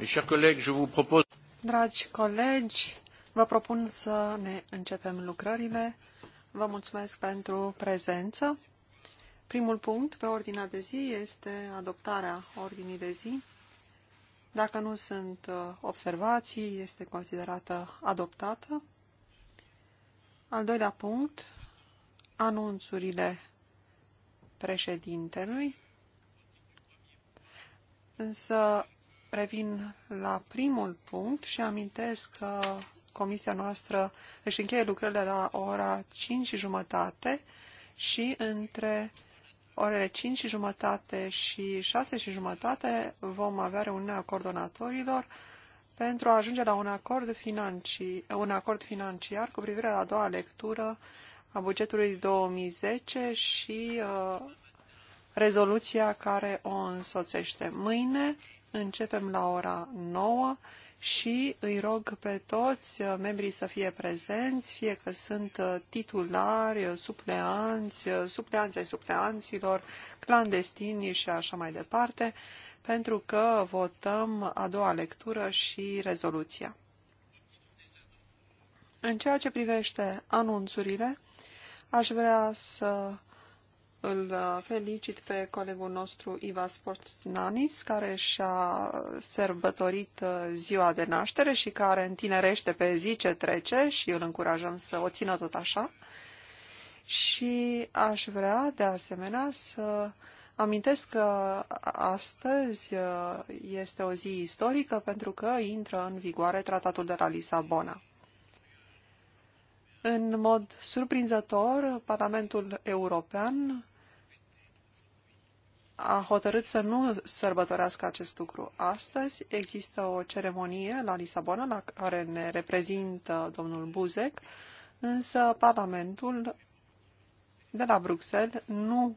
Dragi colegi, vă propun să ne începem lucrările. Vă mulțumesc pentru prezență. Primul punct pe ordinea de zi este adoptarea ordinii de zi. Dacă nu sunt uh, observații, este considerată adoptată. Al doilea punct, anunțurile președintelui. Însă revin la primul punct și amintesc că comisia noastră își încheie lucrările la ora 5 și jumătate și între orele 5 și jumătate și 6 și jumătate vom avea reuniunea coordonatorilor pentru a ajunge la un acord, financi, un acord financiar cu privire la a doua lectură a bugetului 2010 și uh, rezoluția care o însoțește. Mâine Începem la ora 9 și îi rog pe toți uh, membrii să fie prezenți, fie că sunt uh, titulari, uh, supleanți, supleanți ai supleanților, clandestini și așa mai departe, pentru că votăm a doua lectură și rezoluția. În ceea ce privește anunțurile, aș vrea să îl uh, felicit pe colegul nostru Iva Sportnanis, care și-a sărbătorit uh, ziua de naștere și care întinerește pe zi ce trece și îl încurajăm să o țină tot așa. Și aș vrea, de asemenea, să amintesc că astăzi uh, este o zi istorică pentru că intră în vigoare tratatul de la Lisabona. În mod surprinzător, Parlamentul European a hotărât să nu sărbătorească acest lucru. Astăzi există o ceremonie la Lisabona la care ne reprezintă domnul Buzek, însă Parlamentul de la Bruxelles nu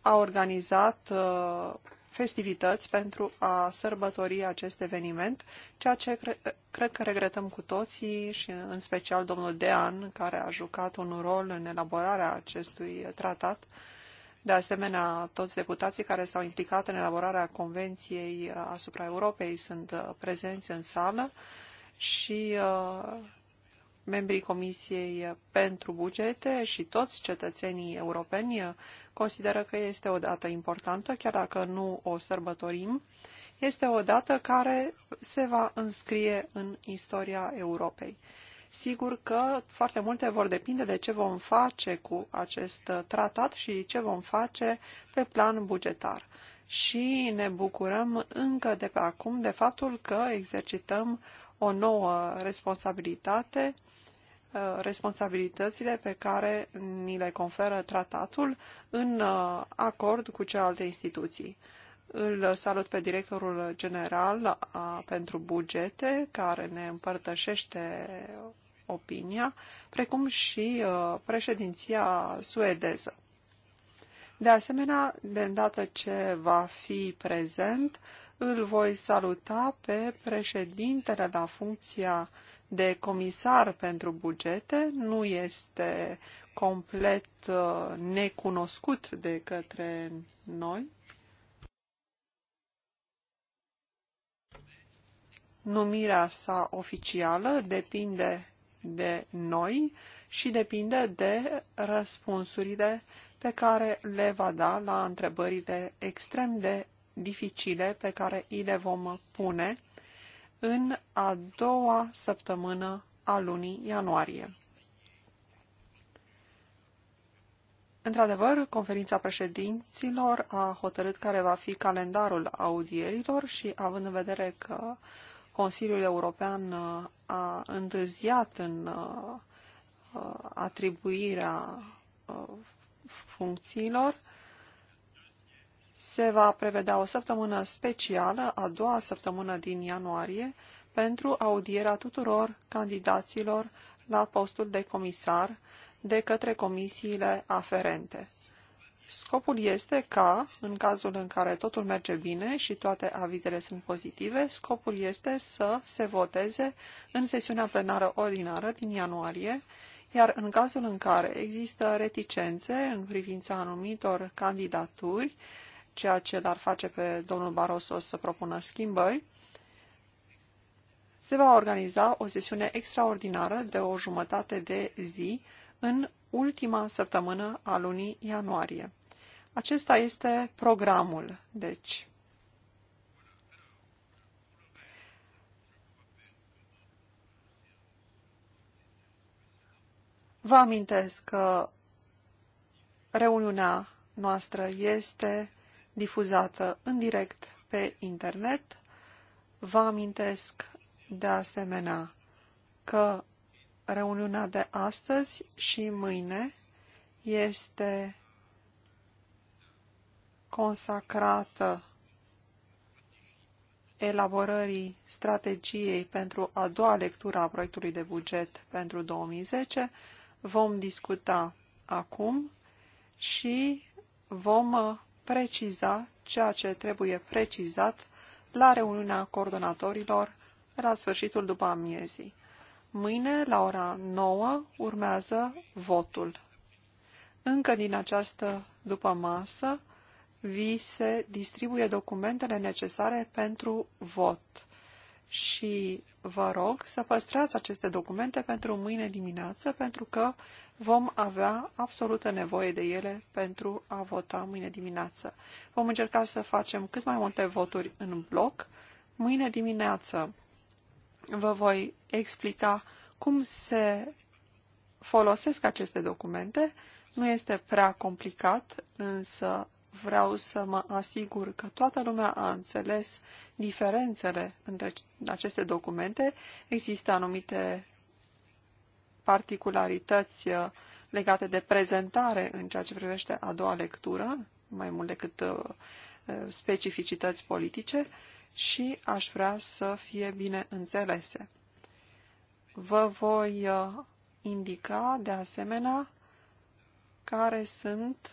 a organizat uh, festivități pentru a sărbători acest eveniment, ceea ce cre cred că regretăm cu toții și în special domnul Dean, care a jucat un rol în elaborarea acestui tratat, de asemenea, toți deputații care s-au implicat în elaborarea Convenției uh, asupra Europei sunt uh, prezenți în sală și uh, membrii Comisiei pentru bugete și toți cetățenii europeni consideră că este o dată importantă, chiar dacă nu o sărbătorim. Este o dată care se va înscrie în istoria Europei. Sigur că foarte multe vor depinde de ce vom face cu acest tratat și ce vom face pe plan bugetar. Și ne bucurăm încă de pe acum de faptul că exercităm o nouă responsabilitate, uh, responsabilitățile pe care ni le conferă tratatul în uh, acord cu celelalte instituții. Îl salut pe directorul general a, pentru bugete, care ne împărtășește opinia, precum și a, uh, președinția suedeză. De asemenea, de îndată ce va fi prezent, îl voi saluta pe președintele la funcția de comisar pentru bugete. Nu este complet uh, necunoscut de către noi Numirea sa oficială depinde de noi și depinde de răspunsurile pe care le va da la întrebările extrem de dificile pe care îi le vom pune în a doua săptămână a lunii ianuarie. Într-adevăr, conferința președinților a hotărât care va fi calendarul audierilor și având în vedere că Consiliul European uh, a întârziat în uh, uh, atribuirea funcțiilor. Se va prevedea o săptămână specială, a doua săptămână din ianuarie, pentru audierea tuturor candidaților la postul de comisar de către comisiile aferente. Scopul este ca, în cazul în care totul merge bine și toate avizele sunt pozitive, scopul este să se voteze în sesiunea plenară ordinară din ianuarie, iar în cazul în care există reticențe în privința anumitor candidaturi, ceea ce l-ar face pe domnul Barroso să propună schimbări, se va organiza o sesiune extraordinară de o jumătate de zi în ultima săptămână a lunii ianuarie. Acesta este programul, deci. Vă amintesc că reuniunea noastră este difuzată în direct pe internet. Vă amintesc de asemenea că reuniunea de astăzi și mâine este consacrată elaborării strategiei pentru a doua lectură a proiectului de buget pentru 2010 vom discuta acum și vom uh, preciza ceea ce trebuie precizat la reuniunea coordonatorilor la sfârșitul după amiezii. Mâine, la ora 9, urmează votul. Încă din această după masă vi se distribuie documentele necesare pentru vot și vă rog să păstrați aceste documente pentru mâine dimineață, pentru că vom avea absolută nevoie de ele pentru a vota mâine dimineață. Vom încerca să facem cât mai multe voturi în bloc. Mâine dimineață vă voi explica cum se folosesc aceste documente. Nu este prea complicat, însă vreau să mă asigur că toată lumea a înțeles diferențele între aceste documente. Există anumite particularități uh, legate de prezentare în ceea ce privește a doua lectură, mai mult decât uh, uh, specificități politice, și aș vrea să fie bine înțelese. Vă voi indica, de asemenea, care sunt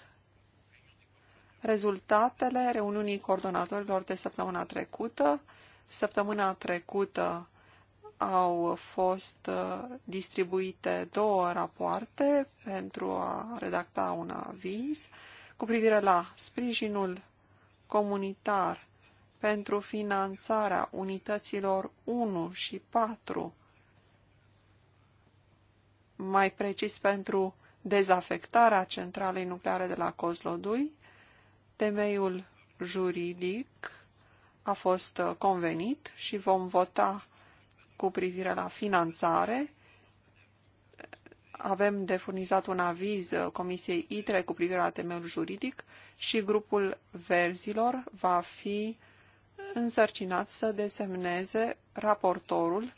rezultatele reuniunii coordonatorilor de săptămâna trecută. Săptămâna trecută au fost uh, distribuite două rapoarte pentru a redacta un aviz cu privire la sprijinul comunitar pentru finanțarea unităților 1 și 4, mai precis pentru dezafectarea centralei nucleare de la Cozlodui Temeiul juridic a fost uh, convenit și vom vota cu privire la finanțare. Avem de furnizat un aviz uh, Comisiei ITRE cu privire la temeiul juridic și grupul verzilor va fi însărcinat să desemneze raportorul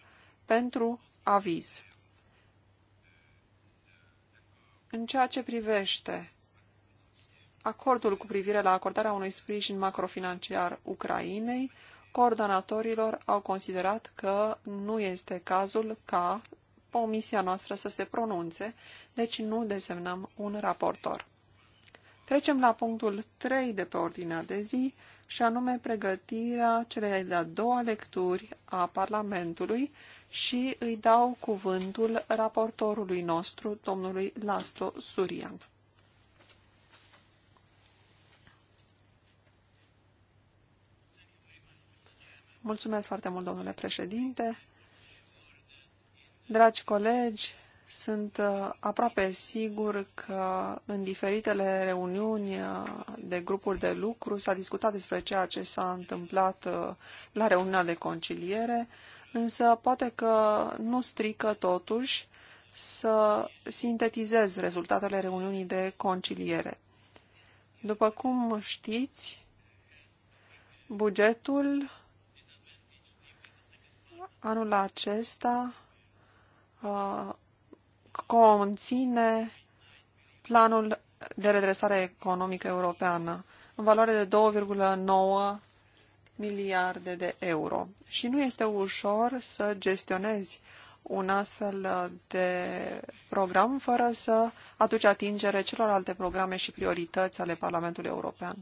pentru aviz. În ceea ce privește acordul cu privire la acordarea unui sprijin macrofinanciar Ucrainei, coordonatorilor au considerat că nu este cazul ca comisia noastră să se pronunțe, deci nu desemnăm un raportor. Trecem la punctul 3 de pe ordinea de zi, și anume pregătirea celei de-a doua lecturi a Parlamentului și îi dau cuvântul raportorului nostru, domnului Laslo Surian. Mulțumesc foarte mult, domnule președinte. Dragi colegi, sunt uh, aproape sigur că în diferitele reuniuni uh, de grupuri de lucru s-a discutat despre ceea ce s-a întâmplat uh, la reuniunea de conciliere, însă poate că nu strică totuși să sintetizez rezultatele reuniunii de conciliere. După cum știți, bugetul anul acesta uh, conține planul de redresare economică europeană în valoare de 2,9 miliarde de euro. Și nu este ușor să gestionezi un astfel de program fără să aduci atingere celorlalte programe și priorități ale Parlamentului European.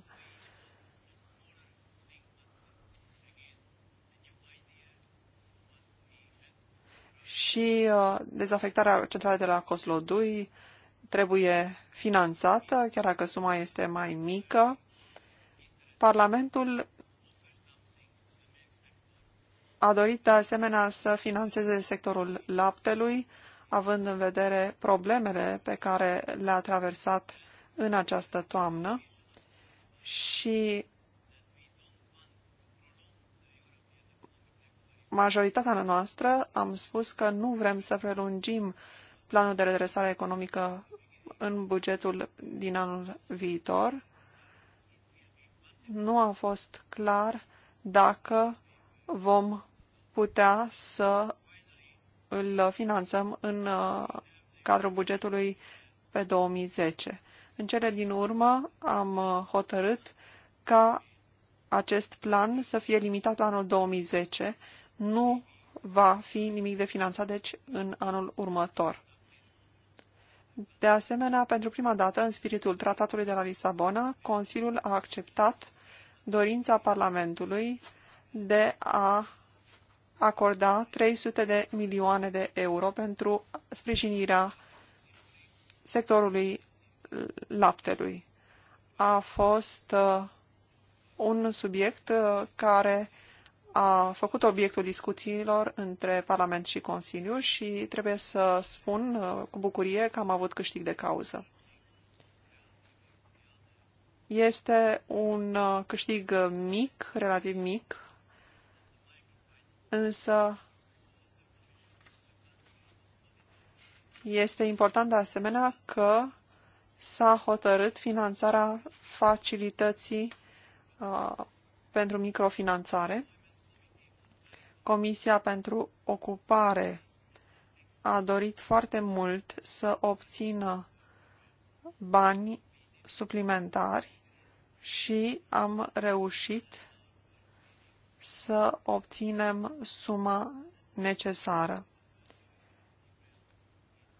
și uh, dezafectarea centralei de la Coslodui trebuie finanțată, chiar dacă suma este mai mică. Parlamentul a dorit de asemenea să financeze sectorul laptelui, având în vedere problemele pe care le-a traversat în această toamnă și majoritatea noastră am spus că nu vrem să prelungim planul de redresare economică în bugetul din anul viitor. Nu a fost clar dacă vom putea să îl finanțăm în uh, cadrul bugetului pe 2010. În cele din urmă am uh, hotărât ca acest plan să fie limitat la anul 2010 nu va fi nimic de finanțat, deci, în anul următor. De asemenea, pentru prima dată, în spiritul Tratatului de la Lisabona, Consiliul a acceptat dorința Parlamentului de a acorda 300 de milioane de euro pentru sprijinirea sectorului laptelui. A fost uh, un subiect uh, care a făcut obiectul discuțiilor între Parlament și Consiliu și trebuie să spun uh, cu bucurie că am avut câștig de cauză. Este un uh, câștig uh, mic, relativ mic, însă este important de asemenea că s-a hotărât finanțarea facilității uh, pentru microfinanțare. Comisia pentru Ocupare a dorit foarte mult să obțină bani suplimentari și am reușit să obținem suma necesară.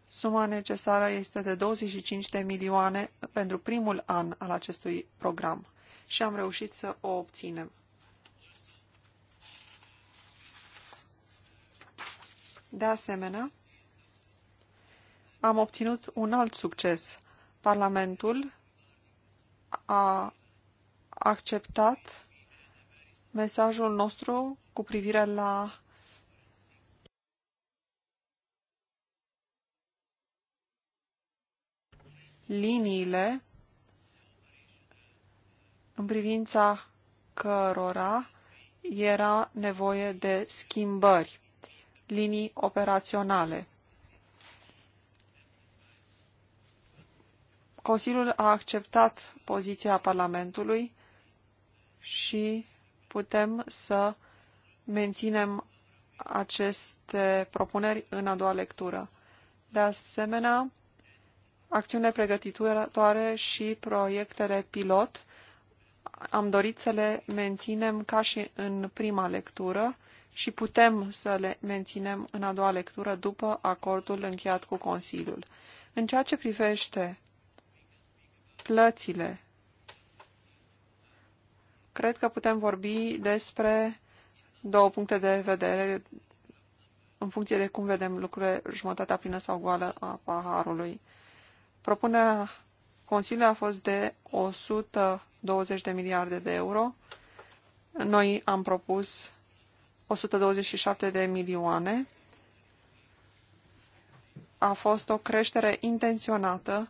Suma necesară este de 25 de milioane pentru primul an al acestui program și am reușit să o obținem. De asemenea, am obținut un alt succes. Parlamentul a acceptat mesajul nostru cu privire la liniile în privința cărora era nevoie de schimbări linii operaționale. Consiliul a acceptat poziția Parlamentului și putem să menținem aceste propuneri în a doua lectură. De asemenea, acțiune pregătitoare și proiectele pilot am dorit să le menținem ca și în prima lectură și putem să le menținem în a doua lectură după acordul încheiat cu Consiliul. În ceea ce privește plățile, cred că putem vorbi despre două puncte de vedere în funcție de cum vedem lucrurile jumătatea plină sau goală a paharului. Propunerea Consiliului a fost de 120 de miliarde de euro. Noi am propus o 127 de milioane. A fost o creștere intenționată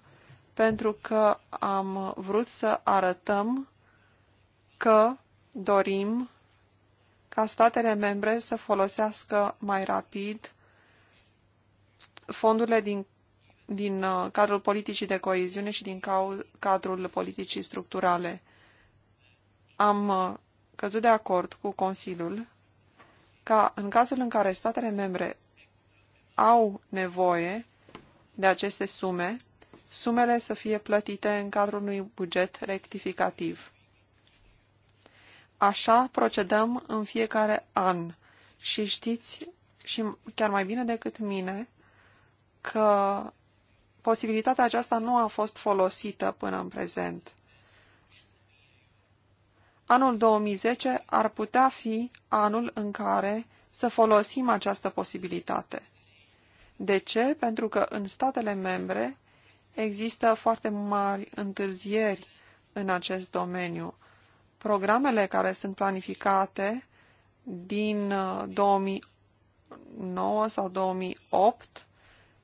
pentru că am vrut să arătăm că dorim ca statele membre să folosească mai rapid fondurile din, din uh, cadrul politicii de coeziune și din cadrul politicii structurale. Am uh, căzut de acord cu Consiliul ca în cazul în care statele membre au nevoie de aceste sume, sumele să fie plătite în cadrul unui buget rectificativ. Așa procedăm în fiecare an și știți și chiar mai bine decât mine că posibilitatea aceasta nu a fost folosită până în prezent. Anul 2010 ar putea fi anul în care să folosim această posibilitate. De ce? Pentru că în statele membre există foarte mari întârzieri în acest domeniu. Programele care sunt planificate din 2009 uh, sau 2008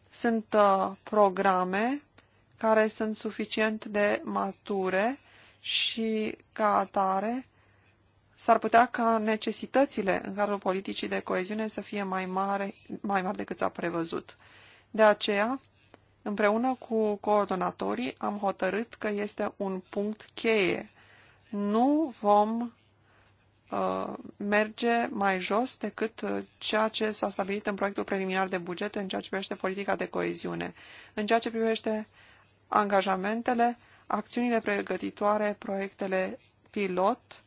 sunt uh, programe care sunt suficient de mature și, ca atare, s-ar putea ca necesitățile în cadrul politicii de coeziune să fie mai, mare, mai mari decât s-a prevăzut. De aceea, împreună cu coordonatorii, am hotărât că este un punct cheie. Nu vom uh, merge mai jos decât uh, ceea ce s-a stabilit în proiectul preliminar de buget în ceea ce privește politica de coeziune. În ceea ce privește angajamentele, acțiunile pregătitoare, proiectele pilot,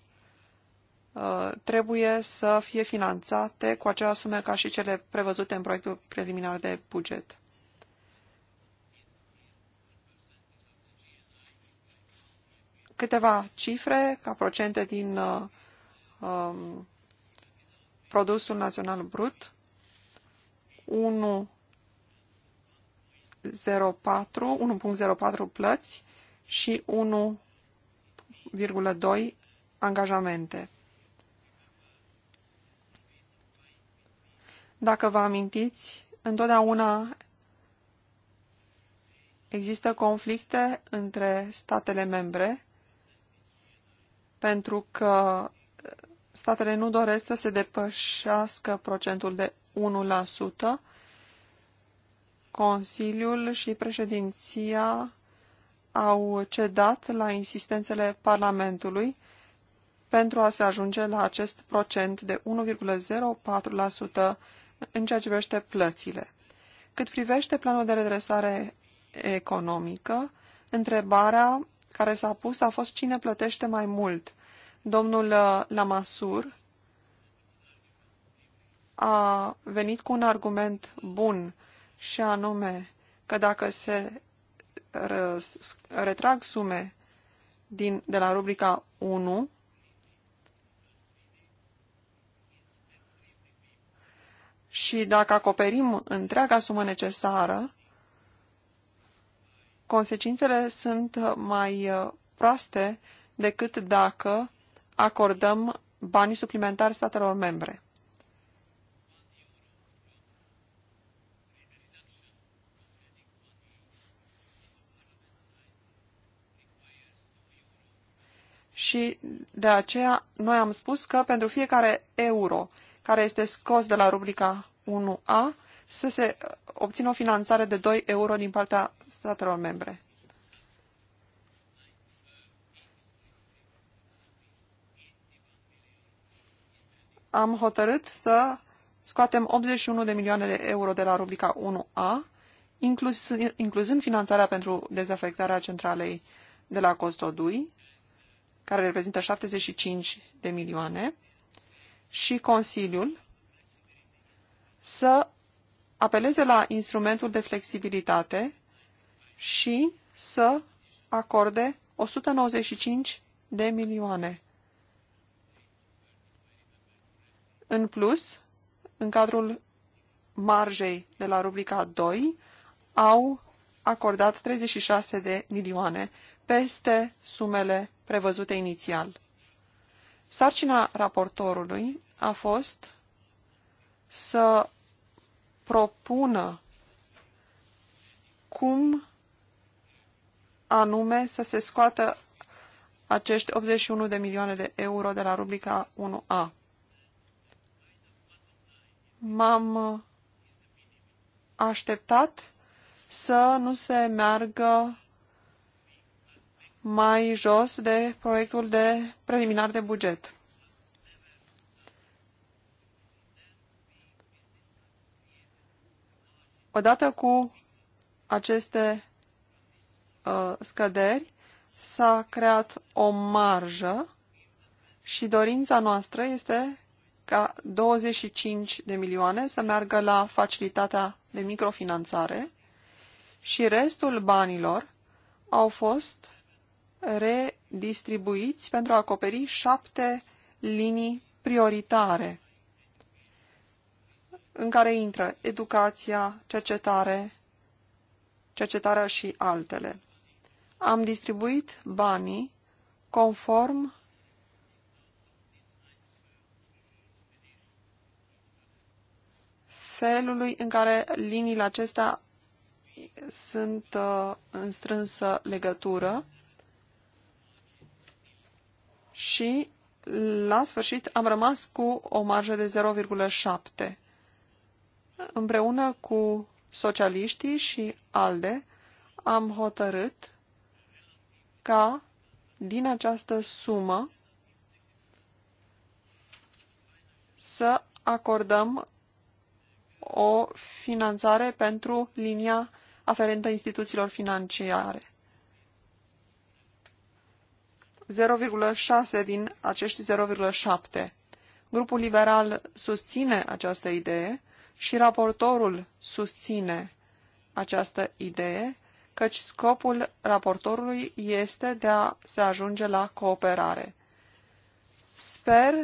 uh, trebuie să fie finanțate cu aceleași sume ca și cele prevăzute în proiectul preliminar de buget. Câteva cifre ca procente din uh, um, produsul național brut. 1,04 1.04 plăți și 1,2 angajamente. Dacă vă amintiți, întotdeauna există conflicte între statele membre pentru că statele nu doresc să se depășească procentul de 1%. Consiliul și președinția au cedat la insistențele Parlamentului pentru a se ajunge la acest procent de 1,04% în ceea ce privește plățile. Cât privește planul de redresare economică, întrebarea care s-a pus a fost cine plătește mai mult. Domnul uh, Lamasur a venit cu un argument bun și anume că dacă se retrag sume din, de la rubrica 1 și dacă acoperim întreaga sumă necesară, consecințele sunt mai uh, proaste decât dacă acordăm banii suplimentari statelor membre. și de aceea noi am spus că pentru fiecare euro care este scos de la rubrica 1A să se obțină o finanțare de 2 euro din partea statelor membre. Am hotărât să scoatem 81 de milioane de euro de la rubrica 1A, inclus, incluzând finanțarea pentru dezafectarea centralei de la Costodui, care reprezintă 75 de milioane, și Consiliul să apeleze la instrumentul de flexibilitate și să acorde 195 de milioane. În plus, în cadrul marjei de la rubrica 2, au acordat 36 de milioane peste sumele prevăzute inițial. Sarcina raportorului a fost să propună cum anume să se scoată acești 81 de milioane de euro de la rubrica 1A. M-am așteptat să nu se meargă mai jos de proiectul de preliminar de buget. Odată cu aceste uh, scăderi, s-a creat o marjă și dorința noastră este ca 25 de milioane să meargă la facilitatea de microfinanțare și restul banilor au fost redistribuiți pentru a acoperi șapte linii prioritare în care intră educația, cercetare, cercetarea și altele. Am distribuit banii conform felului în care liniile acestea sunt uh, în strânsă legătură și la sfârșit am rămas cu o marjă de 0,7. Împreună cu socialiștii și ALDE am hotărât ca din această sumă să acordăm o finanțare pentru linia aferentă instituțiilor financiare. 0,6 din acești 0,7. Grupul liberal susține această idee și raportorul susține această idee, căci scopul raportorului este de a se ajunge la cooperare. Sper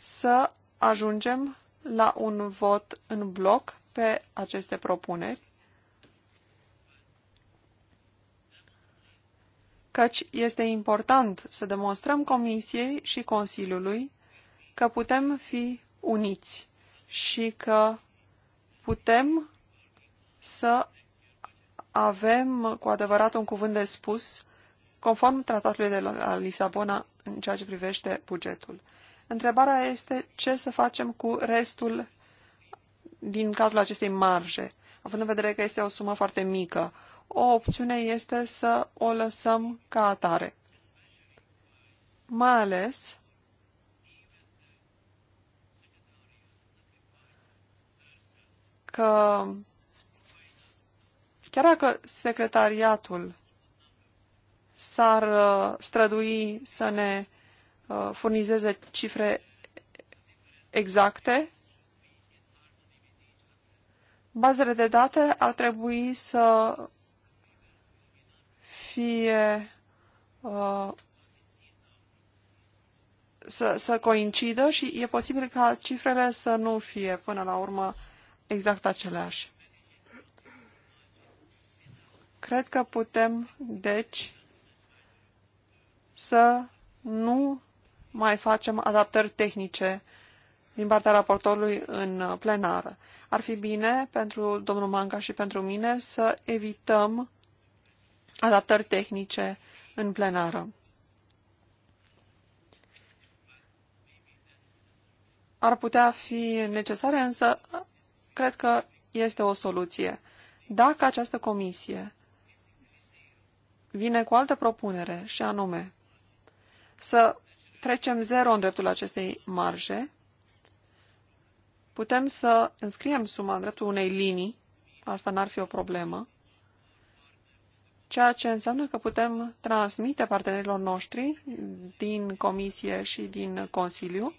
să ajungem la un vot în bloc pe aceste propuneri căci este important să demonstrăm Comisiei și Consiliului că putem fi uniți și că putem să avem cu adevărat un cuvânt de spus conform tratatului de la Lisabona în ceea ce privește bugetul. Întrebarea este ce să facem cu restul din cadrul acestei marje, având în vedere că este o sumă foarte mică, o opțiune este să o lăsăm ca atare. Mai ales că chiar dacă secretariatul s-ar uh, strădui să ne uh, furnizeze cifre exacte, bazele de date ar trebui să fie uh, să, să coincidă și e posibil ca cifrele să nu fie până la urmă exact aceleași. Cred că putem, deci, să nu mai facem adaptări tehnice din partea raportorului în plenară. Ar fi bine pentru domnul Manca și pentru mine să evităm adaptări tehnice în plenară. Ar putea fi necesare, însă cred că este o soluție. Dacă această comisie vine cu altă propunere, și anume să trecem zero în dreptul acestei marje, putem să înscriem suma în dreptul unei linii, asta n-ar fi o problemă, ceea ce înseamnă că putem transmite partenerilor noștri din Comisie și din Consiliu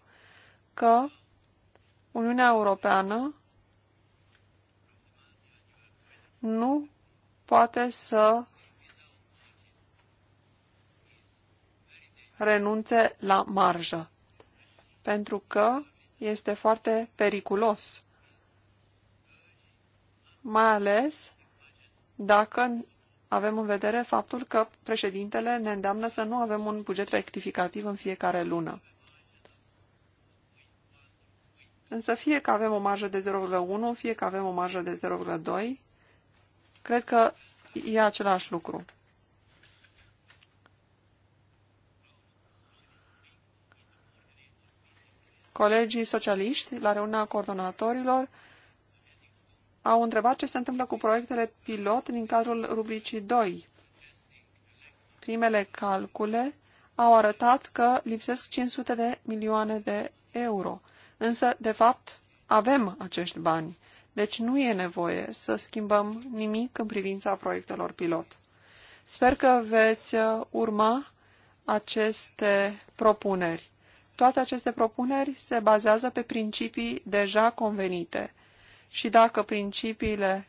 că Uniunea Europeană nu poate să renunțe la marjă, pentru că este foarte periculos, mai ales dacă avem în vedere faptul că președintele ne îndeamnă să nu avem un buget rectificativ în fiecare lună. Însă fie că avem o marjă de 0,1, fie că avem o marjă de 0,2, cred că e același lucru. Colegii socialiști, la reuniunea coordonatorilor, au întrebat ce se întâmplă cu proiectele pilot din cadrul rubricii 2. Primele calcule au arătat că lipsesc 500 de milioane de euro, însă, de fapt, avem acești bani, deci nu e nevoie să schimbăm nimic în privința proiectelor pilot. Sper că veți uh, urma aceste propuneri. Toate aceste propuneri se bazează pe principii deja convenite și dacă principiile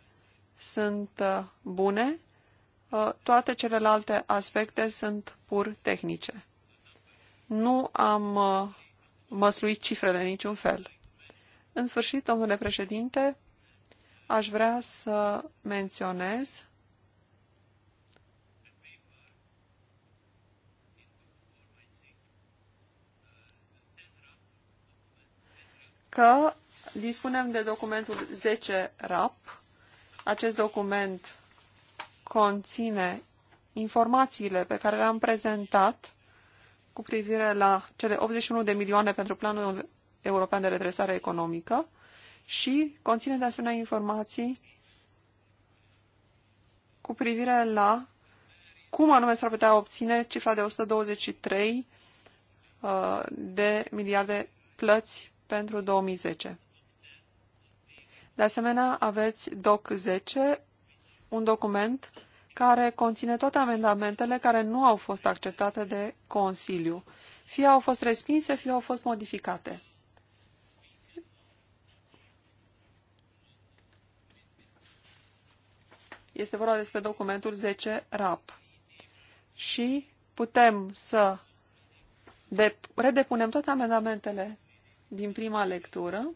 sunt uh, bune, uh, toate celelalte aspecte sunt pur tehnice. Nu am uh, măsluit cifrele niciun fel. În sfârșit, domnule președinte, aș vrea să menționez că Dispunem de documentul 10 RAP. Acest document conține informațiile pe care le-am prezentat cu privire la cele 81 de milioane pentru Planul European de Redresare Economică și conține de asemenea informații cu privire la cum anume s-ar putea obține cifra de 123 uh, de miliarde plăți pentru 2010. De asemenea, aveți DOC 10, un document care conține toate amendamentele care nu au fost acceptate de Consiliu. Fie au fost respinse, fie au fost modificate. Este vorba despre documentul 10 RAP. Și putem să redepunem toate amendamentele din prima lectură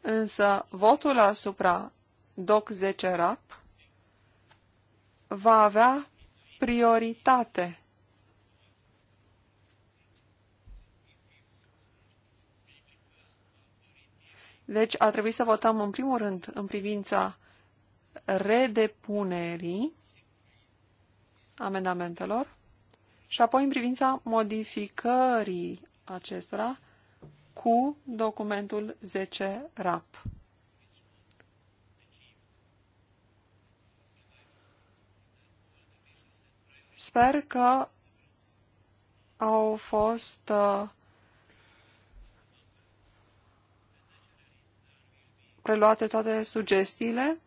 însă votul asupra DOC 10 RAP va avea prioritate. Deci ar trebui să votăm în primul rând în privința redepunerii amendamentelor și apoi în privința modificării acestora cu documentul 10 RAP. Sper că au fost uh, preluate toate sugestiile,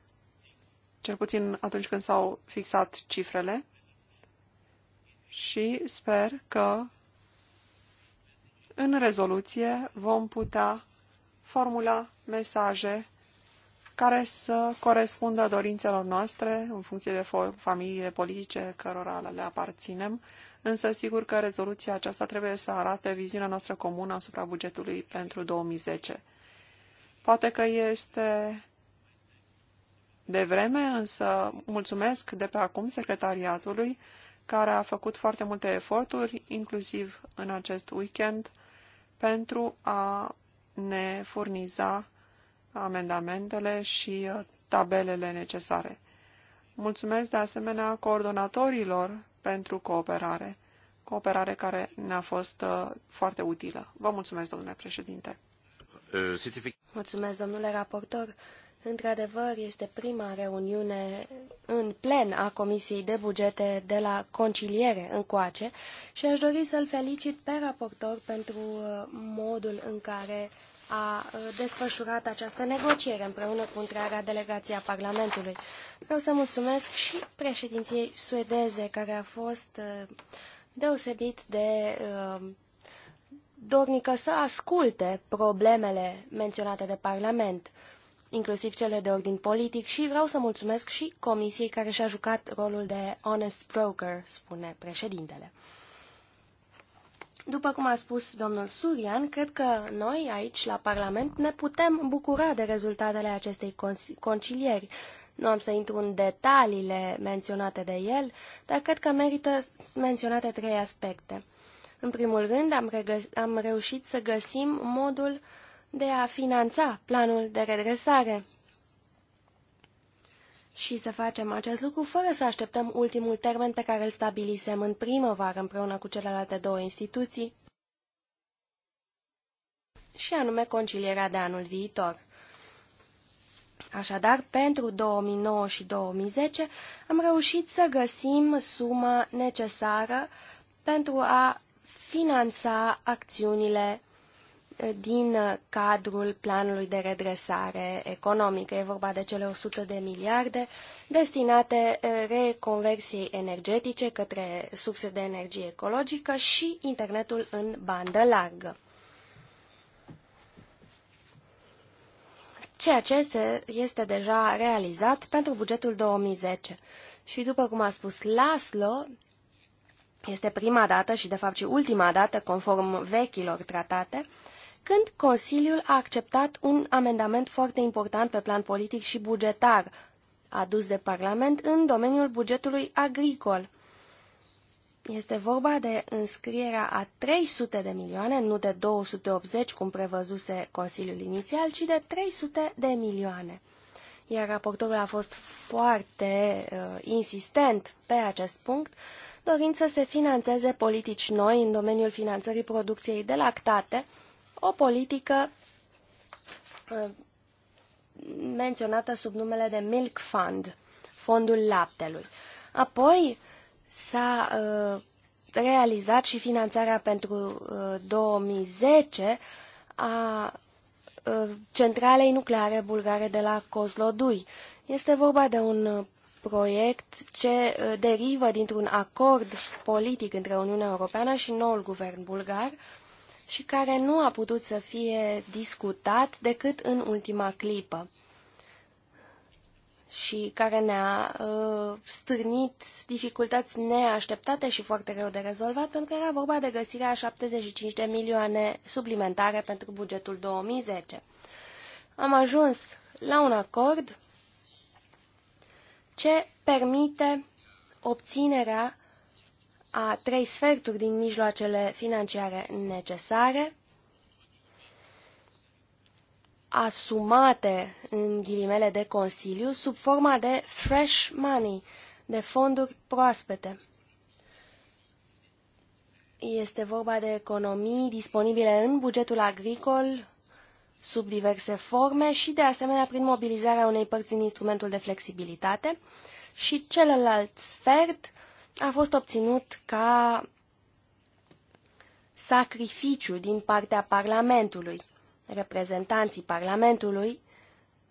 cel puțin atunci când s-au fixat cifrele, și sper că în rezoluție vom putea formula mesaje care să corespundă dorințelor noastre în funcție de familiile politice cărora le aparținem, însă sigur că rezoluția aceasta trebuie să arate viziunea noastră comună asupra bugetului pentru 2010. Poate că este de vreme, însă mulțumesc de pe acum secretariatului care a făcut foarte multe eforturi, inclusiv în acest weekend, pentru a ne furniza amendamentele și uh, tabelele necesare. Mulțumesc de asemenea coordonatorilor pentru cooperare, cooperare care ne-a fost uh, foarte utilă. Vă mulțumesc, domnule președinte. Uh, mulțumesc, domnule raportor. Într-adevăr, este prima reuniune în plen a Comisiei de Bugete de la conciliere încoace și aș dori să-l felicit pe raportor pentru uh, modul în care a uh, desfășurat această negociere împreună cu întreaga delegație a Parlamentului. Vreau să mulțumesc și președinției suedeze, care a fost uh, deosebit de dornică să asculte problemele menționate de Parlament inclusiv cele de ordin politic, și vreau să mulțumesc și comisiei care și-a jucat rolul de honest broker, spune președintele. După cum a spus domnul Surian, cred că noi aici, la Parlament, ne putem bucura de rezultatele acestei concilieri. Nu am să intru în detaliile menționate de el, dar cred că merită menționate trei aspecte. În primul rând, am, am reușit să găsim modul uh, de a finanța planul de redresare și să facem acest lucru fără să așteptăm ultimul termen pe care îl stabilisem în primăvară împreună cu celelalte două instituții, și anume concilierea de anul viitor. Așadar, pentru 2009 și 2010 am reușit să găsim suma necesară pentru a finanța acțiunile din cadrul planului de redresare economică. E vorba de cele 100 de miliarde destinate eh, reconversiei energetice către surse de energie ecologică și internetul în bandă largă. Ceea ce este deja realizat pentru bugetul 2010. Și după cum a spus Laslo, este prima dată și de fapt și ultima dată, conform vechilor tratate, când Consiliul a acceptat un amendament foarte important pe plan politic și bugetar, adus de Parlament în domeniul bugetului agricol. Este vorba de înscrierea a 300 de milioane, nu de 280, cum prevăzuse Consiliul inițial, ci de 300 de milioane. Iar raportorul a fost foarte uh, insistent pe acest punct, dorind să se financeze politici noi în domeniul finanțării producției de lactate, uh, o politică uh, menționată sub numele de Milk Fund, fondul laptelui. Apoi s-a uh, realizat și finanțarea pentru 2010 uh, a centralei nucleare bulgare de la Kozlodui. Este vorba de un proiect ce derivă dintr-un acord politic între Uniunea Europeană și noul guvern bulgar, și care nu a putut să fie discutat decât în ultima clipă și care ne-a uh, stârnit dificultăți neașteptate și foarte greu de rezolvat, pentru că era vorba de găsirea a 75 de milioane suplimentare pentru bugetul 2010. Am ajuns la un acord ce permite obținerea a trei sferturi din mijloacele financiare necesare, asumate în ghilimele de Consiliu sub forma de fresh money, de fonduri proaspete. Este vorba de economii disponibile în bugetul agricol sub diverse forme și, de asemenea, prin mobilizarea unei părți din instrumentul de flexibilitate și celălalt sfert a fost obținut ca sacrificiu din partea Parlamentului. Reprezentanții Parlamentului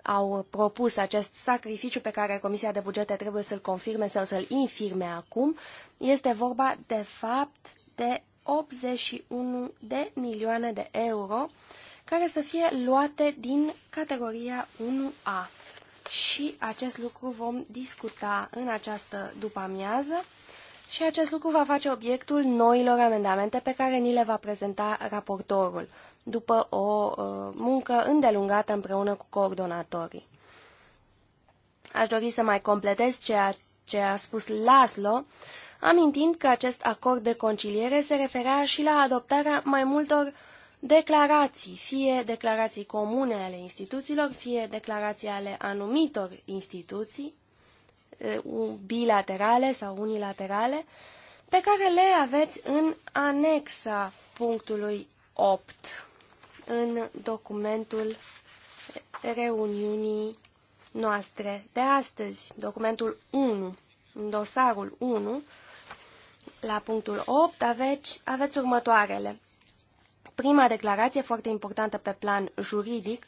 au propus acest sacrificiu pe care Comisia de Bugete trebuie să-l confirme sau să-l infirme acum. Este vorba, de fapt, de 81 de milioane de euro care să fie luate din categoria 1A. Și acest lucru vom discuta în această după-amiază și acest lucru va face obiectul noilor amendamente pe care ni le va prezenta raportorul, după o uh, muncă îndelungată împreună cu coordonatorii. Aș dori să mai completez ceea ce a spus Laslo, amintind că acest acord de conciliere se referea și la adoptarea mai multor declarații, fie declarații comune ale instituțiilor, fie declarații ale anumitor instituții, bilaterale sau unilaterale pe care le aveți în anexa punctului 8 în documentul reuniunii noastre de astăzi, documentul 1, în dosarul 1, la punctul 8 aveți, aveți următoarele. Prima declarație foarte importantă pe plan juridic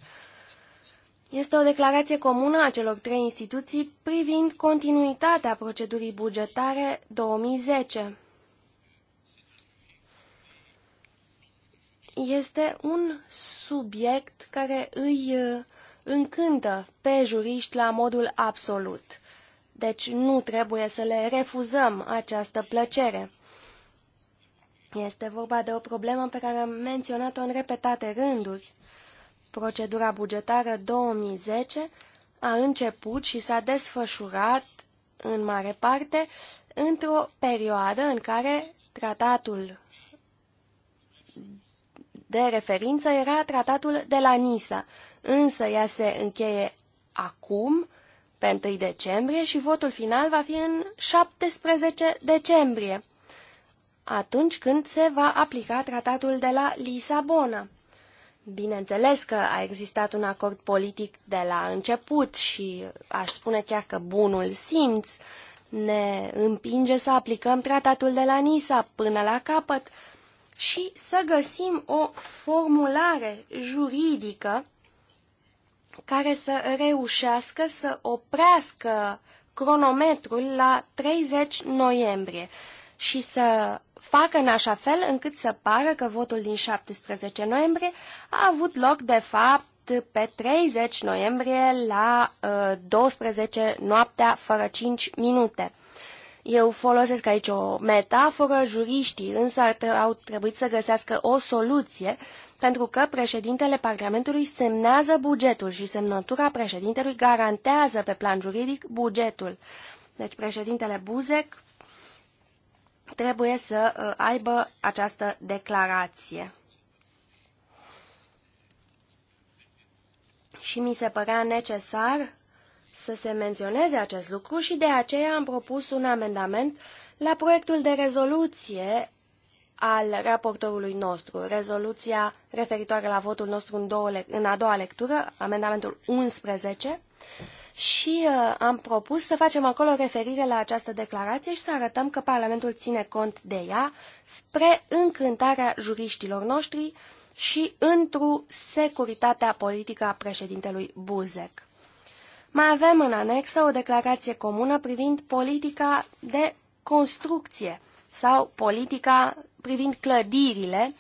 este o declarație comună a celor trei instituții privind continuitatea procedurii bugetare 2010. Este un subiect care îi uh, încântă pe juriști la modul absolut. Deci nu trebuie să le refuzăm această plăcere. Este vorba de o problemă pe care am menționat-o în repetate rânduri Procedura bugetară 2010 a început și s-a desfășurat în mare parte într-o perioadă în care tratatul de referință era tratatul de la Nisa, însă ea se încheie acum, pe 1 decembrie, și votul final va fi în 17 decembrie, atunci când se va aplica tratatul de la Lisabona. Bineînțeles că a existat un acord politic de la început și aș spune chiar că bunul simț ne împinge să aplicăm tratatul de la Nisa până la capăt și să găsim o formulare juridică care să reușească să oprească cronometrul la 30 noiembrie și să facă în așa fel încât să pară că votul din 17 noiembrie a avut loc de fapt pe 30 noiembrie la uh, 12 noaptea fără 5 minute. Eu folosesc aici o metaforă, juriștii însă au trebuit să găsească o soluție pentru că președintele Parlamentului semnează bugetul și semnătura președintelui garantează pe plan juridic bugetul. Deci președintele Buzek trebuie să uh, aibă această declarație. Și mi se părea necesar să se menționeze acest lucru și de aceea am propus un amendament la proiectul de rezoluție al raportorului nostru, rezoluția referitoare la votul nostru în, două, în a doua lectură, amendamentul 11, și uh, am propus să facem acolo referire la această declarație și să arătăm că Parlamentul ține cont de ea spre încântarea juriștilor noștri și întru securitatea politică a președintelui Buzek. Mai avem în anexă o declarație comună privind politica de construcție sau politica privind clădirile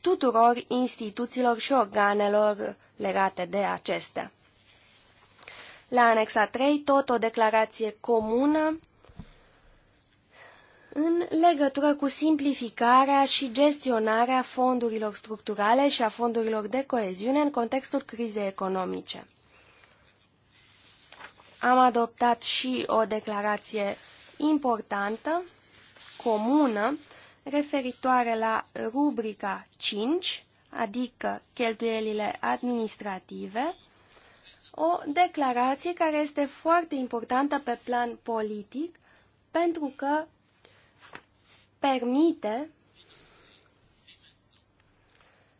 tuturor instituțiilor și organelor legate de acestea. La anexa 3, tot o declarație comună în legătură cu simplificarea și gestionarea fondurilor structurale și a fondurilor de coeziune în contextul crizei economice. Am adoptat și o declarație importantă, comună, referitoare la rubrica 5, adică cheltuielile administrative, o declarație care este foarte importantă pe plan politic pentru că permite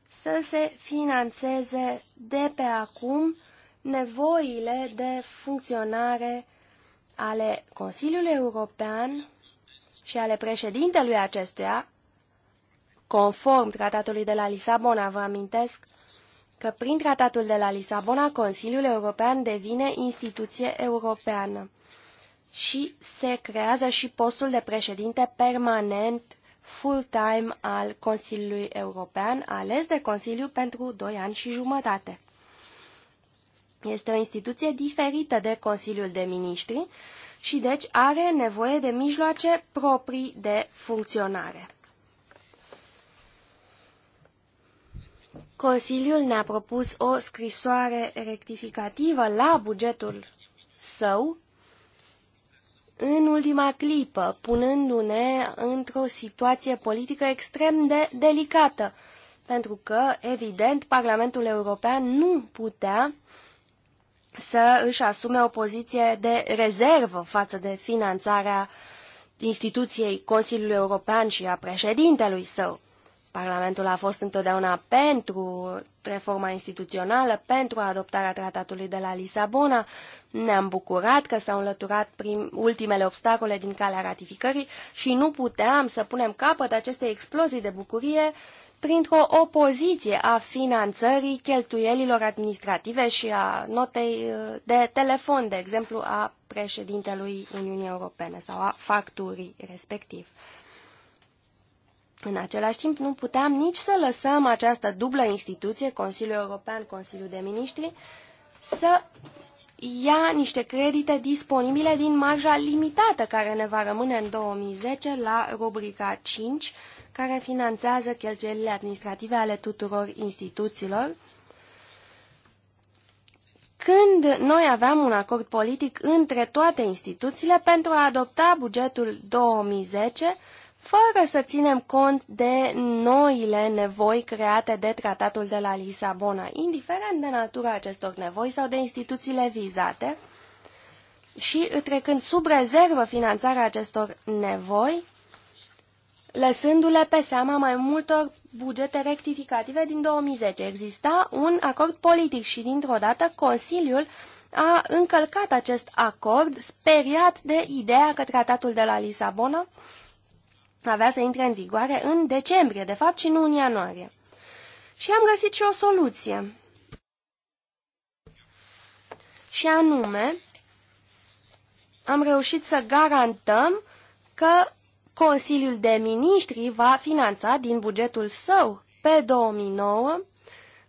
să se financeze de pe acum nevoile de funcționare ale Consiliului European și ale președintelui acestuia, conform tratatului de la Lisabona, vă amintesc, că prin tratatul de la Lisabona Consiliul European devine instituție europeană și se creează și postul de președinte permanent full-time al Consiliului European, ales de Consiliu pentru 2 ani și jumătate. Este o instituție diferită de Consiliul de Ministri și deci are nevoie de mijloace proprii de funcționare. Consiliul ne-a propus o scrisoare rectificativă la bugetul său în ultima clipă, punându-ne într-o situație politică extrem de delicată, pentru că, evident, Parlamentul European nu putea să își asume o poziție de rezervă față de finanțarea instituției Consiliului European și a președintelui său. Parlamentul a fost întotdeauna pentru reforma instituțională, pentru adoptarea tratatului de la Lisabona. Ne-am bucurat că s-au înlăturat prim, ultimele obstacole din calea ratificării și nu puteam să punem capăt acestei explozii de bucurie printr-o opoziție a finanțării cheltuielilor administrative și a notei uh, de telefon, de exemplu, a președintelui Uniunii Europene sau a facturii respectiv. În același timp, nu puteam nici să lăsăm această dublă instituție, Consiliul European, Consiliul de Miniștri să ia niște credite disponibile din marja limitată care ne va rămâne în 2010 la rubrica 5, care finanțează cheltuielile administrative ale tuturor instituțiilor. Când noi aveam un acord politic între toate instituțiile pentru a adopta bugetul 2010 fără să ținem cont de noile nevoi create de tratatul de la Lisabona, indiferent de natura acestor nevoi sau de instituțiile vizate, și trecând sub rezervă finanțarea acestor nevoi, lăsându-le pe seama mai multor bugete rectificative din 2010. Exista un acord politic și dintr-o dată Consiliul a încălcat acest acord speriat de ideea că tratatul de la Lisabona uh, avea să intre în vigoare în decembrie, de fapt, și nu în ianuarie. Și am găsit și o soluție. Și anume, am reușit să garantăm că Consiliul de Ministri va finanța din bugetul său pe 2009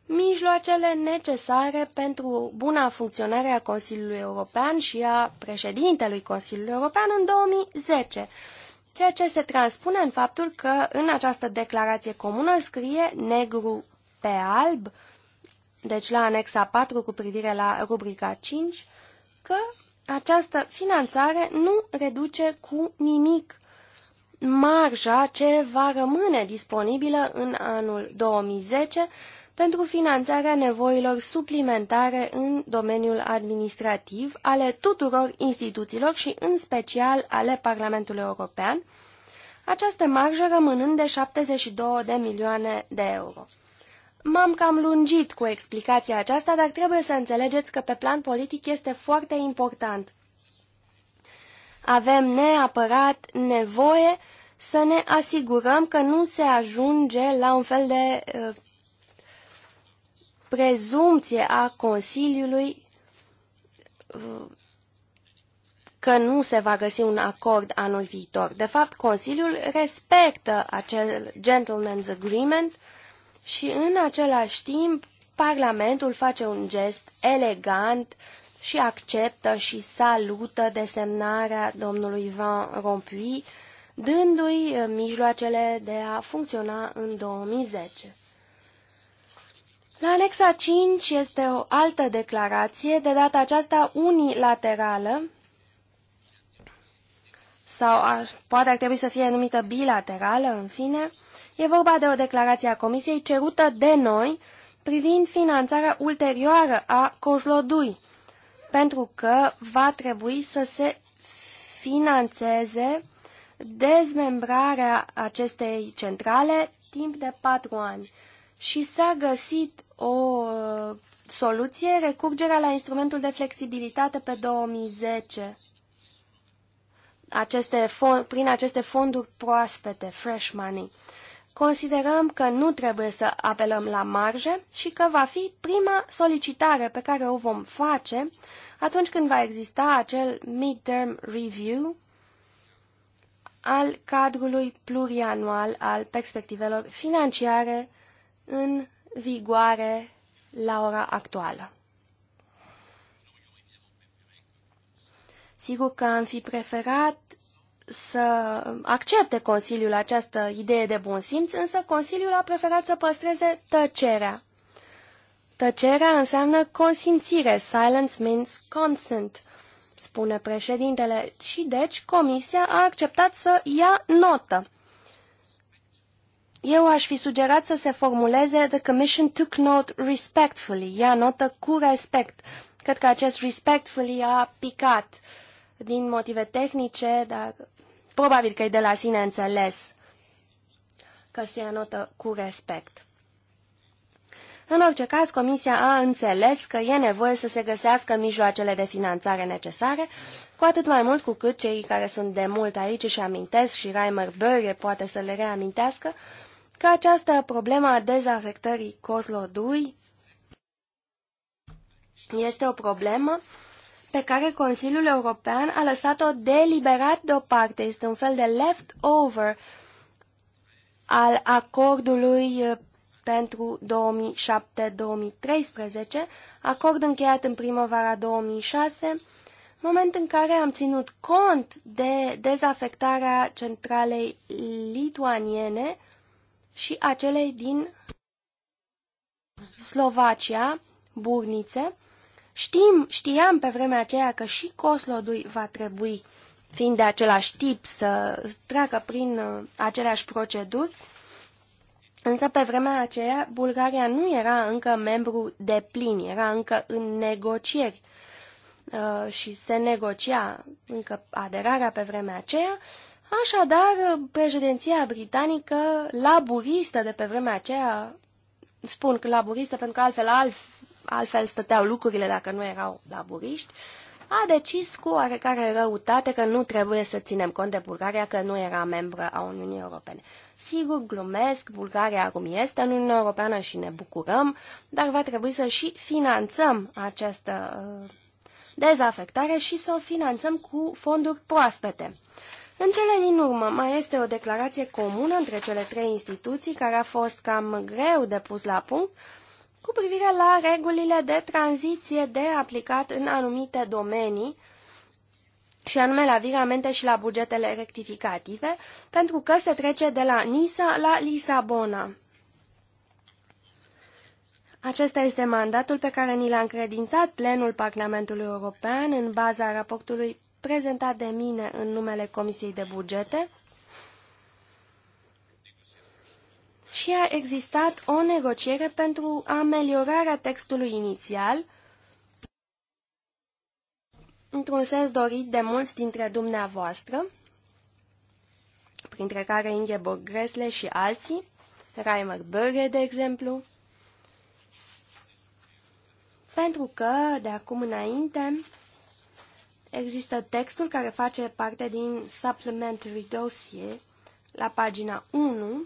mijloacele necesare pentru buna funcționare a Consiliului European și a președintelui Consiliului European în 2010 ceea ce se transpune în faptul că în această declarație comună scrie negru pe alb, deci la anexa 4 cu privire la rubrica 5, că această finanțare nu reduce cu nimic marja ce va rămâne disponibilă în anul 2010 pentru finanțarea nevoilor suplimentare în domeniul administrativ ale tuturor instituțiilor și în special ale Parlamentului European, această marjă rămânând de 72 de milioane de euro. M-am cam lungit cu explicația aceasta, dar trebuie să înțelegeți că pe plan politic este foarte important. Avem neapărat nevoie să ne asigurăm că nu se ajunge la un fel de uh, prezumție a Consiliului uh, că nu se va găsi un acord anul viitor. De fapt, Consiliul respectă acel gentleman's agreement și în același timp Parlamentul face un gest elegant și acceptă și salută desemnarea domnului Van Rompuy, dându-i mijloacele de a funcționa în 2010. La anexa 5 este o altă declarație, de data aceasta unilaterală, sau ar, poate ar trebui să fie numită bilaterală, în fine, e vorba de o declarație a Comisiei cerută de noi privind finanțarea ulterioară a Coslodui, pentru că va trebui să se financeze dezmembrarea acestei centrale timp de patru ani. Și s-a găsit o uh, soluție recurgerea la instrumentul de flexibilitate pe 2010 aceste, prin aceste fonduri proaspete, fresh money. Considerăm că nu trebuie să apelăm la marge și că va fi prima solicitare pe care o vom face atunci când va exista acel midterm review al cadrului plurianual al perspectivelor financiare în vigoare la ora actuală. Sigur că am fi preferat să accepte Consiliul această idee de bun simț, însă Consiliul a preferat să păstreze tăcerea. Tăcerea înseamnă consimțire, silence means consent, spune președintele, și deci Comisia a acceptat să ia notă. Eu aș fi sugerat să se formuleze The Commission took note respectfully, ia notă cu respect. Cred că acest respectfully a picat din motive tehnice, dar probabil că e de la sine înțeles că se ia notă cu respect. În orice caz, Comisia a înțeles că e nevoie să se găsească mijloacele de finanțare necesare, cu atât mai mult cu cât cei care sunt de mult aici și amintesc și Reimer Böhre poate să le reamintească, că această problemă a dezafectării coslodui este o problemă pe care Consiliul European a lăsat-o deliberat deoparte. Este un fel de leftover al acordului eh, pentru 2007-2013, acord încheiat în primăvara 2006, moment în care am ținut cont de dezafectarea centralei lituaniene și acelei din Slovacia, Burnițe. Știm, știam pe vremea aceea că și Coslodui va trebui, fiind de același tip, să treacă prin uh, aceleași proceduri, însă pe vremea aceea Bulgaria nu era încă membru de plin, era încă în negocieri uh, și se negocia încă aderarea pe vremea aceea Așadar, președinția britanică laburistă de pe vremea aceea, spun că laburistă pentru că altfel, altfel, altfel stăteau lucrurile dacă nu erau laburiști, a decis cu oarecare răutate că nu trebuie să ținem cont de Bulgaria, că nu era membră a Uniunii Europene. Sigur, glumesc, Bulgaria acum este în Uniunea Europeană și ne bucurăm, dar va trebui să și finanțăm această uh, dezafectare și să o finanțăm cu fonduri proaspete. În cele din urmă, mai este o declarație comună între cele trei instituții care a fost cam greu de pus la punct cu privire la regulile de tranziție de aplicat în anumite domenii, și anume la viramente și la bugetele rectificative, pentru că se trece de la Nisa la Lisabona. Acesta este mandatul pe care ni l-a încredințat plenul Parlamentului European în baza raportului prezentat de mine în numele Comisiei de Bugete și a existat o negociere pentru ameliorarea textului inițial într-un sens dorit de mulți dintre dumneavoastră, printre care Ingeborg Gresle și alții, Reimer Böge, de exemplu, pentru că, de acum înainte, Există textul care face parte din Supplementary Dossier la pagina 1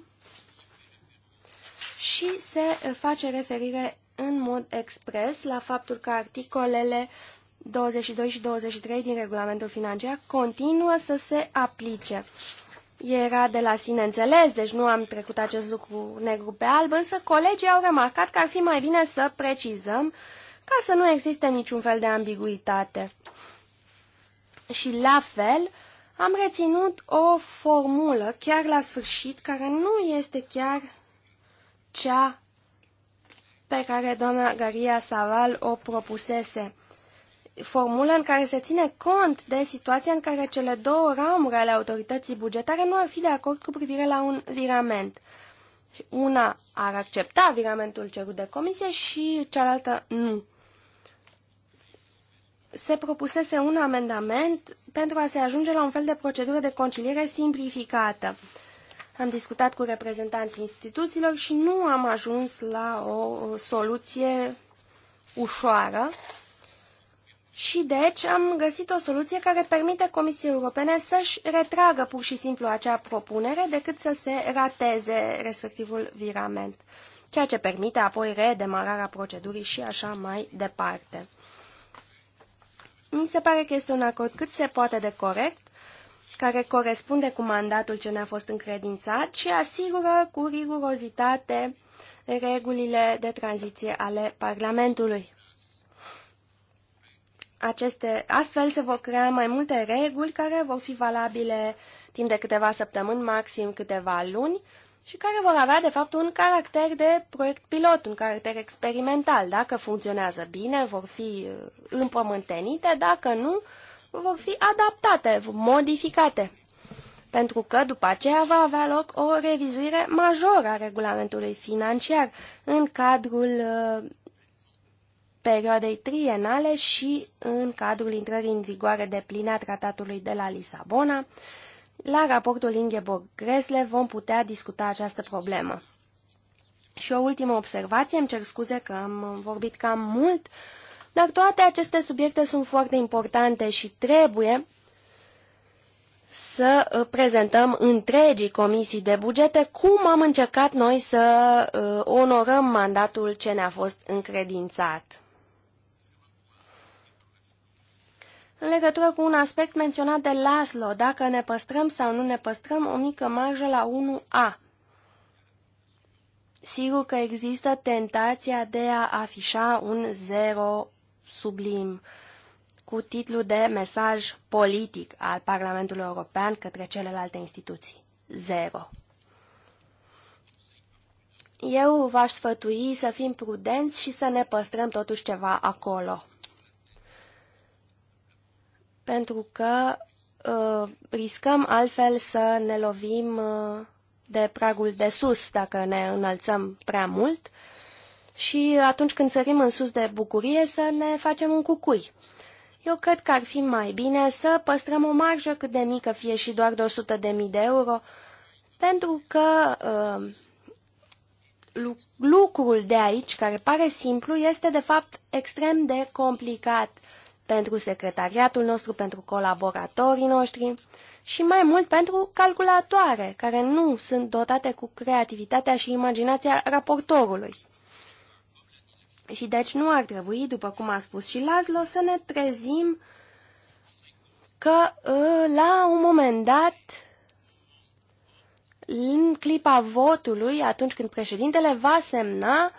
și se face referire în mod expres la faptul că articolele 22 și 23 din regulamentul financiar continuă să se aplice. Era de la sine înțeles, deci nu am trecut acest lucru negru pe alb, însă colegii au remarcat că ar fi mai bine să precizăm ca să nu existe niciun fel de ambiguitate. Și la fel, am reținut o formulă chiar la sfârșit care nu este chiar cea pe care doamna Garia Saval o propusese. Formulă în care se ține cont de situația în care cele două ramuri ale autorității bugetare nu ar fi de acord cu privire la un virament. Una ar accepta viramentul cerut de comisie și cealaltă nu se propusese un amendament pentru a se ajunge la un fel de procedură de conciliere simplificată. Am discutat cu reprezentanții instituțiilor și nu am ajuns la o soluție ușoară și deci am găsit o soluție care permite Comisiei Europene să-și retragă pur și simplu acea propunere decât să se rateze respectivul virament, ceea ce permite apoi redemararea procedurii și așa mai departe mi se pare că este un acord cât se poate de corect, care corespunde cu mandatul ce ne-a fost încredințat și asigură cu rigurozitate regulile de tranziție ale Parlamentului. Aceste, astfel se vor crea mai multe reguli care vor fi valabile timp de câteva săptămâni, maxim câteva luni, și care vor avea, de fapt, un caracter de proiect pilot, un caracter experimental. Dacă funcționează bine, vor fi uh, împământenite, dacă nu, vor fi adaptate, modificate. Pentru că după aceea va avea loc o revizuire majoră a regulamentului financiar în cadrul uh, perioadei trienale și în cadrul intrării în vigoare de pline a tratatului de la Lisabona la raportul Ingeborg Gresle vom putea discuta această problemă. Și o ultimă observație, îmi cer scuze că am vorbit cam mult, dar toate aceste subiecte sunt foarte importante și trebuie să uh, prezentăm întregii comisii de bugete cum am încercat noi să uh, onorăm mandatul ce ne-a fost încredințat. În legătură cu un aspect menționat de Laslo, dacă ne păstrăm sau nu ne păstrăm o mică marjă la 1A. Sigur că există tentația de a afișa un zero sublim cu titlu de mesaj politic al Parlamentului European către celelalte instituții. Zero. Eu v-aș sfătui să fim prudenți și să ne păstrăm totuși ceva acolo pentru că uh, riscăm altfel să ne lovim uh, de pragul de sus dacă ne înălțăm prea mult și atunci când sărim în sus de bucurie să ne facem un cucui. Eu cred că ar fi mai bine să păstrăm o marjă cât de mică, fie și doar de 100.000 de euro, pentru că uh, lucrul de aici, care pare simplu, este de fapt extrem de complicat. Uh, pentru secretariatul nostru, pentru colaboratorii noștri și mai mult pentru calculatoare, care nu sunt dotate cu creativitatea și imaginația raportorului. Și deci nu ar trebui, după cum a spus și Laszlo, să ne trezim că ă, la un moment dat, în clipa votului, atunci când președintele va semna,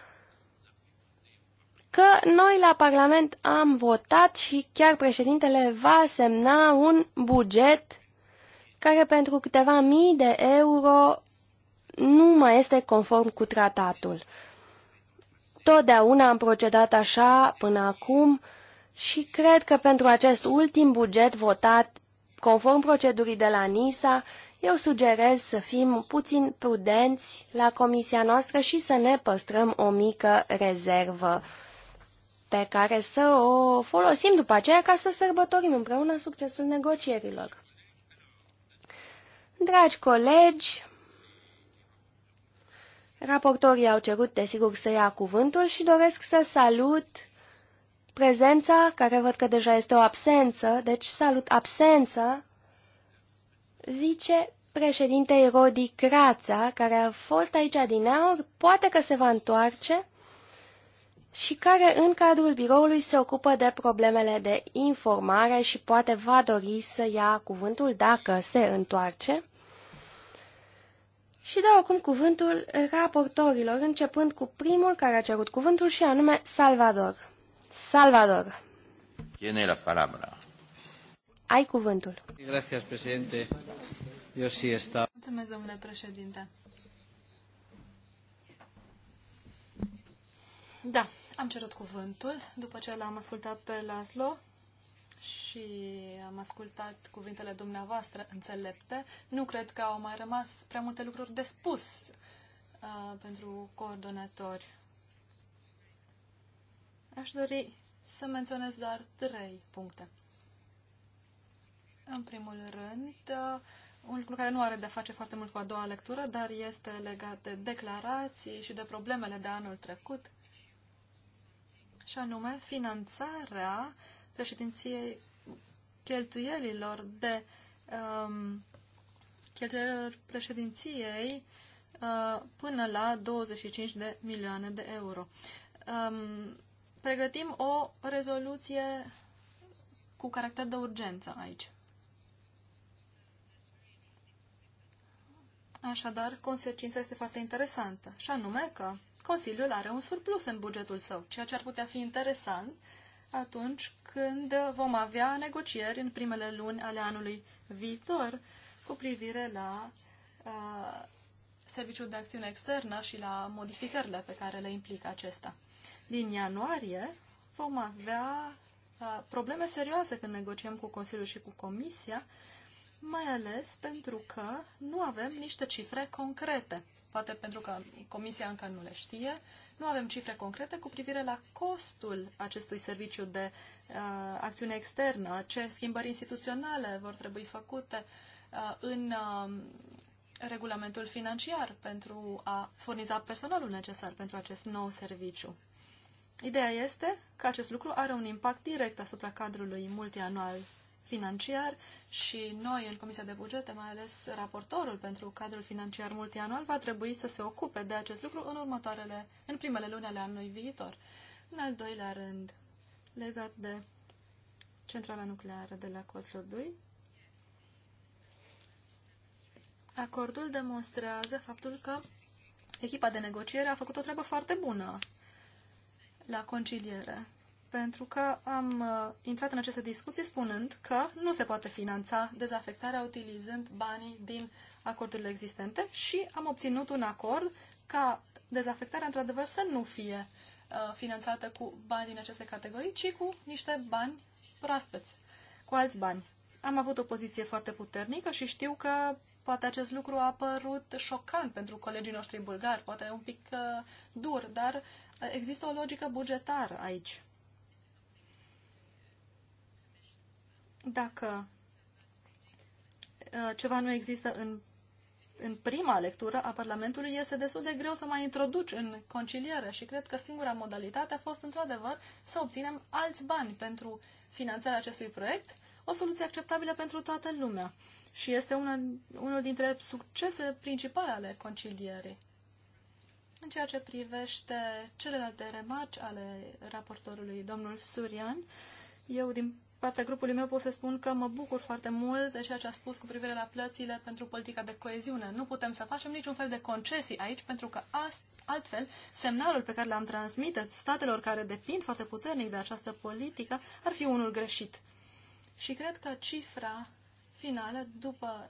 că noi la Parlament am votat și chiar președintele va semna un buget care pentru câteva mii de euro nu mai este conform cu tratatul. Totdeauna am procedat așa până acum și cred că pentru acest ultim buget votat conform procedurii de la NISA, eu sugerez să fim puțin prudenți la comisia noastră și să ne păstrăm o mică rezervă pe care să o folosim după aceea ca să sărbătorim împreună succesul negocierilor. Dragi colegi, raportorii au cerut, desigur, să ia cuvântul și doresc să salut prezența, care văd că deja este o absență, deci salut absența, vicepreședintei Rodi Crața, care a fost aici aur, poate că se va întoarce, și care în cadrul biroului se ocupă de problemele de informare și poate va dori să ia cuvântul dacă se întoarce. Și dau acum cuvântul raportorilor, începând cu primul care a cerut cuvântul și anume Salvador. Salvador. Tiene la palabra. Ai cuvântul. Gracias, presidente. Eu și está. Mulțumesc, domnule președinte. Da, am cerut cuvântul după ce l-am ascultat pe Laslo și am ascultat cuvintele dumneavoastră înțelepte. Nu cred că au mai rămas prea multe lucruri de spus uh, pentru coordonatori. Aș dori să menționez doar trei puncte. În primul rând, uh, un lucru care nu are de face foarte mult cu a doua lectură, dar este legat de declarații și de problemele de anul trecut. Uh, și anume finanțarea președinției cheltuielilor de um, cheltuielilor președinției uh, până la 25 de milioane de euro. Um, pregătim o rezoluție cu caracter de urgență aici. Așadar, consecința este foarte interesantă, și anume că Consiliul are un surplus în bugetul său, ceea ce ar putea fi interesant atunci când vom avea negocieri în primele luni ale anului viitor cu privire la uh, Serviciul de Acțiune Externă și la modificările pe care le implică acesta. Din ianuarie vom avea uh, probleme serioase când negociem cu Consiliul și cu Comisia, mai ales pentru că nu avem niște cifre concrete poate pentru că Comisia încă nu le știe, nu avem cifre concrete cu privire la costul acestui serviciu de uh, acțiune externă, ce schimbări instituționale vor trebui făcute uh, în uh, regulamentul financiar pentru a furniza personalul necesar pentru acest nou serviciu. Ideea este că acest lucru are un impact direct asupra cadrului multianual financiar și noi în Comisia de Bugete, mai ales raportorul pentru cadrul financiar multianual, va trebui să se ocupe de acest lucru în următoarele, în primele luni ale anului viitor. În al doilea rând, legat de centrala nucleară de la Coslodui, acordul demonstrează faptul că echipa de negociere a făcut o treabă foarte bună la conciliere pentru că am uh, intrat în aceste discuții spunând că nu se poate finanța dezafectarea utilizând banii din acordurile existente și am obținut un acord ca dezafectarea, într-adevăr, să nu fie uh, finanțată cu bani din aceste categorii, ci cu niște bani proaspeți, cu alți bani. Am avut o poziție foarte puternică și știu că poate acest lucru a părut șocant pentru colegii noștri bulgari, poate un pic uh, dur, dar uh, există o logică bugetară aici. Dacă uh, ceva nu există în, în prima lectură a Parlamentului, este destul de greu să mai introduci în conciliere și cred că singura modalitate a fost, într-adevăr, să obținem alți bani pentru finanțarea acestui proiect, o soluție acceptabilă pentru toată lumea. Și este una, unul dintre succese principale ale concilierii. În ceea ce privește celelalte remarci ale raportorului domnul Surian, eu, din partea grupului meu pot să spun că mă bucur foarte mult de ceea ce a spus cu privire la plățile pentru politica de coeziune. Nu putem să facem niciun fel de concesii aici, pentru că altfel semnalul pe care l-am transmit statelor care depind foarte puternic de această politică ar fi unul greșit. Și cred că cifra finală, după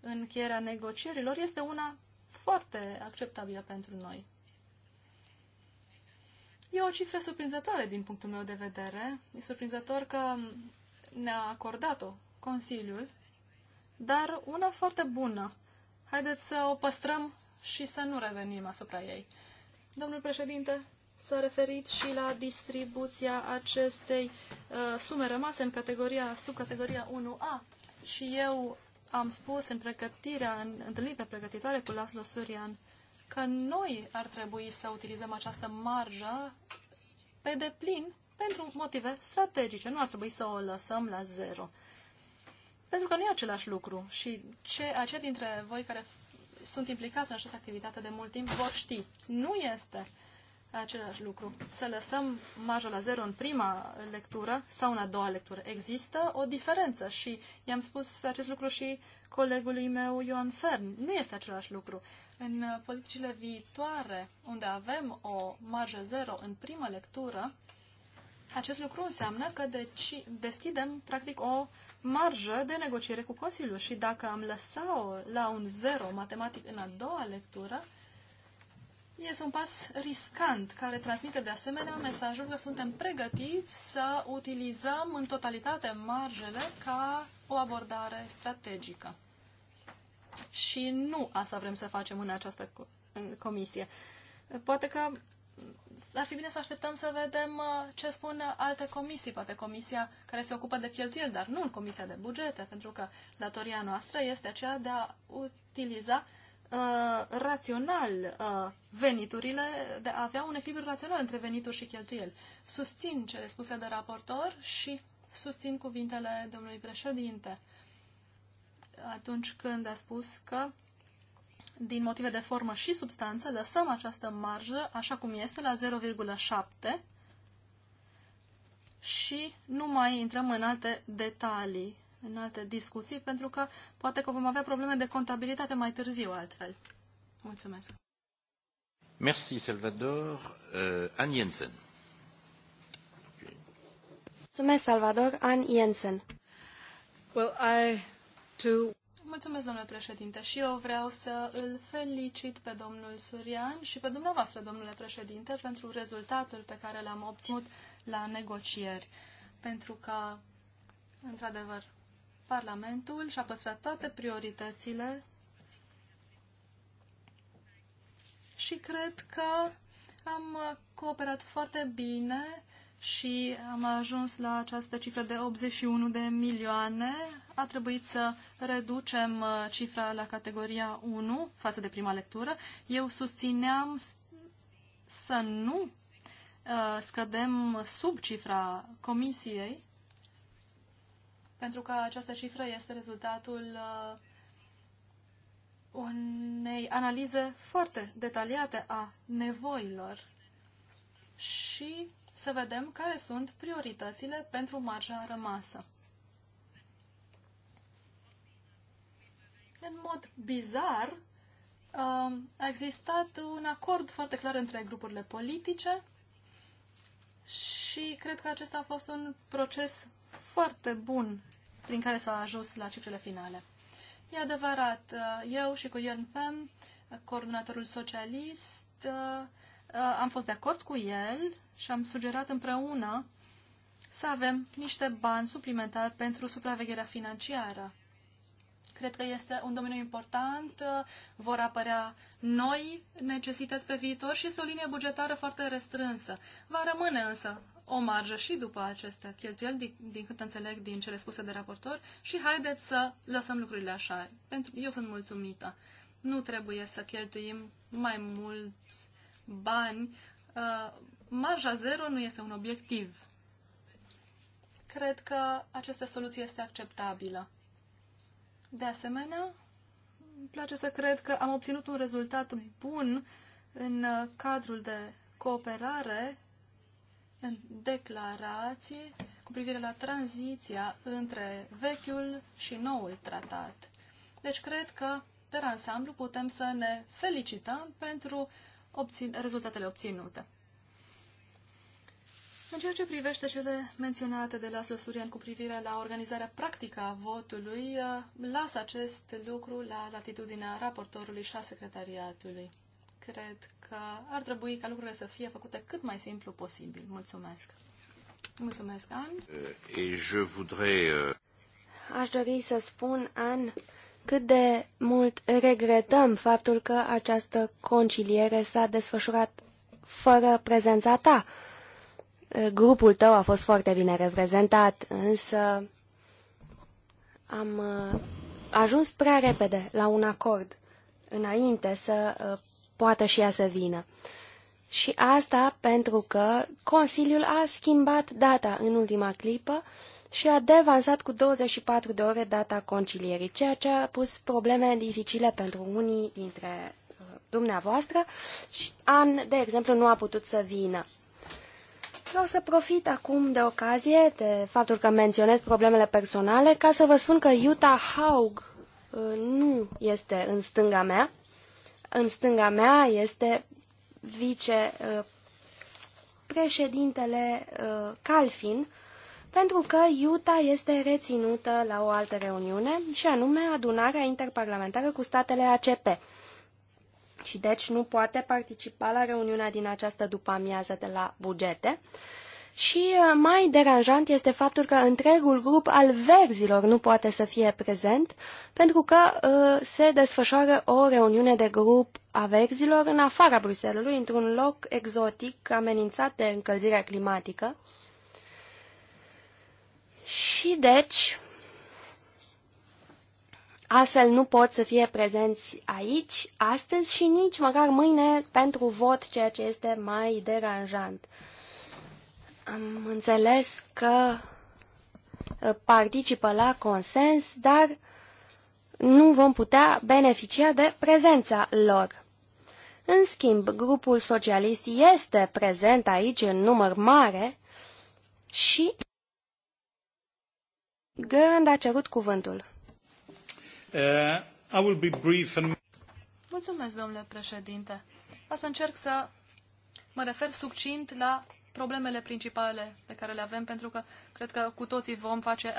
încheierea negocierilor, este una foarte acceptabilă pentru noi. E o cifră surprinzătoare din punctul meu de vedere. E surprinzător că ne-a acordat-o Consiliul, dar una foarte bună. Haideți să o păstrăm și să nu revenim asupra ei. Domnul președinte, s-a referit și la distribuția acestei uh, sume rămase în categoria, sub categoria 1A. Și eu am spus în pregătirea, în întâlnirea pregătitoare cu Laslo Surian, uh, că noi ar trebui să utilizăm această marjă pe deplin pentru motive strategice. Nu ar trebui să o lăsăm la zero. Pentru că nu e același lucru și ce, aceia dintre voi care sunt implicați în această activitate de mult timp vor ști. Nu este același lucru. Să lăsăm marja la zero în prima lectură sau în a doua lectură. Există o diferență și i-am spus acest lucru și colegului meu Ioan Fern. Nu este același lucru. În politicile viitoare, unde avem o marjă zero în primă lectură, acest lucru înseamnă că deci deschidem, practic, o marjă de negociere cu Consiliul și dacă am lăsat-o la un zero matematic în a doua lectură, este un pas riscant care transmite de asemenea mesajul că suntem pregătiți să utilizăm în totalitate marjele ca o abordare strategică. Și nu asta vrem să facem în această comisie. Poate că ar fi bine să așteptăm să vedem uh, ce spun alte comisii, poate comisia care se ocupă de cheltuieli, dar nu în comisia de bugete, pentru că datoria noastră este aceea de a utiliza uh, rațional uh, veniturile, de a avea un echilibru rațional între venituri și cheltuieli. Susțin cele spuse de raportor și susțin cuvintele domnului președinte. Uh, atunci când a spus că din motive de formă și substanță lăsăm această marjă așa cum este la 0,7 și nu mai intrăm în alte detalii, în alte discuții, pentru că poate că vom avea probleme de contabilitate mai târziu altfel. Mulțumesc. Merci, Salvador. Uh, Ann Jensen. Mulțumesc, Salvador. Ann Jensen. Well, I to... Mulțumesc, domnule președinte, și eu vreau să îl felicit pe domnul Surian și pe dumneavoastră, domnule președinte, pentru rezultatul pe care l-am obținut la negocieri. Pentru că, într-adevăr, Parlamentul și-a păstrat toate prioritățile și cred că am cooperat foarte bine și am ajuns la această cifră de 81 de milioane. A trebuit să reducem uh, cifra la categoria 1 față de prima lectură. Eu susțineam să nu uh, scădem sub cifra comisiei, pentru că această cifră este rezultatul uh, unei analize foarte detaliate a nevoilor și să vedem care sunt prioritățile pentru marja rămasă. În mod bizar, uh, a existat un acord foarte clar între grupurile politice și cred că acesta a fost un proces foarte bun prin care s-a ajuns la cifrele finale. E adevărat, uh, eu și cu Ion Fem, coordonatorul socialist, uh, Uh, am fost de acord cu el și am sugerat împreună să avem niște bani suplimentari pentru supravegherea financiară. Cred că este un domeniu important, uh, vor apărea noi necesități pe viitor și este o linie bugetară foarte restrânsă. Va rămâne însă o marjă și după aceste cheltuieli, din, din cât înțeleg din cele spuse de raportor, și haideți să lăsăm lucrurile așa. Pentru, eu sunt mulțumită. Nu trebuie să cheltuim mai mulți bani, uh, marja zero nu este un obiectiv. Cred că această soluție este acceptabilă. De asemenea, îmi place să cred că am obținut un rezultat bun în uh, cadrul de cooperare, în declarație cu privire la tranziția între vechiul și noul tratat. Deci cred că, pe ansamblu, putem să ne felicităm pentru obțin, rezultatele obținute. În ceea ce privește cele menționate de la Sosurian cu privire la organizarea practică a votului, uh, las acest lucru la latitudinea raportorului și a secretariatului. Cred că ar trebui ca lucrurile să fie făcute cât mai simplu posibil. Mulțumesc! Mulțumesc, An! Uh, uh, Aș dori să spun, An, cât de mult regretăm faptul că această conciliere s-a desfășurat fără prezența ta. Grupul tău a fost foarte bine reprezentat, însă am uh, ajuns prea repede la un acord înainte să uh, poată și ea să vină. Și asta pentru că Consiliul a schimbat data în ultima clipă și a devansat cu 24 de ore data concilierii, ceea ce a pus probleme dificile pentru unii dintre uh, dumneavoastră și An, de exemplu, nu a putut să vină. Vreau să profit acum de ocazie, de faptul că menționez problemele personale, ca să vă spun că Iuta Haug uh, nu este în stânga mea. În stânga mea este vicepreședintele uh, Calfin, pentru că Iuta este reținută la o altă reuniune, și anume adunarea interparlamentară cu statele ACP. Și deci nu poate participa la reuniunea din această după-amiază de la bugete. Și uh, mai deranjant este faptul că întregul grup al verzilor nu poate să fie prezent, pentru că uh, se desfășoară o reuniune de grup a verzilor în afara Bruselului, într-un loc exotic amenințat de încălzirea climatică, și deci, astfel nu pot să fie prezenți aici, astăzi și nici măcar mâine pentru vot, ceea ce este mai deranjant. Am înțeles că ă, participă la consens, dar nu vom putea beneficia de prezența lor. În schimb, grupul socialist este prezent aici în număr mare și Gând a cerut cuvântul. Uh, I will be brief and... Mulțumesc, domnule președinte. Asta încerc să mă refer succint la problemele principale pe care le avem, pentru că cred că cu toții vom face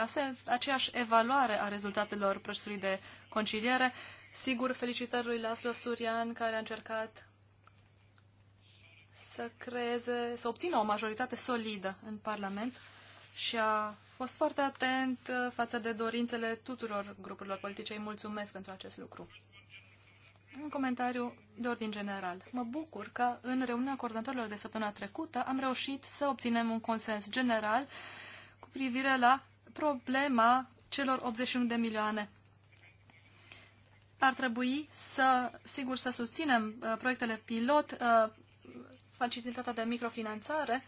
aceeași evaluare a rezultatelor procesului de conciliere. Sigur, felicitări lui Laslo Surian, care a încercat să creeze, să obțină o majoritate solidă în Parlament și a fost foarte atent uh, față de dorințele tuturor grupurilor politice. Îi mulțumesc pentru acest lucru. Un comentariu de ordin general. Mă bucur că în reuniunea coordonatorilor de săptămâna trecută am reușit să obținem un consens general cu privire la problema celor 81 de milioane. Ar trebui să, sigur, să susținem uh, proiectele pilot, uh, facilitatea de microfinanțare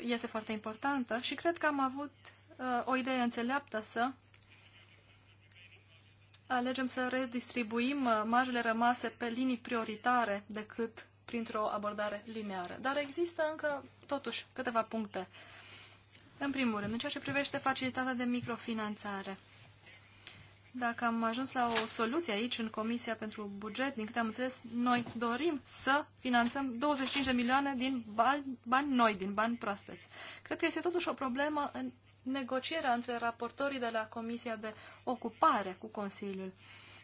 este foarte importantă și cred că am avut Uh, o idee înțeleaptă să alegem să redistribuim uh, marjele rămase pe linii prioritare decât printr-o abordare lineară. Dar există încă, totuși, câteva puncte. În primul rând, în ceea ce privește facilitatea de microfinanțare. Dacă am ajuns la o soluție aici, în Comisia pentru Buget, din câte am înțeles, noi dorim să finanțăm 25 de milioane din bani, bani noi, din bani proaspeți. Cred că este totuși o problemă în negocierea între raportorii de la Comisia de Ocupare cu Consiliul.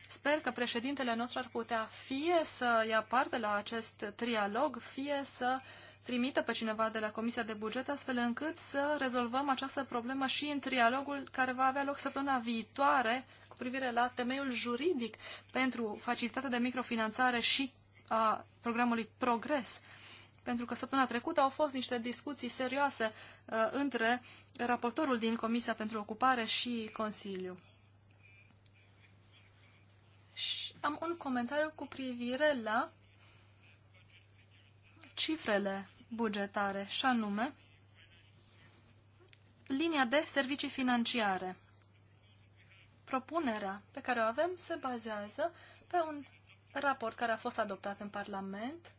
Sper că președintele nostru ar putea fie să ia parte la acest trialog, fie să trimită pe cineva de la Comisia de Buget, astfel încât să rezolvăm această problemă și în trialogul care va avea loc săptămâna viitoare cu privire la temeiul juridic pentru facilitatea de microfinanțare și a programului Progres pentru că săptămâna trecută au fost niște discuții serioase uh, între raportorul din Comisia pentru Ocupare și Consiliu. Și am un comentariu cu privire la cifrele bugetare, și anume linia de servicii financiare. Propunerea pe care o avem se bazează pe un raport care a fost adoptat în Parlament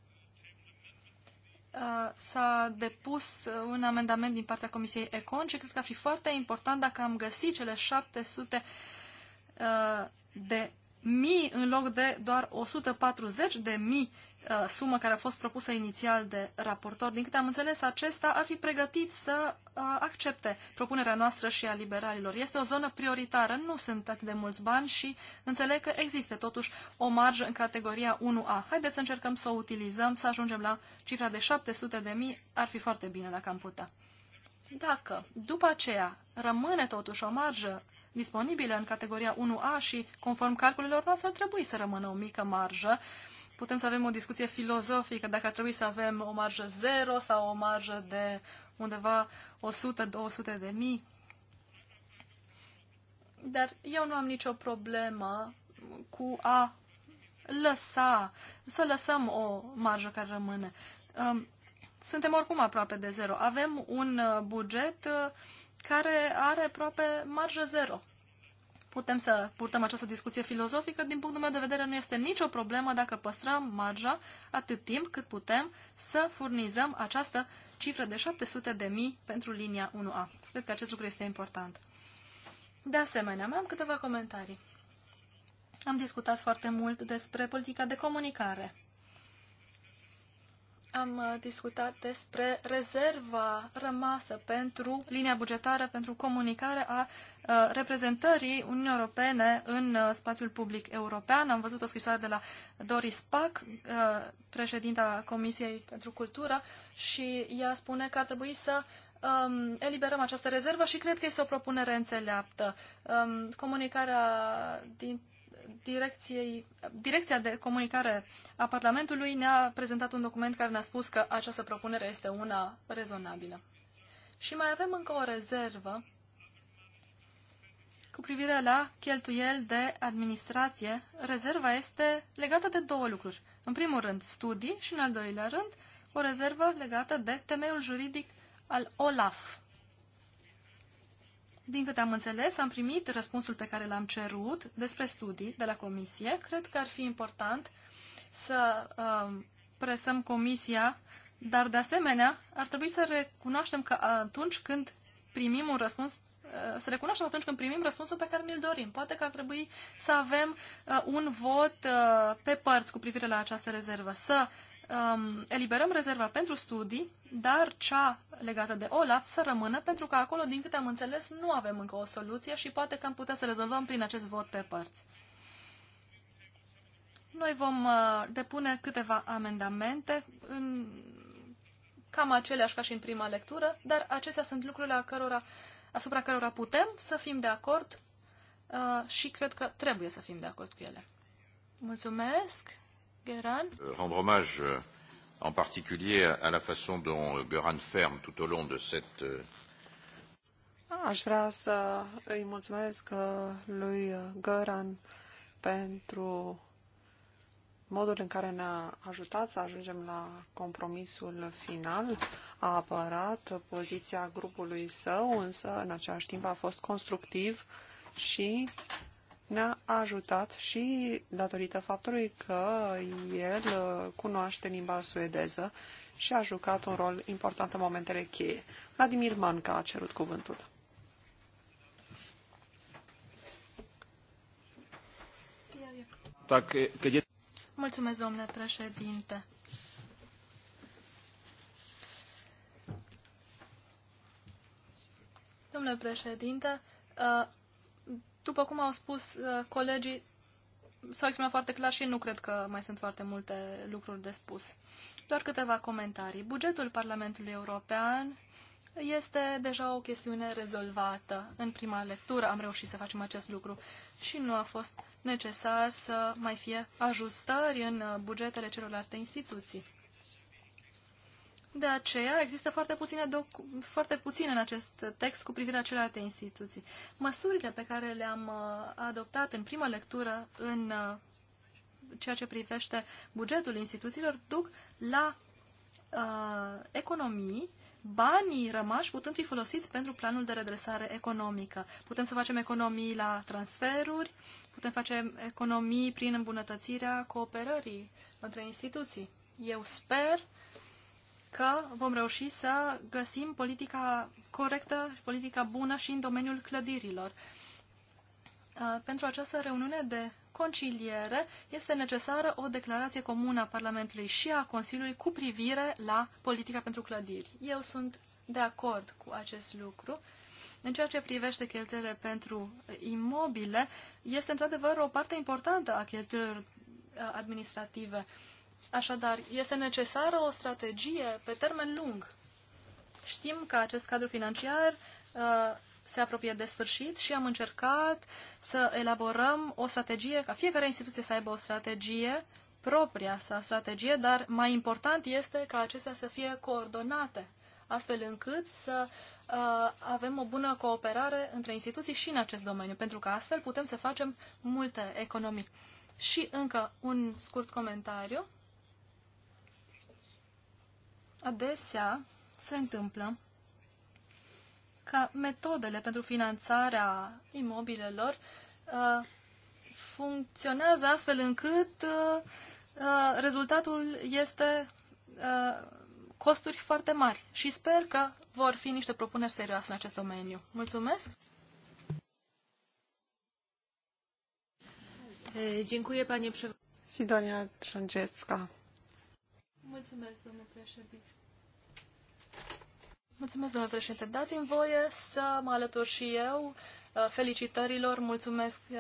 Uh, s-a depus un amendament din partea Comisiei Econ și cred că ar fi foarte important dacă am găsit cele 700 uh, de mii în loc de doar 140 de mii uh, sumă care a fost propusă inițial de raportor. Din câte am înțeles, acesta ar fi pregătit să uh, accepte propunerea noastră și a liberalilor. Este o zonă prioritară, nu sunt atât de mulți bani și înțeleg că există totuși o marjă în categoria 1A. Haideți să încercăm să o utilizăm, să ajungem la cifra de 700 de mii, ar fi foarte bine dacă am putea. Dacă după aceea rămâne totuși o marjă disponibile în categoria 1A și, conform calculelor noastre, ar trebui să rămână o mică marjă. Putem să avem o discuție filozofică dacă ar trebui să avem o marjă 0 sau o marjă de undeva 100-200 de mii. Dar eu nu am nicio problemă cu a lăsa, să lăsăm o marjă care rămâne. Um, suntem oricum aproape de zero. Avem un uh, buget uh, care are aproape marjă zero. Putem să purtăm această discuție filozofică, din punctul meu de vedere nu este nicio problemă dacă păstrăm marja atât timp cât putem să furnizăm această cifră de 700 de mii pentru linia 1A. Cred că acest lucru este important. De asemenea, mai am câteva comentarii. Am discutat foarte mult despre politica de comunicare am uh, discutat despre rezerva rămasă pentru linia bugetară pentru comunicare a uh, reprezentării Uniunii Europene în uh, spațiul public european. Am văzut o scrisoare de la Doris Pack, președinta Comisiei pentru Cultură, și ea spune că ar trebui să um, eliberăm această rezervă și cred că este o propunere înțeleaptă. Um, comunicarea din direcției, Direcția de Comunicare a Parlamentului ne-a prezentat un document care ne-a spus că această propunere este una rezonabilă. Și mai avem încă o rezervă cu privire la cheltuieli de administrație. Rezerva este legată de două lucruri. În primul rând, studii și, în al doilea rând, o rezervă legată de temeiul juridic al OLAF. Din câte am înțeles, am primit răspunsul pe care l-am cerut despre studii de la comisie. Cred că ar fi important să uh, presăm comisia, dar de asemenea ar trebui să recunoaștem că atunci când primim un răspuns uh, să recunoaștem atunci când primim răspunsul pe care mi l dorim. Poate că ar trebui să avem uh, un vot uh, pe părți cu privire la această rezervă. Să um, eliberăm rezerva pentru studii, dar cea legată de OLAF să rămână, pentru că acolo, din câte am înțeles, nu avem încă o soluție și poate că am putea să rezolvăm prin acest vot pe părți. Noi vom uh, depune câteva amendamente, în, cam aceleași ca și în prima lectură, dar acestea sunt lucrurile cărora, asupra cărora putem să fim de acord uh, și cred că trebuie să fim de acord cu ele. Mulțumesc! Geran. Euh, rendre hommage euh, en particulier à la façon dont euh, Göran ferme, tout au long de cette... Ah, aș vrea să îi mulțumesc uh, lui uh, Göran pentru modul în care ne-a ajutat să ajungem la compromisul final. A apărat poziția grupului său, însă în același timp a fost constructiv și ne-a ajutat și datorită faptului că el uh, cunoaște limba suedeză și a jucat un rol important în momentele cheie. Vladimir Manca a cerut cuvântul. Mulțumesc, domnule președinte. Domnule președinte, uh, după cum au spus uh, colegii, s-au exprimat foarte clar și nu cred că mai sunt foarte multe lucruri de spus. Doar câteva comentarii. Bugetul Parlamentului European este deja o chestiune rezolvată. În prima lectură am reușit să facem acest lucru și nu a fost necesar să mai fie ajustări în uh, bugetele celorlalte instituții. De aceea există foarte puține, docu- foarte puține în acest text cu privire la celelalte instituții. Măsurile pe care le-am uh, adoptat în prima lectură în uh, ceea ce privește bugetul instituțiilor duc la uh, economii, banii rămași putând fi folosiți pentru planul de redresare economică. Putem să facem economii la transferuri, putem face economii prin îmbunătățirea cooperării între instituții. Eu sper uh, că vom reuși să găsim politica corectă și politica bună și în domeniul clădirilor. Uh, pentru această reuniune de conciliere este necesară o declarație comună a Parlamentului și a Consiliului cu privire la politica pentru clădiri. Eu sunt de acord cu acest lucru. În ceea ce privește cheltuielile pentru imobile, este într-adevăr o parte importantă a cheltuielilor uh, administrative. Uh, Așadar, este necesară o strategie pe termen lung. Știm că acest cadru financiar uh, se apropie de sfârșit și am încercat să elaborăm o strategie, ca fiecare instituție să aibă o strategie, propria sa strategie, dar mai important este ca acestea să fie coordonate, astfel încât să uh, avem o bună cooperare între instituții și în acest domeniu, pentru că astfel putem să facem multe economii. Și încă un scurt comentariu adesea se întâmplă ca metodele pentru finanțarea imobilelor uh, funcționează astfel încât uh, uh rezultatul este uh, costuri foarte mari și sper că vor fi niște propuneri serioase în acest domeniu. Mulțumesc! Dziękuję, panie przewodniczący. Sidonia Trzędziecka. Mulțumesc, domnule președinte. Mulțumesc, domnule președinte. Dați-mi voie să mă alătur și eu uh, felicitărilor, mulțumesc, uh,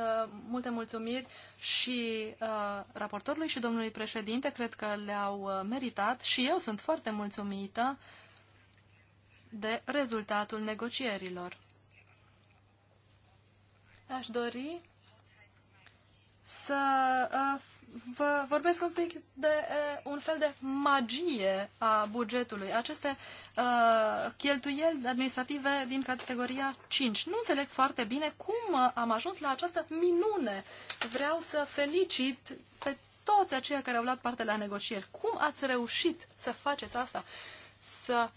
multe mulțumiri și uh, raportorului și domnului președinte, cred că le-au meritat și eu sunt foarte mulțumită de rezultatul negocierilor. Aș dori să uh, vă vorbesc un pic de uh, un fel de magie a bugetului. Aceste uh, cheltuieli administrative din categoria 5. Nu înțeleg foarte bine cum uh, am ajuns la această minune. Vreau să felicit pe toți aceia care au luat parte la negocieri. Cum ați reușit să faceți asta? Să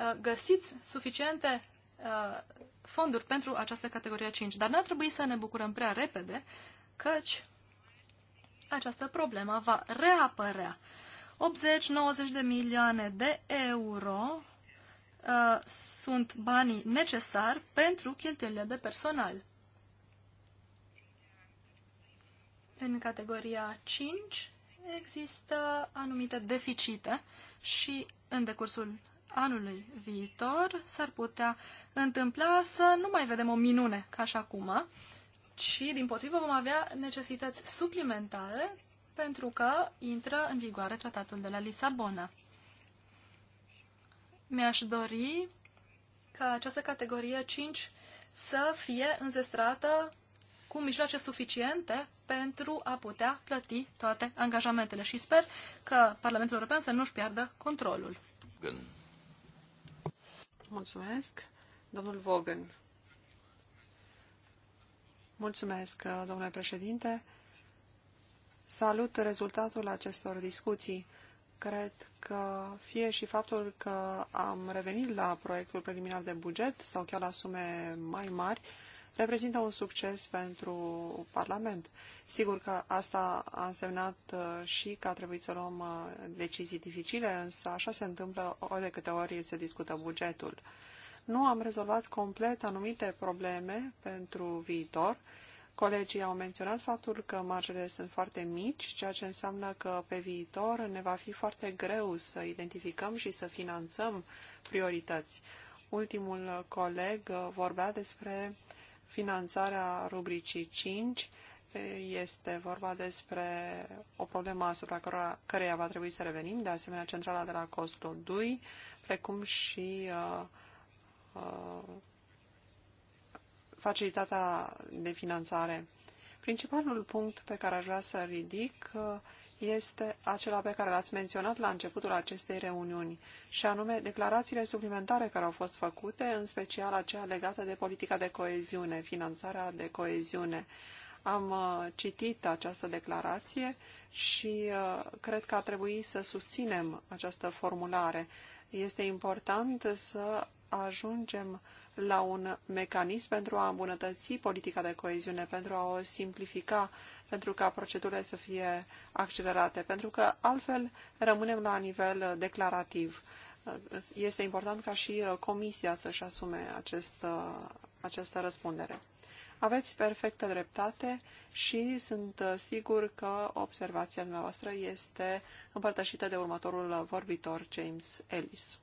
uh, găsiți suficiente uh, fonduri pentru această categorie 5. Dar n-ar trebui să ne bucurăm prea repede, căci această problemă va reapărea. 80-90 de milioane de euro uh, sunt banii necesari pentru cheltuielile de personal. În categoria 5 există anumite deficite și în decursul anului viitor s-ar putea întâmpla să nu mai vedem o minune ca și acum, ci, din potrivă, vom avea necesități suplimentare pentru că intră în vigoare tratatul de la Lisabona. Mi-aș dori ca această categorie 5 să fie înzestrată cu mijloace suficiente pentru a putea plăti toate angajamentele și sper că Parlamentul European să nu-și piardă controlul. Mulțumesc. Domnul Vogan. Mulțumesc, domnule președinte. Salut rezultatul acestor discuții. Cred că fie și faptul că am revenit la proiectul preliminar de buget sau chiar la sume mai mari reprezintă un succes pentru Parlament. Sigur că asta a însemnat uh, și că a trebuit să luăm uh, decizii dificile, însă așa se întâmplă ori de câte ori se discută bugetul. Nu am rezolvat complet anumite probleme pentru viitor. Colegii au menționat faptul că marjele sunt foarte mici, ceea ce înseamnă că pe viitor ne va fi foarte greu să identificăm și să finanțăm priorități. Ultimul coleg vorbea despre finanțarea rubricii 5. Este vorba despre o problemă asupra căreia, va trebui să revenim, de asemenea centrala de la costul 2, precum și uh, Uh, facilitatea de finanțare. Principalul punct pe care aș vrea să ridic uh, este acela pe care l-ați menționat la începutul acestei reuniuni, și anume declarațiile suplimentare care au fost făcute, în special aceea legată de politica de coeziune, finanțarea de coeziune. Am uh, citit această declarație și cred că ar trebui să susținem această formulare. Este important să ajungem la un mecanism pentru a îmbunătăți politica de coeziune, pentru a o simplifica, pentru ca procedurile să fie accelerate, pentru că altfel rămânem la nivel declarativ. Este important ca și Comisia să-și asume acest, această răspundere. Aveți perfectă dreptate și sunt sigur că observația dumneavoastră este împărtășită de următorul vorbitor, James Ellis.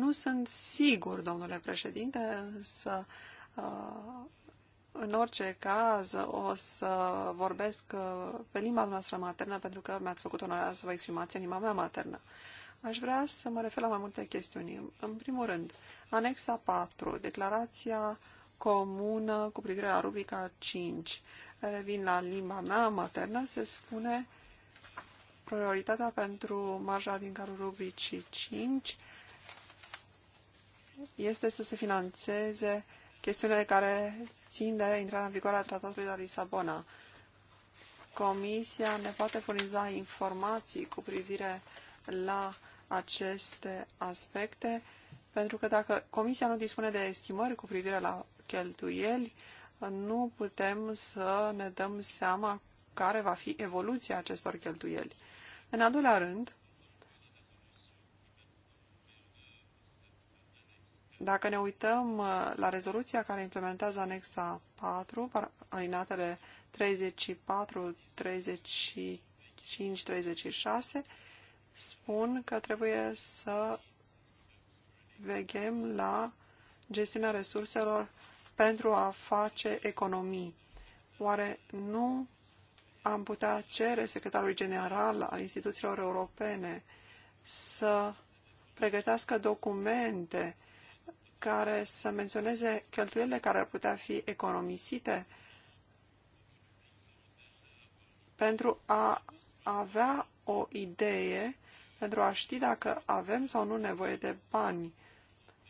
Nu sunt sigur, domnule președinte, să uh, în orice caz o să vorbesc uh, pe limba noastră maternă pentru că mi-ați făcut onoarea să vă exprimați în limba mea maternă. Aș vrea să mă refer la mai multe chestiuni. În primul rând, anexa 4, declarația comună cu privire la rubrica 5. Revin la limba mea maternă, se spune prioritatea pentru marja din cadrul rubricii 5 este să se financeze chestiunile care țin de intrarea în vigoare a Tratatului de la Lisabona. Comisia ne poate furniza informații cu privire la aceste aspecte, pentru că dacă Comisia nu dispune de estimări cu privire la cheltuieli, nu putem să ne dăm seama care va fi evoluția acestor cheltuieli. În al doilea rând, Dacă ne uităm uh, la rezoluția care implementează anexa 4, alinatele 34, 35, 36, spun că trebuie să veghem la gestiunea resurselor pentru a face economii. Oare nu am putea cere secretarului general al instituțiilor europene să pregătească documente care să menționeze cheltuielile care ar putea fi economisite pentru a avea o idee, pentru a ști dacă avem sau nu nevoie de bani.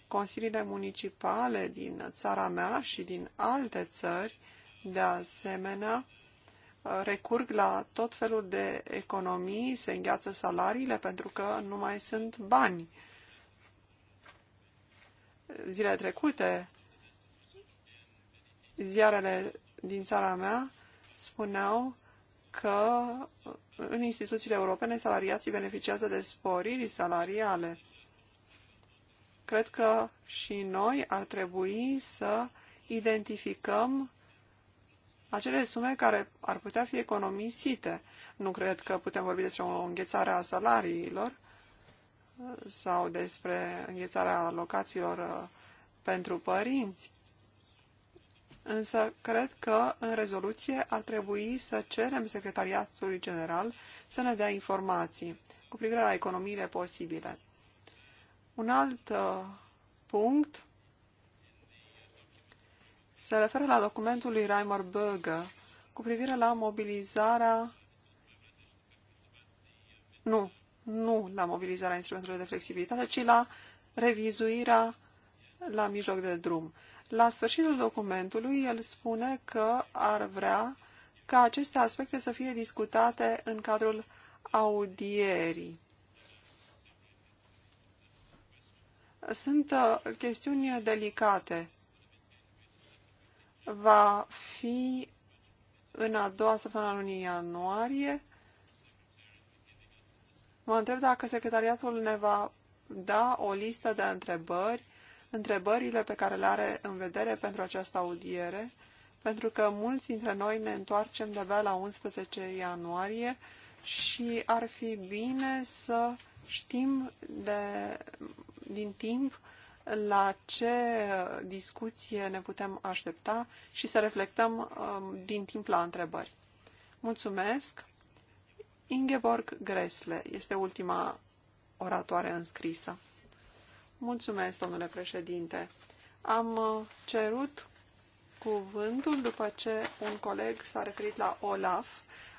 Consiliile municipale din țara mea și din alte țări, de asemenea, recurg la tot felul de economii, se îngheață salariile pentru că nu mai sunt bani zilele trecute, ziarele din țara mea spuneau că în instituțiile europene salariații beneficiază de sporiri salariale. Cred că și noi ar trebui să identificăm acele sume care ar putea fi economisite. Nu cred că putem vorbi despre o înghețare a salariilor, sau despre înghețarea locațiilor uh, pentru părinți. Însă cred că în rezoluție ar trebui să cerem Secretariatului General să ne dea informații cu privire la economiile posibile. Un alt uh, punct se referă la documentul lui Reimer Böge cu privire la mobilizarea... Nu, nu la mobilizarea instrumentelor de flexibilitate, ci la revizuirea la mijloc de drum. La sfârșitul documentului, el spune că ar vrea ca aceste aspecte să fie discutate în cadrul audierii. Sunt uh, chestiuni delicate. Va fi în a doua săptămână a lunii ianuarie Mă întreb dacă secretariatul ne va da o listă de întrebări, întrebările pe care le are în vedere pentru această audiere, pentru că mulți dintre noi ne întoarcem de-abia la 11 ianuarie și ar fi bine să știm de, din timp la ce discuție ne putem aștepta și să reflectăm um, din timp la întrebări. Mulțumesc! Ingeborg Gresle este ultima oratoare înscrisă. Mulțumesc, domnule președinte. Am uh, cerut cuvântul după ce un coleg s-a referit la OLAF.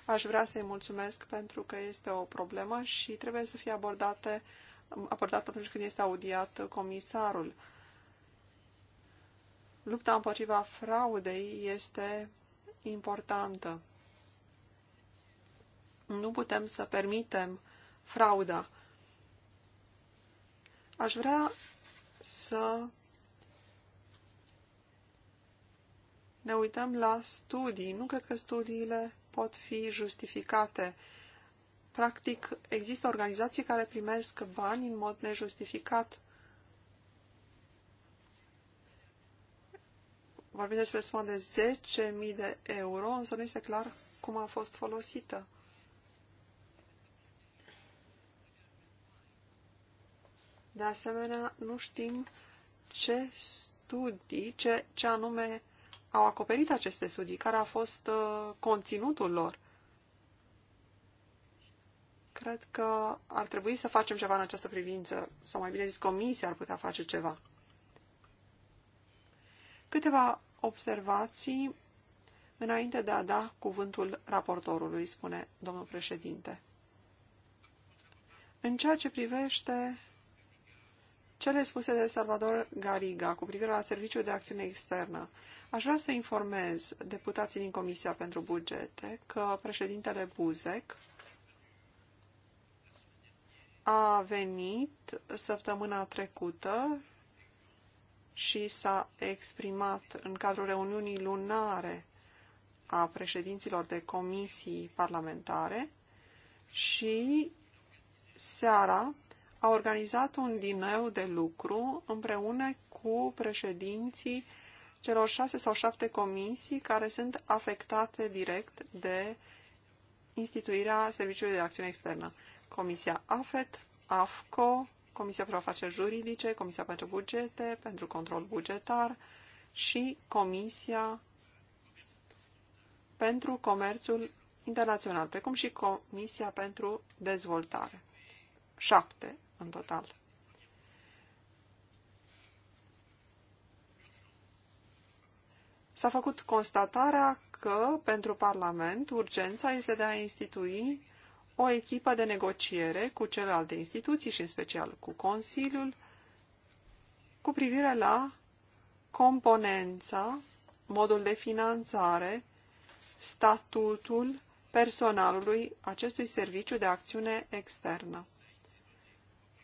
Aș vrea să-i mulțumesc pentru că este o problemă și trebuie să fie abordate, abordat atunci când este audiat comisarul. Lupta împotriva fraudei este importantă. Nu putem să permitem frauda. Aș vrea să ne uităm la studii. Nu cred că studiile pot fi justificate. Practic, există organizații care primesc bani în mod nejustificat. Vorbim despre suma de 10.000 de euro, însă nu este clar cum a fost folosită. De asemenea, nu știm ce studii, ce, ce anume au acoperit aceste studii, care a fost uh, conținutul lor. Cred că ar trebui să facem ceva în această privință, sau mai bine zis, comisia ar putea face ceva. Câteva observații înainte de a da cuvântul raportorului, spune domnul președinte. În ceea ce privește cele spuse de Salvador Gariga cu privire la Serviciul de Acțiune Externă. Aș vrea să informez deputații din Comisia pentru Bugete că președintele Buzek a venit săptămâna trecută și s-a exprimat în cadrul reuniunii lunare a președinților de comisii parlamentare și seara a organizat un dineu de lucru împreună cu președinții celor șase sau șapte comisii care sunt afectate direct de instituirea Serviciului de Acțiune Externă. Comisia AFET, AFCO, Comisia pentru Afaceri Juridice, Comisia pentru Bugete, pentru Control Bugetar și Comisia pentru Comerțul Internațional, precum și Comisia pentru Dezvoltare. 7 în total. S-a făcut constatarea că, pentru Parlament, urgența este de a institui o echipă de negociere cu celelalte instituții și, în special, cu Consiliul, cu privire la componența, modul de finanțare, statutul personalului acestui serviciu de acțiune externă.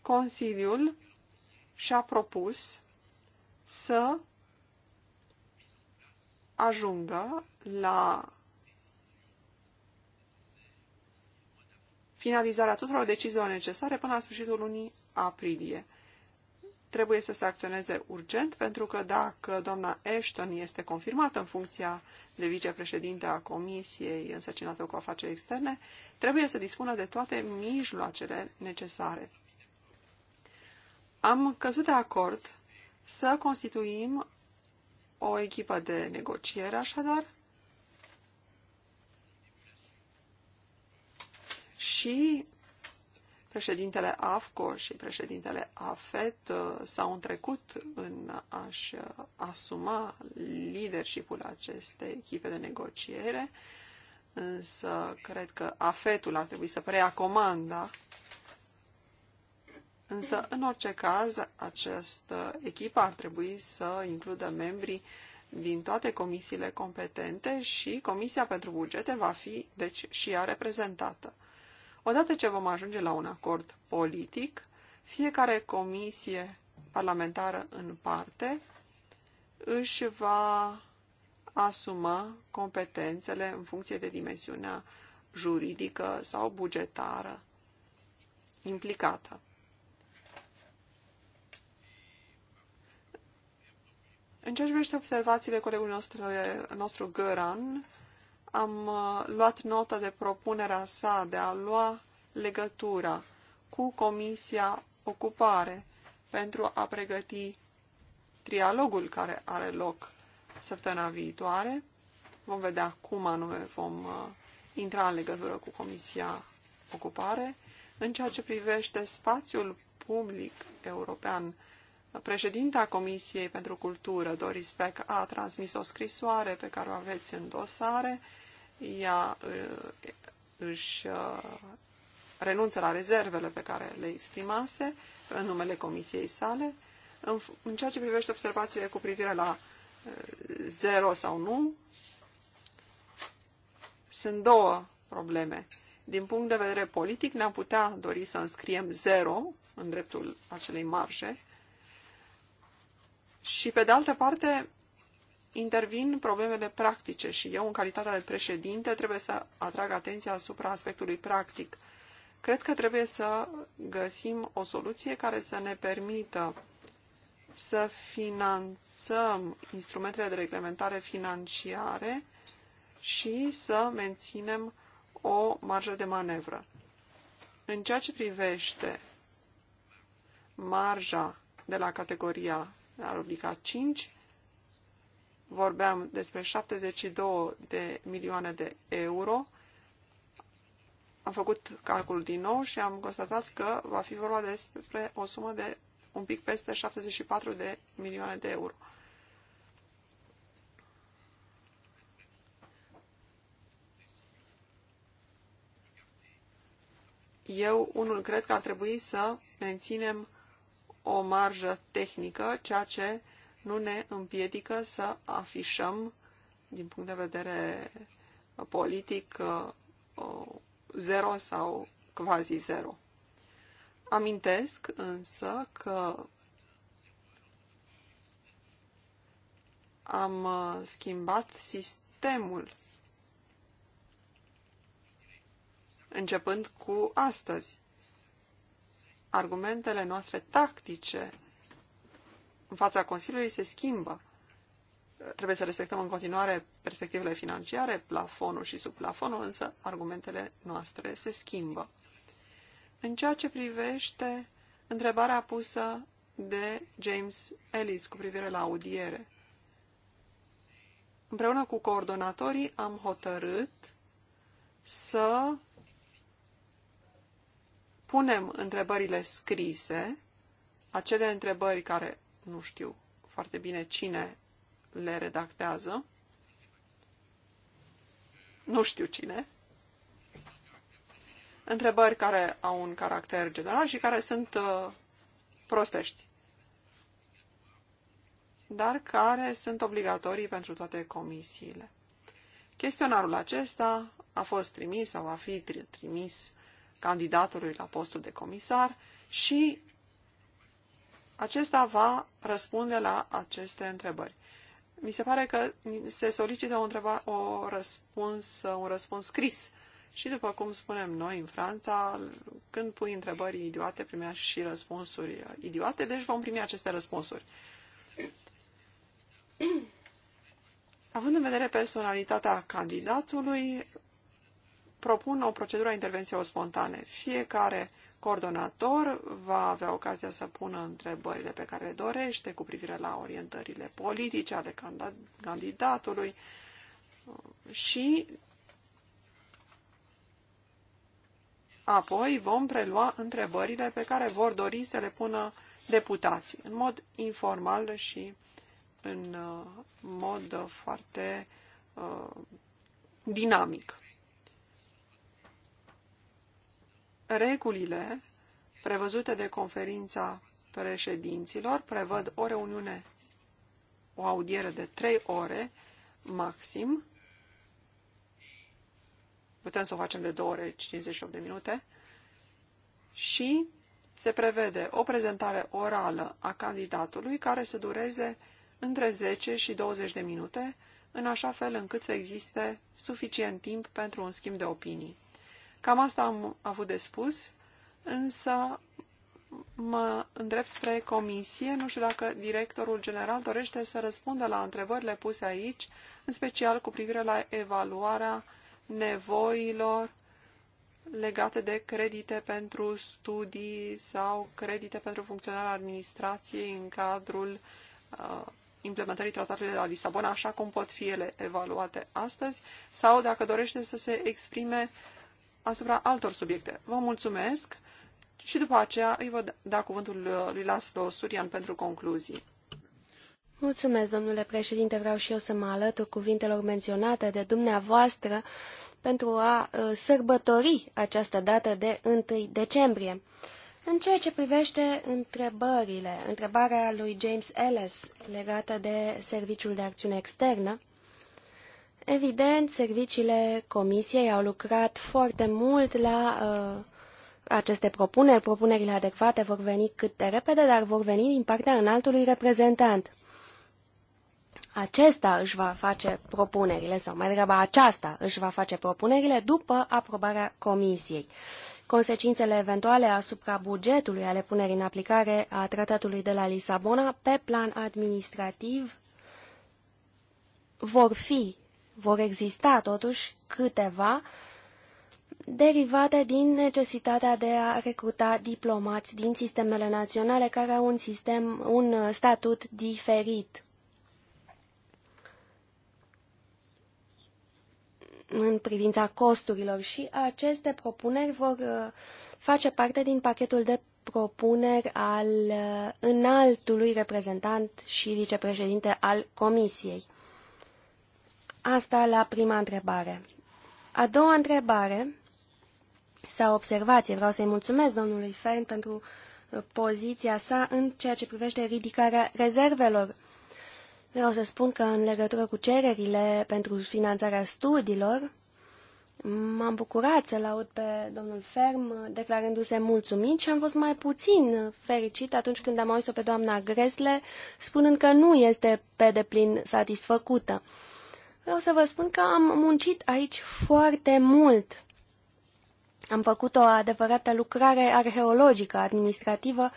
Consiliul și-a propus să ajungă la finalizarea tuturor deciziilor necesare până la sfârșitul lunii aprilie. Trebuie să se acționeze urgent, pentru că dacă doamna Ashton este confirmată în funcția de vicepreședinte a Comisiei însăcinată cu afaceri externe, trebuie să dispună de toate mijloacele necesare am căzut de acord să constituim o echipă de negociere, așadar, și președintele AFCO și președintele AFET uh, s-au întrecut în a-și uh, asuma leadership-ul acestei echipe de negociere, însă cred că AFET-ul ar trebui să preia comanda Însă, în orice caz, această echipă ar trebui să includă membrii din toate comisiile competente și Comisia pentru Bugete va fi, deci, și ea reprezentată. Odată ce vom ajunge la un acord politic, fiecare comisie parlamentară în parte își va asuma competențele în funcție de dimensiunea juridică sau bugetară implicată. În ce privește observațiile colegului nostru, nostru Găran, am uh, luat nota de propunerea sa de a lua legătura cu Comisia Ocupare pentru a pregăti trialogul care are loc săptămâna viitoare. Vom vedea cum anume vom uh, intra în legătură cu Comisia Ocupare. În ceea ce privește spațiul public european Președinta Comisiei pentru Cultură, Doris Beck, a transmis o scrisoare pe care o aveți în dosare. Ea uh, își uh, renunță la rezervele pe care le exprimase în numele Comisiei sale. În ceea ce privește observațiile cu privire la uh, zero sau nu, sunt două probleme. Din punct de vedere politic, ne-am putea dori să înscriem zero în dreptul acelei marje, și pe de altă parte, intervin problemele practice și eu, în calitatea de președinte, trebuie să atrag atenția asupra aspectului practic. Cred că trebuie să găsim o soluție care să ne permită să finanțăm instrumentele de reglementare financiare și să menținem o marjă de manevră. În ceea ce privește marja de la categoria la rubrica 5, vorbeam despre 72 de milioane de euro. Am făcut calculul din nou și am constatat că va fi vorba despre o sumă de un pic peste 74 de milioane de euro. Eu, unul, cred că ar trebui să menținem o marjă tehnică, ceea ce nu ne împiedică să afișăm, din punct de vedere uh, politic, uh, uh, zero sau quasi zero. Amintesc însă că am schimbat sistemul începând cu astăzi argumentele noastre tactice în fața Consiliului se schimbă. Trebuie să respectăm în continuare perspectivele financiare, plafonul și subplafonul, însă argumentele noastre se schimbă. În ceea ce privește întrebarea pusă de James Ellis cu privire la audiere, împreună cu coordonatorii am hotărât să punem întrebările scrise, acele întrebări care nu știu foarte bine cine le redactează, nu știu cine, întrebări care au un caracter general și care sunt uh, prostești, dar care sunt obligatorii pentru toate comisiile. Chestionarul acesta a fost trimis sau va fi trimis candidatului la postul de comisar și acesta va răspunde la aceste întrebări. Mi se pare că se solicită o întreba, o răspuns, un răspuns scris. Și după cum spunem noi în Franța, când pui întrebări idiote, primești și răspunsuri idiote, deci vom primi aceste răspunsuri. Având în vedere personalitatea candidatului, propun o procedură a intervențiilor spontane. Fiecare coordonator va avea ocazia să pună întrebările pe care le dorește cu privire la orientările politice ale candidatului uh, și apoi vom prelua întrebările pe care vor dori să le pună deputații în mod informal și în uh, mod foarte uh, dinamic. regulile prevăzute de conferința președinților prevăd o reuniune, o audiere de trei ore maxim. Putem să o facem de 2 ore 58 de minute. Și se prevede o prezentare orală a candidatului care să dureze între 10 și 20 de minute, în așa fel încât să existe suficient timp pentru un schimb de opinii. Cam asta am avut de spus, însă mă îndrept spre comisie. Nu știu dacă directorul general dorește să răspundă la întrebările puse aici, în special cu privire la evaluarea nevoilor legate de credite pentru studii sau credite pentru funcționarea administrației în cadrul uh, implementării tratatului de la Lisabona, așa cum pot fi ele evaluate astăzi, sau dacă dorește să se exprime asupra altor subiecte. Vă mulțumesc și după aceea îi vă da cuvântul uh, lui Laslo Surian pentru concluzii. Mulțumesc, domnule președinte. Vreau și eu să mă alătur cuvintelor menționate de dumneavoastră pentru a uh, sărbători această dată de 1 decembrie. În ceea ce privește întrebările, întrebarea lui James Ellis legată de Serviciul de Acțiune Externă, Evident, serviciile comisiei au lucrat foarte mult la uh, aceste propuneri. Propunerile adecvate vor veni cât de repede, dar vor veni din partea înaltului reprezentant. Acesta își va face propunerile, sau mai degrabă aceasta își va face propunerile după aprobarea comisiei. Consecințele eventuale asupra bugetului ale punerii în aplicare a tratatului de la Lisabona pe plan administrativ vor fi vor exista totuși câteva derivate din necesitatea de a recruta diplomați din sistemele naționale care au un, sistem, un statut diferit. în privința costurilor și aceste propuneri vor uh, face parte din pachetul de propuneri al uh, înaltului reprezentant și vicepreședinte al Comisiei. Asta la prima întrebare. A doua întrebare sau observație, vreau să-i mulțumesc domnului Fern pentru uh, poziția sa în ceea ce privește ridicarea rezervelor. Vreau să spun că în legătură cu cererile pentru finanțarea studiilor, m-am bucurat să-l aud pe domnul Ferm uh, declarându-se mulțumit și am fost mai puțin uh, fericit atunci când am auzit-o pe doamna Gresle spunând că nu este pe deplin satisfăcută. Vreau să vă spun că am muncit aici foarte mult. Am făcut o adevărată lucrare arheologică administrativă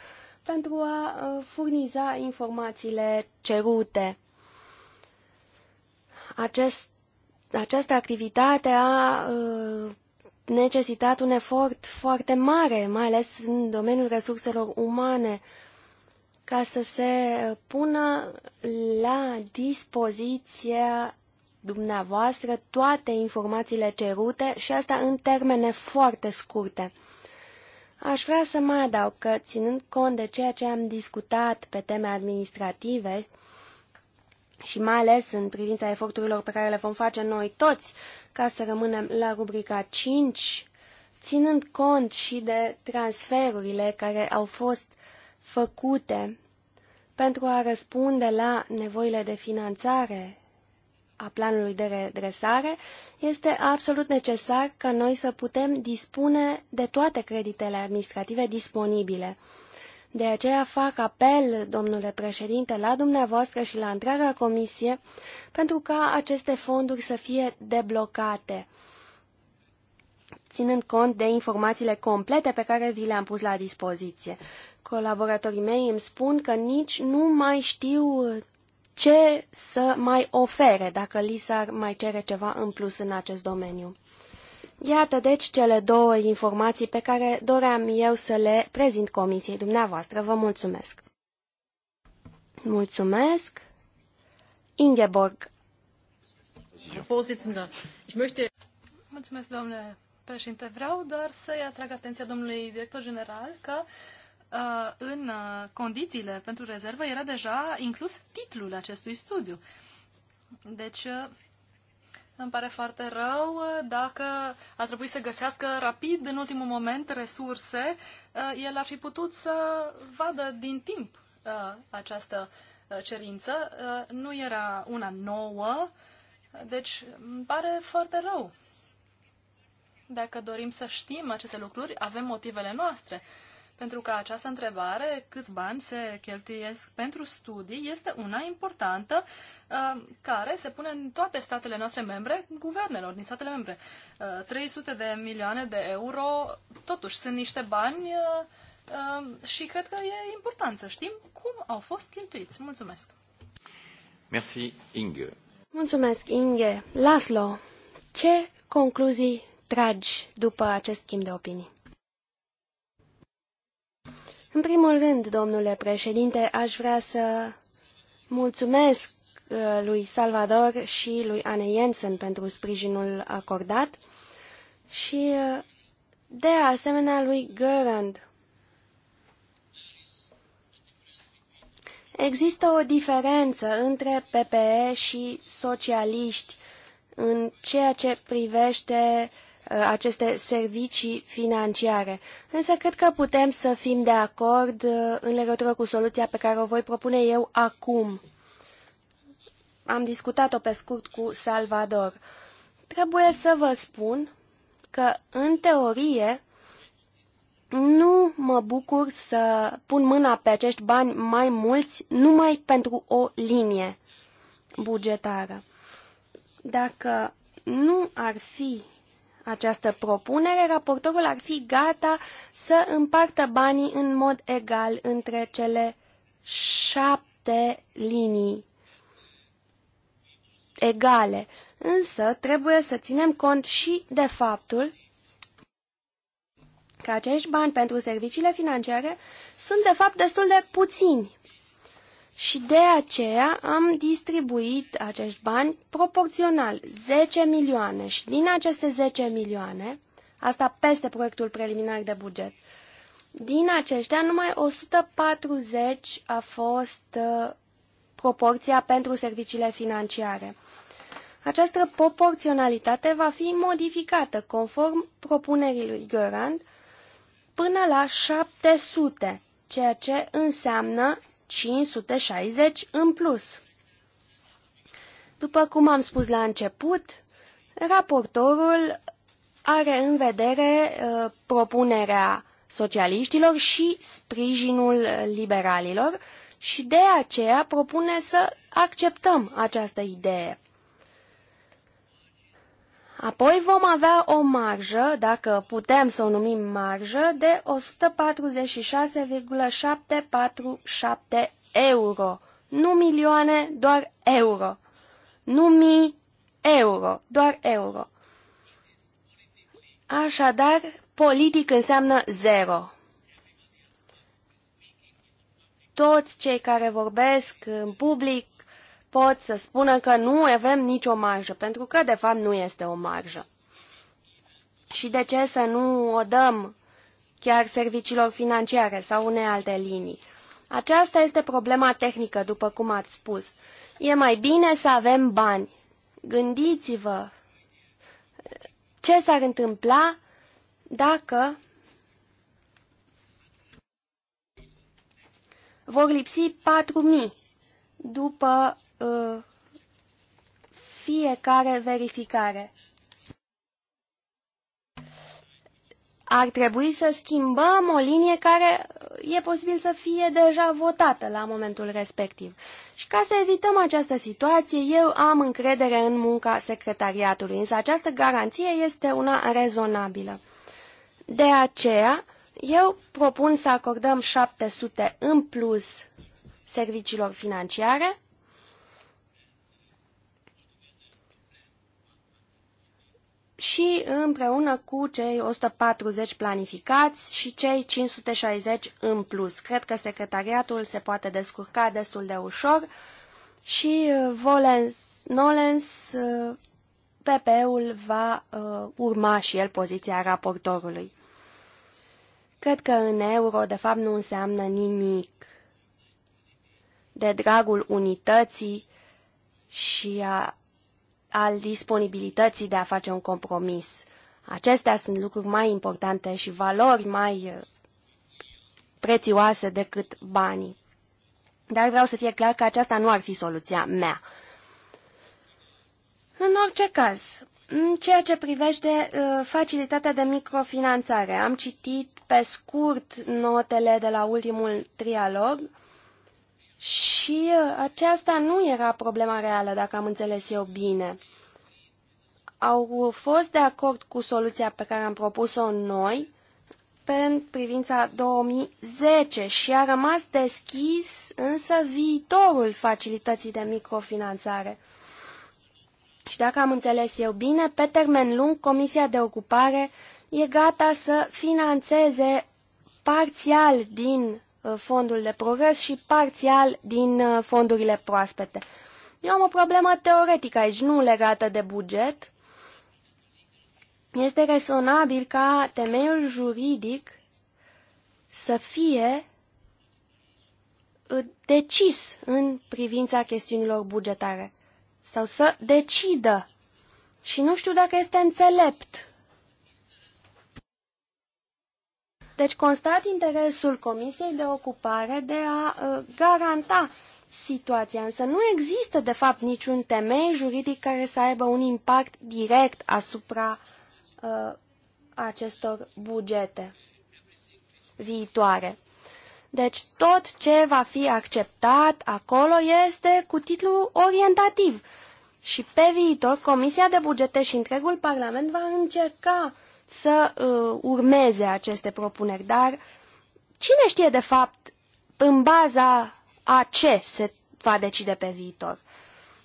pentru a uh, furniza informațiile cerute. Acest, această activitate a uh, necesitat un efort foarte mare, mai ales în domeniul resurselor umane, ca să se pună la dispoziția dumneavoastră toate informațiile cerute și asta în termene foarte scurte. Aș vrea să mai adaug că, ținând cont de ceea ce am discutat pe teme administrative și mai ales în privința eforturilor pe care le vom face noi toți ca să rămânem la rubrica 5, ținând cont și de transferurile care au fost făcute pentru a răspunde la nevoile de finanțare a planului de redresare, este absolut necesar ca noi să putem dispune de toate creditele administrative disponibile. De aceea fac apel, domnule președinte, la dumneavoastră și la întreaga comisie pentru ca aceste fonduri să fie deblocate, ținând cont de informațiile complete pe care vi le-am pus la dispoziție. Colaboratorii mei îmi spun că nici nu mai știu ce să mai ofere dacă li s-ar mai cere ceva în plus în acest domeniu. Iată deci cele două informații pe care doream eu să le prezint comisiei dumneavoastră. Vă mulțumesc! Mulțumesc! Ingeborg Mulțumesc, domnule președinte. Vreau doar să-i atrag atenția domnului director general că Uh, în uh, condițiile pentru rezervă era deja inclus titlul acestui studiu. Deci, uh, îmi pare foarte rău dacă a trebuit să găsească rapid, în ultimul moment, resurse. El ar fi putut să vadă din timp această cerință. Nu era una nouă, deci îmi pare foarte rău. Dacă dorim să știm aceste lucruri, avem motivele noastre. Pentru că această întrebare, câți bani se cheltuiesc pentru studii, este una importantă uh, care se pune în toate statele noastre membre, guvernelor din statele membre. 300 uh, de milioane de euro, totuși, sunt niște bani uh, și cred că e important să știm cum au fost cheltuiți. Mulțumesc! Merci, Inge. Mulțumesc, Inge. Laslo, ce concluzii tragi după acest schimb de opinii? În primul rând, domnule președinte, aș vrea să mulțumesc uh, lui Salvador și lui Anne Jensen pentru sprijinul acordat și uh, de asemenea lui Gerand. Există o diferență între PPE și socialiști în ceea ce privește Uh, aceste servicii financiare. Însă cred că putem să fim de acord uh, în legătură cu soluția pe care o voi propune eu acum. Am discutat-o pe scurt cu Salvador. Trebuie să vă spun că, în teorie, nu mă bucur să pun mâna pe acești bani mai mulți numai pentru o linie bugetară. Dacă nu ar fi această propunere, raportorul ar fi gata să împartă banii în mod egal între cele șapte linii egale. Însă trebuie să ținem cont și de faptul că acești bani pentru serviciile financiare sunt de fapt destul de puțini. Și de aceea am distribuit acești bani proporțional, 10 milioane. Și din aceste 10 milioane, asta peste proiectul preliminar de buget, din aceștia numai 140 a fost uh, proporția pentru serviciile financiare. Această proporționalitate va fi modificată conform propunerii lui Görand până la 700, ceea ce înseamnă 560 în plus. După cum am spus la început, raportorul are în vedere uh, propunerea socialiștilor și sprijinul liberalilor și de aceea propune să acceptăm această idee. Apoi vom avea o marjă, dacă putem să o numim marjă, de 146,747 euro. Nu milioane, doar euro. Nu mii euro, doar euro. Așadar, politic înseamnă zero. Toți cei care vorbesc în public pot să spună că nu avem nicio marjă, pentru că de fapt nu este o marjă. Și de ce să nu o dăm chiar serviciilor financiare sau unei alte linii? Aceasta este problema tehnică, după cum ați spus. E mai bine să avem bani. Gândiți-vă ce s-ar întâmpla dacă vor lipsi 4.000 după Uh, fiecare verificare. Ar trebui să schimbăm o linie care uh, e posibil să fie deja votată la momentul respectiv. Și ca să evităm această situație, eu am încredere în munca secretariatului, însă această garanție este una rezonabilă. De aceea, eu propun să acordăm 700 în plus serviciilor financiare și împreună cu cei 140 planificați și cei 560 în plus. Cred că secretariatul se poate descurca destul de ușor și uh, Volens Nolens, uh, PP-ul, va uh, urma și el poziția raportorului. Cred că în euro, de fapt, nu înseamnă nimic. De dragul unității și a al disponibilității de a face un compromis. Acestea sunt lucruri mai importante și valori mai uh, prețioase decât banii. Dar vreau să fie clar că aceasta nu ar fi soluția mea. În orice caz, în ceea ce privește uh, facilitatea de microfinanțare, am citit pe scurt notele de la ultimul trialog și uh, aceasta nu era problema reală, dacă am înțeles eu bine. Au fost de acord cu soluția pe care am propus-o noi în privința 2010 și a rămas deschis însă viitorul facilității de microfinanțare. Și dacă am înțeles eu bine, pe termen lung, Comisia de Ocupare e gata să financeze parțial din Uh, fondul de progres și parțial din uh, fondurile proaspete. Eu am o problemă teoretică aici, nu legată de buget. Este rezonabil ca temeiul juridic să fie uh, decis în privința chestiunilor bugetare sau să decidă. Și nu știu dacă este înțelept Deci constat interesul Comisiei de Ocupare de a uh, garanta situația, însă nu există de fapt niciun temei juridic care să aibă un impact direct asupra uh, acestor bugete viitoare. Deci tot ce va fi acceptat acolo este cu titlu orientativ. Și pe viitor, Comisia de Bugete și întregul Parlament va încerca să uh, urmeze aceste propuneri, dar cine știe de fapt în baza a ce se va decide pe viitor?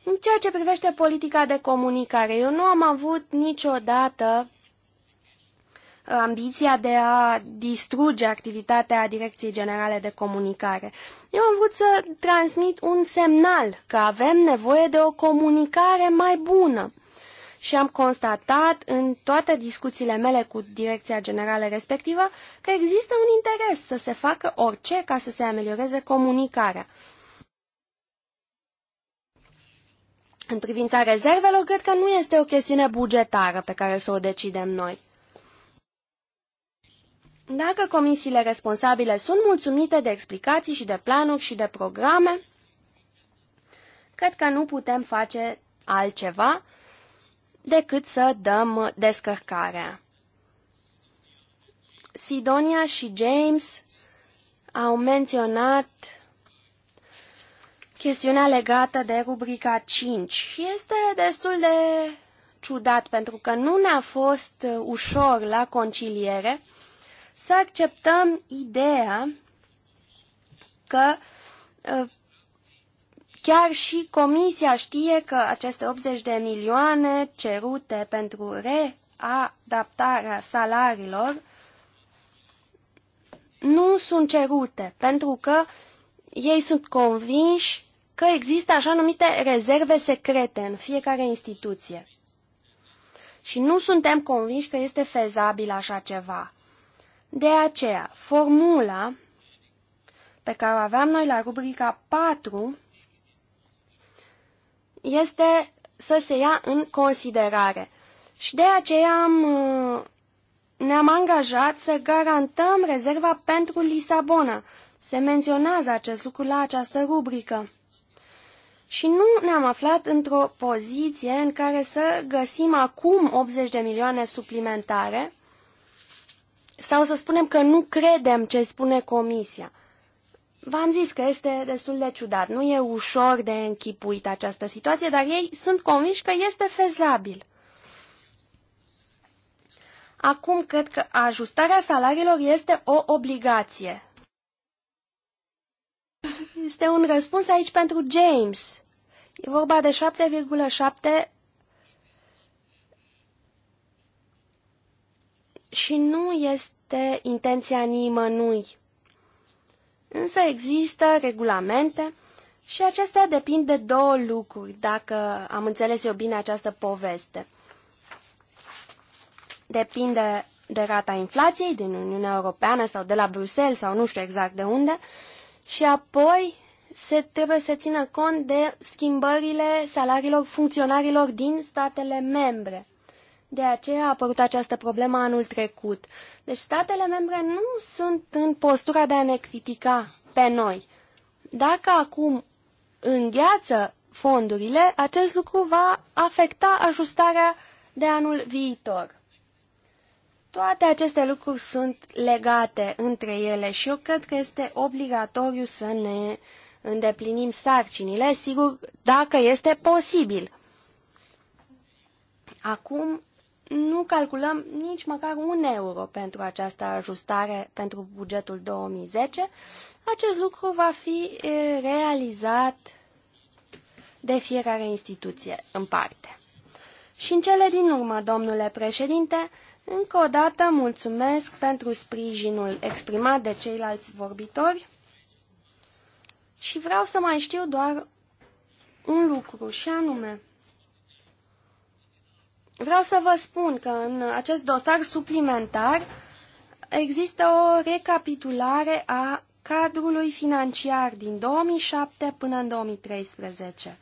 În ceea ce privește politica de comunicare, eu nu am avut niciodată ambiția de a distruge activitatea Direcției Generale de Comunicare. Eu am vrut să transmit un semnal că avem nevoie de o comunicare mai bună și am constatat în toate discuțiile mele cu direcția generală respectivă că există un interes să se facă orice ca să se amelioreze comunicarea. În privința rezervelor, cred că nu este o chestiune bugetară pe care să o decidem noi. Dacă comisiile responsabile sunt mulțumite de explicații și de planuri și de programe, cred că nu putem face altceva decât să dăm descărcarea. Sidonia și James au menționat chestiunea legată de rubrica 5 și este destul de ciudat pentru că nu ne-a fost ușor la conciliere să acceptăm ideea că uh, Chiar și Comisia știe că aceste 80 de milioane cerute pentru readaptarea salariilor nu sunt cerute, pentru că ei sunt convinși că există așa numite rezerve secrete în fiecare instituție. Și nu suntem convinși că este fezabil așa ceva. De aceea, formula pe care o aveam noi la rubrica 4 este să se ia în considerare. Și de aceea am, uh, ne-am angajat să garantăm rezerva pentru Lisabona. Se menționează acest lucru la această rubrică. Și nu ne-am aflat într-o poziție în care să găsim acum 80 de milioane suplimentare sau să spunem că nu credem ce spune Comisia. V-am zis că este destul de ciudat, nu e ușor de închipuit această situație, dar ei sunt convinși că este fezabil. Acum cred că ajustarea salariilor este o obligație. Este un răspuns aici pentru James. E vorba de 7,7 și nu este intenția nimănui Însă există regulamente și acestea depind de două lucruri, dacă am înțeles eu bine această poveste. Depinde de rata inflației din Uniunea Europeană sau de la Bruxelles sau nu știu exact de unde și apoi se trebuie să țină cont de schimbările salariilor funcționarilor din statele membre. De aceea a apărut această problemă anul trecut. Deci statele membre nu sunt în postura de a ne critica pe noi. Dacă acum îngheață fondurile, acest lucru va afecta ajustarea de anul viitor. Toate aceste lucruri sunt legate între ele și eu cred că este obligatoriu să ne îndeplinim sarcinile, sigur, dacă este posibil. Acum nu calculăm nici măcar un euro pentru această ajustare pentru bugetul 2010. Acest lucru va fi realizat de fiecare instituție în parte. Și în cele din urmă, domnule președinte, încă o dată mulțumesc pentru sprijinul exprimat de ceilalți vorbitori și vreau să mai știu doar un lucru și anume Vreau să vă spun că în acest dosar suplimentar există o recapitulare a cadrului financiar din 2007 până în 2013.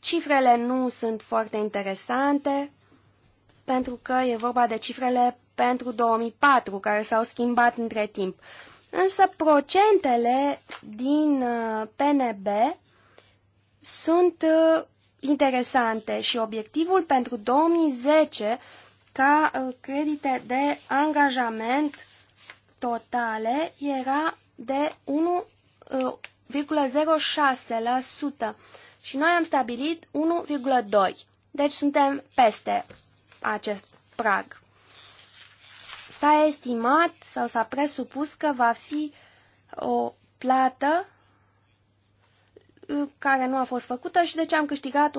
Cifrele nu sunt foarte interesante, pentru că e vorba de cifrele pentru 2004, care s-au schimbat între timp. Însă procentele din uh, PNB sunt uh, interesante și obiectivul pentru 2010 ca uh, credite de angajament totale era de 1,06% uh, și noi am stabilit 1,2%. Deci suntem peste acest prag. S-a estimat sau s-a presupus că va fi o plată care nu a fost făcută și deci am câștigat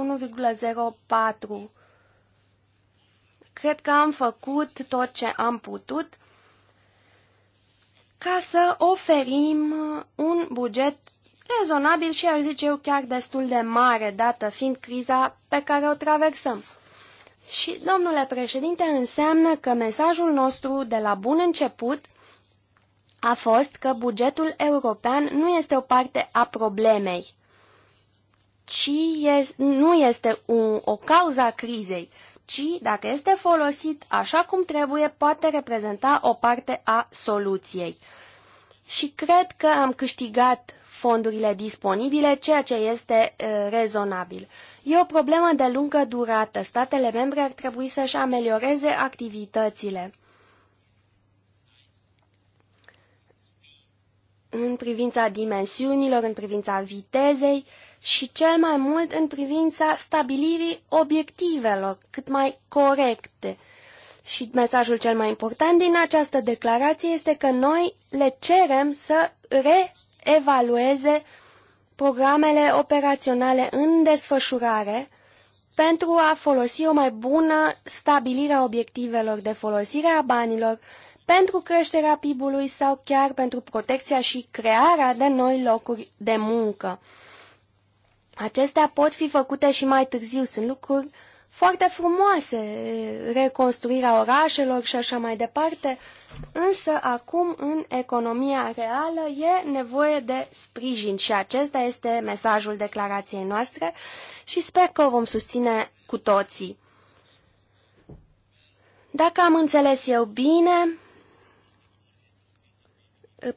1,04. Cred că am făcut tot ce am putut ca să oferim un buget rezonabil și, aș zice eu, chiar destul de mare, dată fiind criza pe care o traversăm. Și, domnule președinte, înseamnă că mesajul nostru de la bun început a fost că bugetul european nu este o parte a problemei, ci es, nu este un, o cauza crizei, ci, dacă este folosit așa cum trebuie, poate reprezenta o parte a soluției. Și cred că am câștigat fondurile disponibile, ceea ce este uh, rezonabil. E o problemă de lungă durată. Statele membre ar trebui să-și amelioreze activitățile. În privința dimensiunilor, în privința vitezei, uh, și cel mai mult în privința stabilirii obiectivelor cât mai corecte. Și mesajul cel mai important din această declarație este că noi le cerem să reevalueze programele operaționale în desfășurare pentru a folosi o mai bună stabilire a obiectivelor de folosire a banilor pentru creșterea PIB-ului sau chiar pentru protecția și crearea de noi locuri de muncă. Acestea pot fi făcute și mai târziu, sunt lucruri foarte frumoase, reconstruirea orașelor și așa mai departe, însă acum în economia reală e nevoie de sprijin și acesta este mesajul declarației noastre și sper că o vom susține cu toții. Dacă am înțeles eu bine,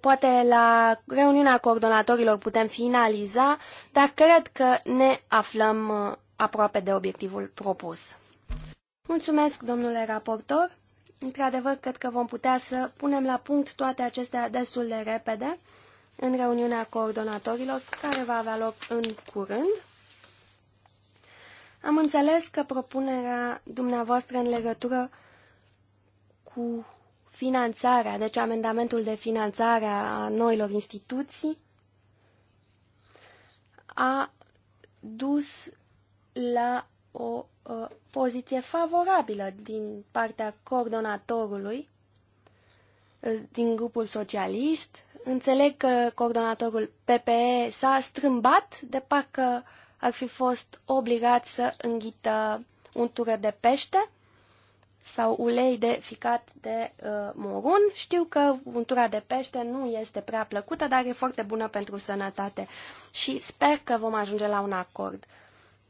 Poate la reuniunea coordonatorilor putem finaliza, dar cred că ne aflăm uh, aproape de obiectivul propus. Mulțumesc, domnule raportor. Într-adevăr, cred că vom putea să punem la punct toate acestea destul de repede în reuniunea coordonatorilor, care va avea loc în curând. Am înțeles că propunerea dumneavoastră în legătură cu Finanțarea, deci amendamentul de finanțare a noilor instituții a dus la o uh, poziție favorabilă din partea coordonatorului uh, din grupul socialist. Înțeleg că coordonatorul PPE s-a strâmbat de parcă ar fi fost obligat să înghită tură de pește sau ulei de ficat de uh, morun. Știu că untura de pește nu este prea plăcută, dar e foarte bună pentru sănătate și sper că vom ajunge la un acord.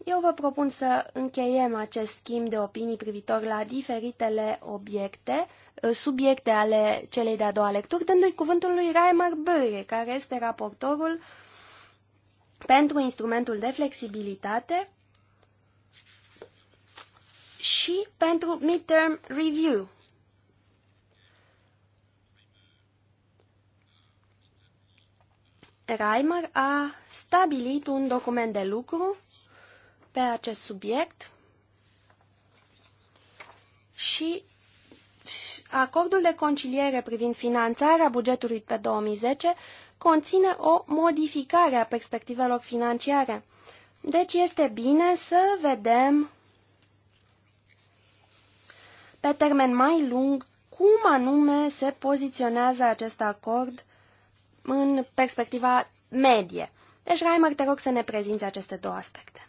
Eu vă propun să încheiem acest schimb de opinii privitor la diferitele obiecte, uh, subiecte ale celei de-a doua lecturi, dându-i cuvântul lui Raimar Böre, care este raportorul pentru instrumentul de flexibilitate și pentru midterm review. Reimer a stabilit un document de lucru pe acest subiect și acordul de conciliere privind finanțarea bugetului pe 2010 conține o modificare a perspectivelor financiare. Deci este bine să vedem pe termen mai lung cum anume se poziționează acest acord în perspectiva medie. Deci, Reimer, te rog să ne prezinți aceste două aspecte.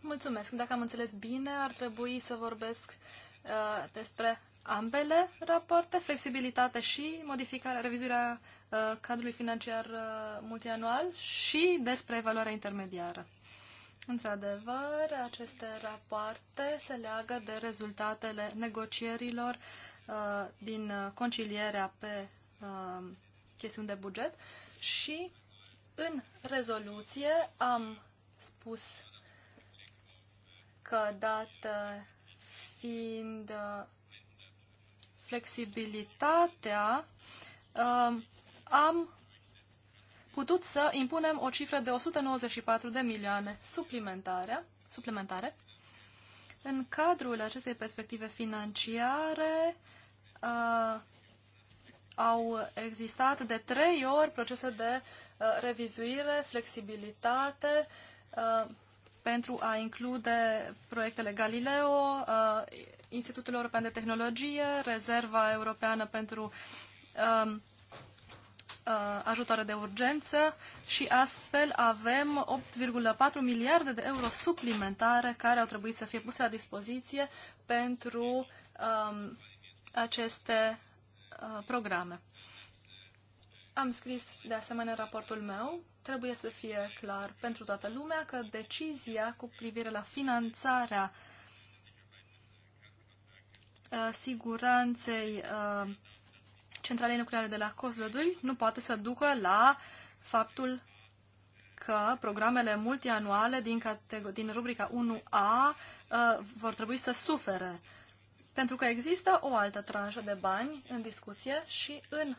Mulțumesc. Dacă am înțeles bine, ar trebui să vorbesc uh, despre ambele rapoarte, flexibilitate și modificarea, revizuirea Uh, cadrului financiar uh, multianual și despre evaluarea intermediară. Într-adevăr, aceste rapoarte se leagă de rezultatele negocierilor uh, din concilierea pe chestiuni de buget și în rezoluție am spus că dată fiind flexibilitatea, am putut să impunem o cifră de 194 de milioane suplimentare, suplimentare. În cadrul acestei perspective financiare uh, au existat de trei ori procese de uh, revizuire, flexibilitate uh, pentru a include proiectele Galileo, uh, Institutul European de Tehnologie, Rezerva Europeană pentru uh, Uh, ajutoare de urgență și astfel avem 8,4 miliarde de euro suplimentare care au trebuit să fie puse la dispoziție pentru um, aceste uh, programe. Am scris de asemenea raportul meu. Trebuie să fie clar pentru toată lumea că decizia cu privire la finanțarea uh, siguranței uh, centralei nucleare de la Kozlodui nu poate să ducă la faptul că programele multianuale din, din rubrica 1A uh, vor trebui să sufere. Pentru că există o altă tranșă de bani în discuție și în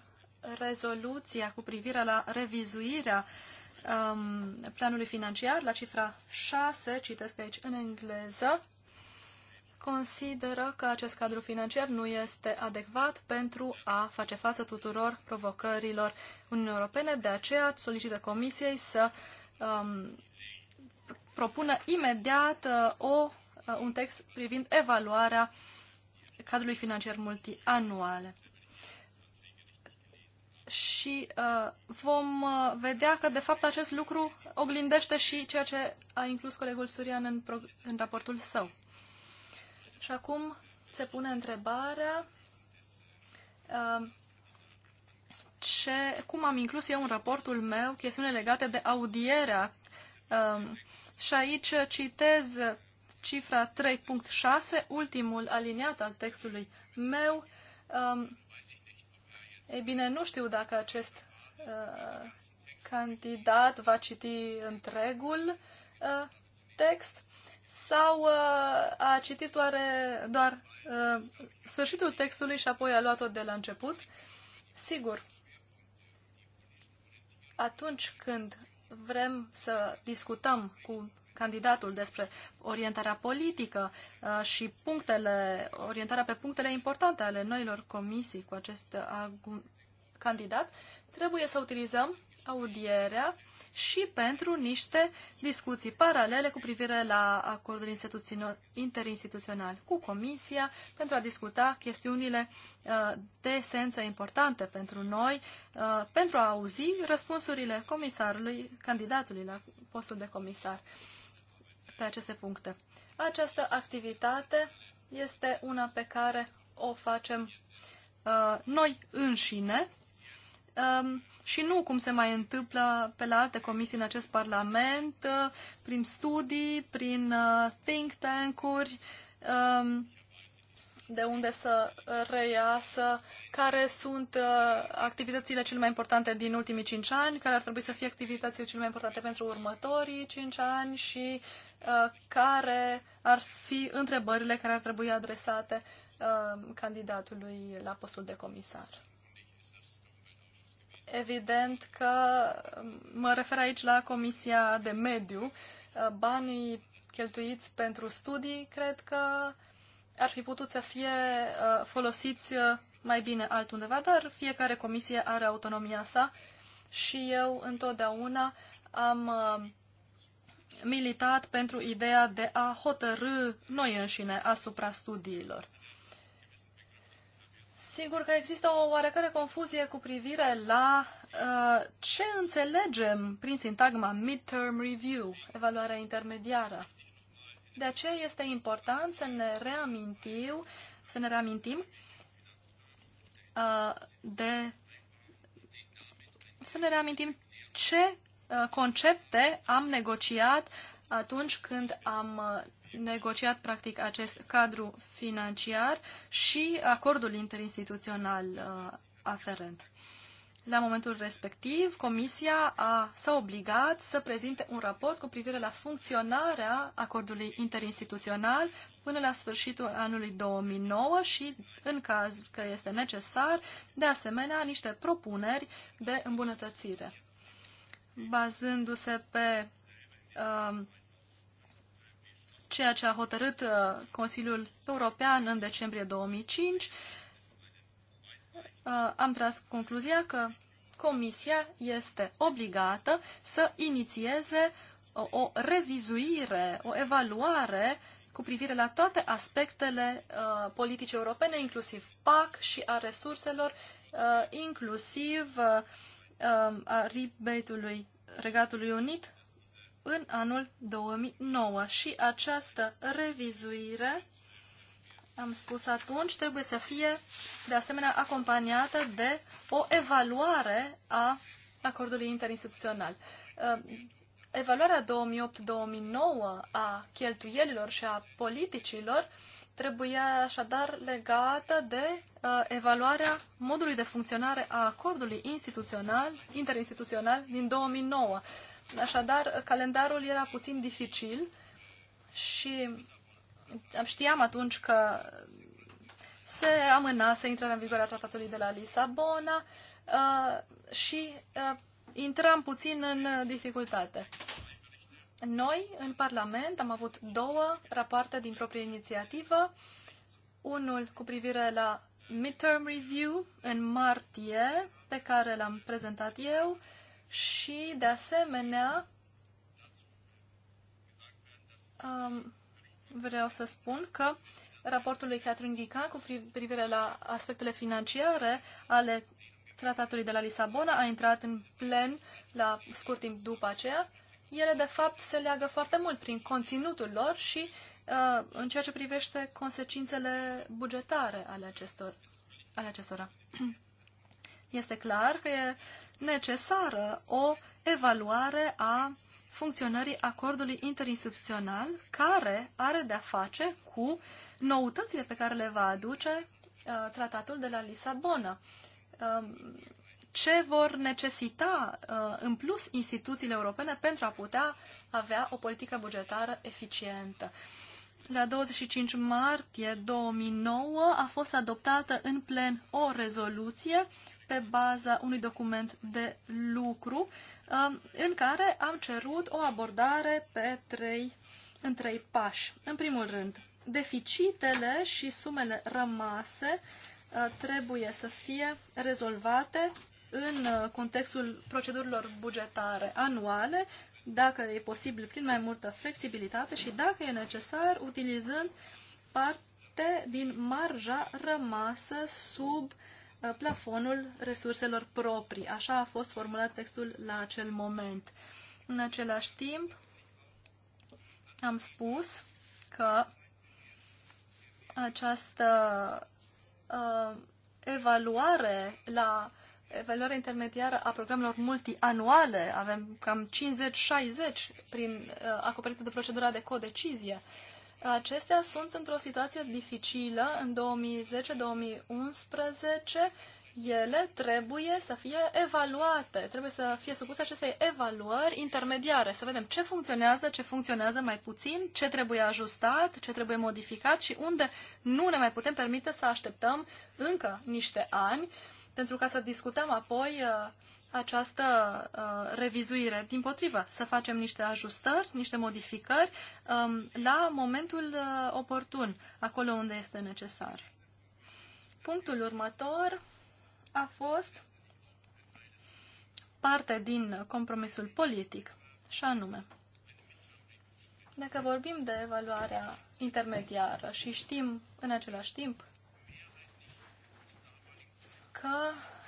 rezoluția cu privire la revizuirea um, planului financiar, la cifra 6, citesc aici în engleză, consideră că acest cadru financiar nu este adecvat pentru a face față tuturor provocărilor Uniunii Europene, de aceea solicită Comisiei să um, propună imediat uh, o, uh, un text privind evaluarea cadrului financiar multianual. Și uh, vom uh, vedea că, de fapt, acest lucru oglindește și ceea ce a inclus colegul Surian în, în raportul său. Și acum se pune întrebarea uh, ce, cum am inclus eu în raportul meu chestiune legate de audierea. Uh, și aici citez cifra 3.6, ultimul aliniat al textului meu. Uh, ei bine, nu știu dacă acest candidat va citi întregul text, sau uh, a citit oare doar uh, sfârșitul textului și apoi a luat-o de la început. Sigur, atunci când vrem să discutăm cu candidatul despre orientarea politică uh, și punctele, orientarea pe punctele importante ale noilor comisii cu acest uh, candidat, trebuie să utilizăm audierea și pentru niște discuții paralele cu privire la acordul interinstituțional cu Comisia pentru a discuta chestiunile uh, de esență importante pentru noi, uh, pentru a auzi răspunsurile comisarului, candidatului la postul de comisar pe aceste puncte. Această activitate este una pe care o facem uh, noi înșine um, și nu cum se mai întâmplă pe la alte comisii în acest Parlament, uh, prin studii, prin uh, think tank-uri, um, de unde să reiasă, care sunt uh, activitățile cele mai importante din ultimii 5 ani, care ar trebui să fie activitățile cele mai importante pentru următorii 5 ani și care ar fi întrebările care ar trebui adresate candidatului la postul de comisar. Evident că mă refer aici la Comisia de Mediu. Banii cheltuiți pentru studii cred că ar fi putut să fie uh, folosiți uh, mai bine altundeva, dar fiecare comisie are autonomia sa și eu întotdeauna am uh, militat pentru ideea de a hotărâ noi înșine asupra studiilor sigur că există o oarecare confuzie cu privire la uh, ce înțelegem prin sintagma midterm review, evaluarea intermediară. De aceea este important să ne reamintim, să ne reamintim uh, de să ne reamintim ce uh, concepte am negociat atunci când am uh, negociat practic acest cadru financiar și acordul interinstituțional uh, aferent. La momentul respectiv, Comisia a, s-a obligat să prezinte un raport cu privire la funcționarea acordului interinstituțional până la sfârșitul anului 2009 și, în caz că este necesar, de asemenea, niște propuneri de îmbunătățire. Bazându-se pe uh, ceea ce a hotărât uh, Consiliul European în decembrie 2005, uh, am tras concluzia că Comisia este obligată să inițieze o, uh, o revizuire, o evaluare cu privire la toate aspectele uh, politice europene, inclusiv PAC și a resurselor, uh, inclusiv uh, um, a rebate-ului Regatului Unit în anul 2009 și această revizuire, am spus atunci, trebuie să fie de asemenea acompaniată de o evaluare a acordului interinstituțional. Ehm, evaluarea 2008-2009 a cheltuielilor și a politicilor trebuia așadar legată de uh, evaluarea modului de funcționare a acordului instituțional, interinstituțional din 2009. Așadar, calendarul era puțin dificil și știam atunci că se amâna să intră în vigoare a tratatului de la Lisabona uh, și uh, intrăm puțin în dificultate. Noi, în Parlament, am avut două rapoarte din proprie inițiativă, unul cu privire la midterm review în martie, pe care l-am prezentat eu, și, de asemenea, um, vreau să spun că raportul lui Catherine Ghican cu privire la aspectele financiare ale tratatului de la Lisabona a intrat în plen la scurt timp după aceea. Ele, de fapt, se leagă foarte mult prin conținutul lor și uh, în ceea ce privește consecințele bugetare ale, acestor, ale acestora. Este clar că e necesară o evaluare a funcționării acordului interinstituțional care are de-a face cu noutățile pe care le va aduce uh, tratatul de la Lisabona. Um, ce vor necesita uh, în plus instituțiile europene pentru a putea avea o politică bugetară eficientă. La 25 martie 2009 a fost adoptată în plen o rezoluție pe baza unui document de lucru um, în care am cerut o abordare pe trei, în trei pași. În primul rând, deficitele și sumele rămase uh, trebuie să fie rezolvate în uh, contextul procedurilor bugetare anuale, dacă e posibil prin mai multă flexibilitate și dacă e necesar utilizând parte din marja rămasă sub uh, Uh, plafonul resurselor proprii. Așa a fost formulat textul la acel moment. În același timp, am spus că această uh, evaluare la evaluarea intermediară a programelor multianuale, avem cam 50-60 prin uh, acoperite de procedura de codecizie. Uh, Acestea sunt într-o situație dificilă în 2010-2011. Ele trebuie să fie evaluate, trebuie să fie supuse acestei evaluări intermediare, să vedem ce funcționează, ce funcționează mai puțin, ce trebuie ajustat, ce trebuie modificat și unde nu ne mai putem permite să așteptăm încă niște ani, pentru ca să discutăm apoi uh, această uh, revizuire. Din potrivă, să facem niște ajustări, niște modificări um, la momentul uh, oportun, acolo unde este necesar. Punctul următor a fost parte din compromisul politic, și anume, dacă vorbim de evaluarea intermediară și știm în același timp că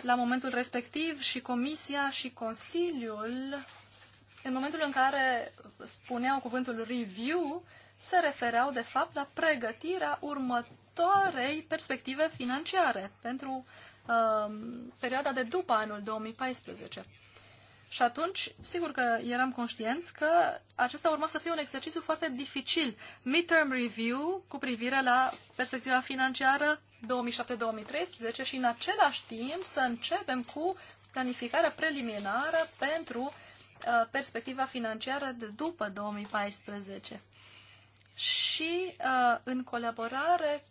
la momentul respectiv și Comisia și Consiliul, în momentul în care spuneau cuvântul review, se refereau de fapt la pregătirea următoarei perspective financiare pentru uh, perioada de după anul 2014. Și atunci, sigur că eram conștienți că acesta urma să fie un exercițiu foarte dificil. Midterm review cu privire la perspectiva financiară 2007-2013 și în același timp să începem cu planificarea preliminară pentru uh, perspectiva financiară de după 2014. Și uh, în colaborare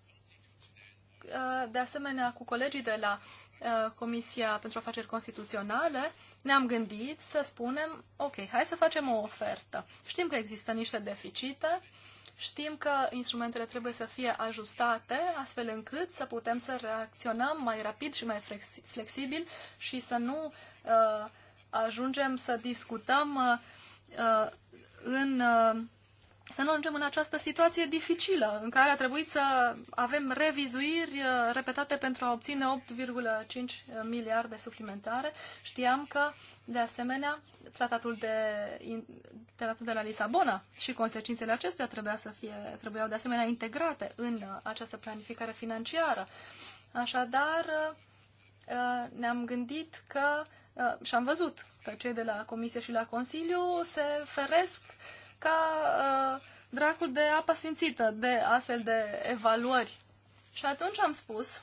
uh, de asemenea cu colegii de la Uh, Comisia pentru Afaceri Constituționale, ne-am gândit să spunem, ok, hai să facem o ofertă. Știm că există niște deficite, știm că instrumentele trebuie să fie ajustate astfel încât să putem să reacționăm mai rapid și mai flexibil și să nu uh, ajungem să discutăm uh, uh în. Uh, să nu ajungem în această situație dificilă în care a trebuit să avem revizuiri uh, repetate pentru a obține 8,5 miliarde suplimentare. Știam că, de asemenea, tratatul de, tratatul de la Lisabona și consecințele acestuia trebuia să fie, trebuiau de asemenea integrate în uh, această planificare financiară. Așadar, uh, ne-am gândit că și am văzut că cei de la Comisie și la Consiliu se feresc uh, ca uh, dracul de apă sfințită de astfel de evaluări. Și atunci am spus,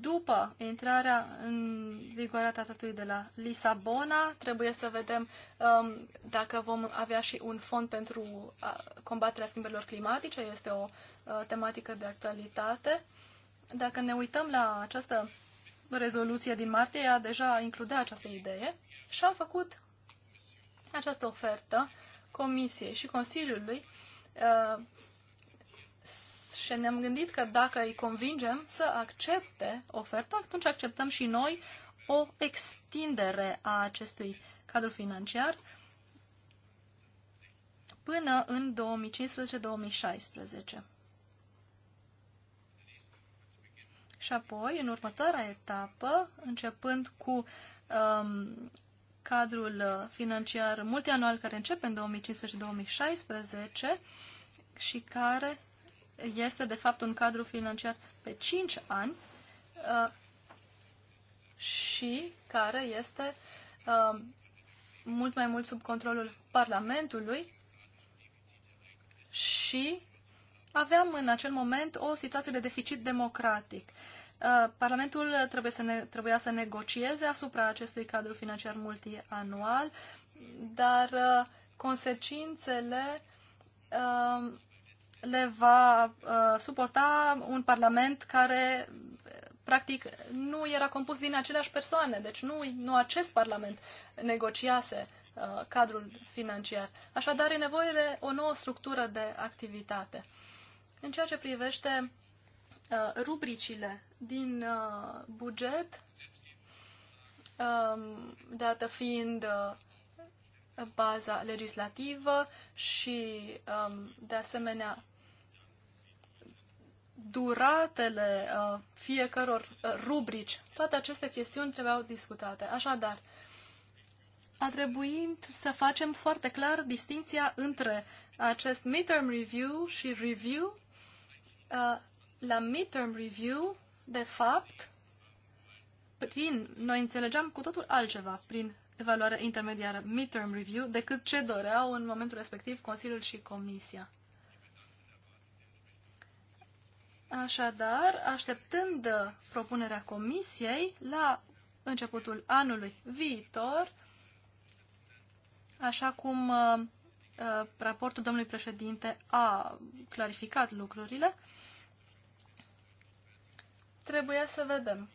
după intrarea în vigoarea a tratatului de la Lisabona, trebuie să vedem um, dacă vom avea și un fond pentru uh, combaterea schimbărilor climatice, este o uh, tematică de actualitate. Dacă ne uităm la această rezoluție din martie, ea deja includea această idee și am făcut această ofertă uh, Comisiei și Consiliului uh, și ne-am gândit că dacă îi convingem să accepte oferta, atunci acceptăm și noi o extindere a acestui cadru financiar până în 2015-2016. Și apoi, în următoarea etapă, începând cu um, cadrul uh, financiar multianual care începe în 2015-2016 și care este de fapt un cadru financiar pe 5 ani uh, și care este uh, mult mai mult sub controlul Parlamentului și aveam în acel moment o situație de deficit democratic. Uh, Uh, Parlamentul trebuie să ne, trebuia să negocieze asupra acestui cadru financiar multianual, dar uh, consecințele uh, le va suporta un Parlament care practic nu era compus din aceleași persoane, deci nu, nu acest Parlament negociase cadrul financiar. Așadar, e nevoie de o nouă structură de activitate. În ceea ce privește Uh, rubricile din uh, buget, um, dată fiind uh, baza legislativă și, um, de asemenea, duratele fiecăror rubrici. Toate aceste chestiuni trebuiau discutate. Așadar, a trebuit să facem foarte clar distinția între acest midterm review și review la midterm review, de fapt, prin, noi înțelegeam cu totul altceva prin evaluarea intermediară, midterm review, decât ce doreau în momentul respectiv Consiliul și Comisia. Așadar, așteptând propunerea Comisiei la începutul anului viitor, așa cum uh, uh raportul domnului președinte a clarificat lucrurile, uh, Trebuie să vedem.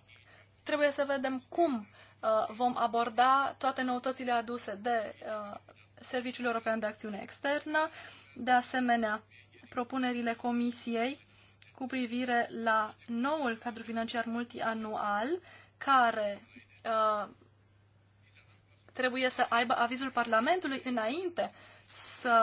Trebuie să vedem cum uh, vom aborda toate noutățile aduse de uh, Serviciul European de Acțiune Externă, de asemenea propunerile Comisiei cu privire la noul cadru financiar multianual, care uh, trebuie să aibă avizul Parlamentului înainte să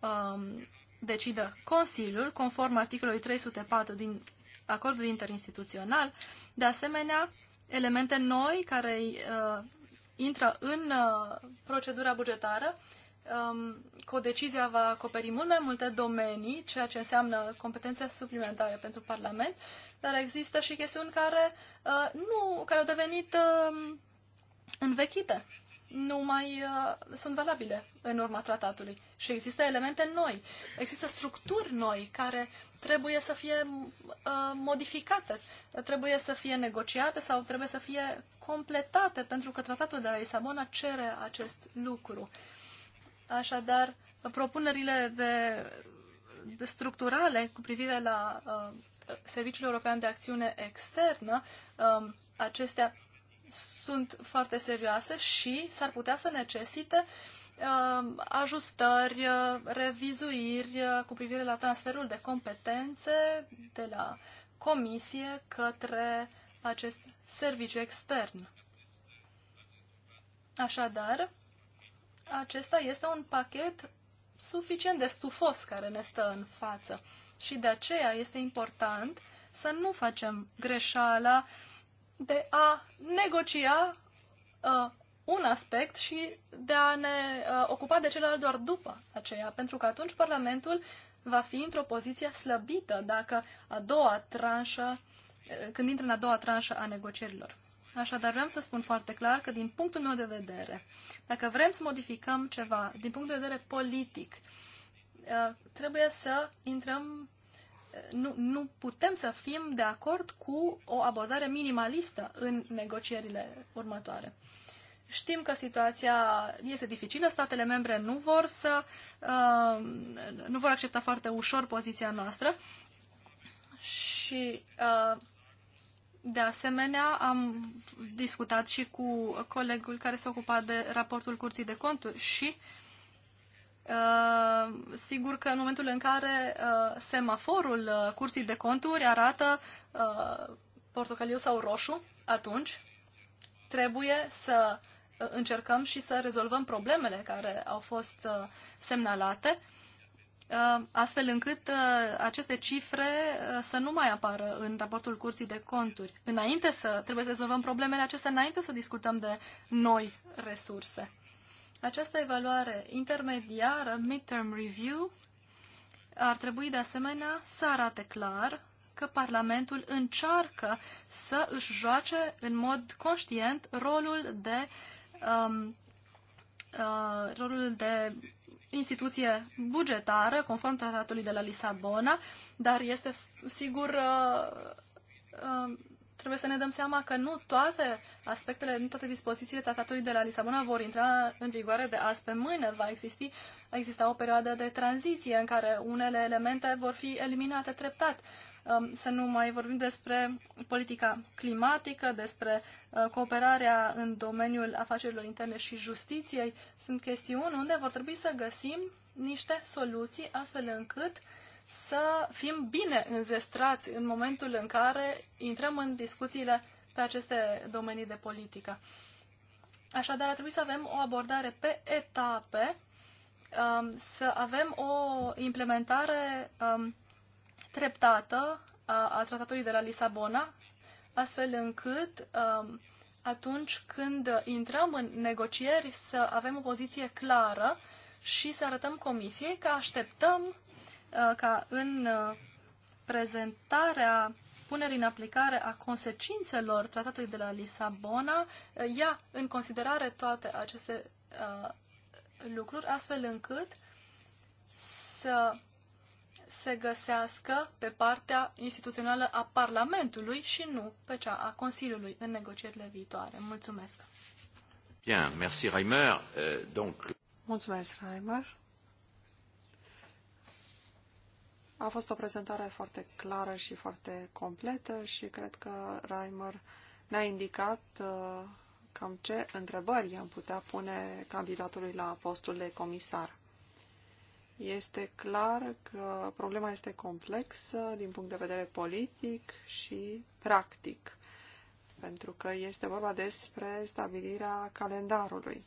um, decidă Consiliul, conform articolului 304 din acordul interinstituțional, de asemenea, elemente noi care uh, intră în uh, procedura bugetară. Um, decizia va acoperi mult mai multe domenii, ceea ce înseamnă competențe suplimentare pentru Parlament, dar există și chestiuni care, uh, nu, care au devenit uh, învechite nu mai uh, sunt valabile în urma tratatului. Și există elemente noi, există structuri noi care trebuie să fie uh, modificate, trebuie să fie negociate sau trebuie să fie completate, pentru că tratatul de la Lisabona cere acest lucru. Așadar, propunerile de, de structurale cu privire la uh, Serviciul European de Acțiune Externă, uh, acestea sunt foarte serioase și s-ar putea să necesite uh, ajustări, uh, revizuiri uh, cu privire la transferul de competențe de la comisie către acest serviciu extern. Așadar, acesta este un pachet suficient de stufos care ne stă în față și de aceea este important să nu facem greșeala uh, de a negocia uh, un aspect și de a ne uh, ocupa de celălalt doar după aceea, pentru că atunci Parlamentul va fi într-o poziție slăbită dacă a doua tranșă, uh, când intră în a doua tranșă a negocierilor. Așadar, vreau să spun foarte clar că, din punctul meu de vedere, dacă vrem să modificăm ceva din punct de vedere politic, uh, trebuie să intrăm nu, nu putem să fim de acord cu o abordare minimalistă în negocierile următoare. Știm că situația este dificilă, statele membre nu vor să uh, nu vor accepta foarte ușor poziția noastră și uh, de asemenea am discutat și cu colegul care se ocupa de raportul Curții de Conturi și uh, Uh, sigur că în momentul în care uh, semaforul uh, curții de conturi arată uh, portocaliu sau roșu, atunci trebuie să uh, încercăm și să rezolvăm problemele care au fost uh, semnalate, astfel încât aceste cifre să nu mai apară în raportul curții de conturi. Înainte să, trebuie să rezolvăm problemele acestea, înainte să discutăm de noi resurse. Această evaluare intermediară, midterm review, ar trebui de asemenea să arate clar că Parlamentul încearcă să își joace în mod conștient rolul de, um, uh, rolul de instituție bugetară, conform tratatului de la Lisabona, dar este sigur uh, uh, trebuie să ne dăm seama că nu toate aspectele, nu toate dispozițiile tratatului de la Lisabona vor intra în vigoare de azi pe mâine. Va existi, exista o perioadă de tranziție în care unele elemente vor fi eliminate treptat. Um, să nu mai vorbim despre politica climatică, despre uh, cooperarea în domeniul afacerilor interne și justiției. Sunt chestiuni unde vor trebui să găsim niște soluții astfel încât uh, să fim bine înzestrați în momentul în care intrăm în discuțiile pe aceste domenii de politică. Așadar, ar trebui să avem o abordare pe etape, um, să avem o implementare um, treptată a tratatului de la Lisabona, astfel încât um, atunci când intrăm în negocieri să avem o poziție clară și să arătăm comisiei că așteptăm Uh, ca în uh, prezentarea punerii în aplicare a consecințelor tratatului de la Lisabona uh, ia în considerare toate aceste lucruri, astfel încât să se găsească pe partea instituțională a Parlamentului și nu pe cea a Consiliului în negocierile viitoare. Mulțumesc! Bien, merci Reimer. Euh, donc... Mulțumesc, Reimer. A fost o prezentare foarte clară și foarte completă și cred că Reimer ne-a indicat uh, cam ce întrebări am putea pune candidatului la postul de comisar. Este clar că problema este complexă din punct de vedere politic și practic, pentru că este vorba despre stabilirea calendarului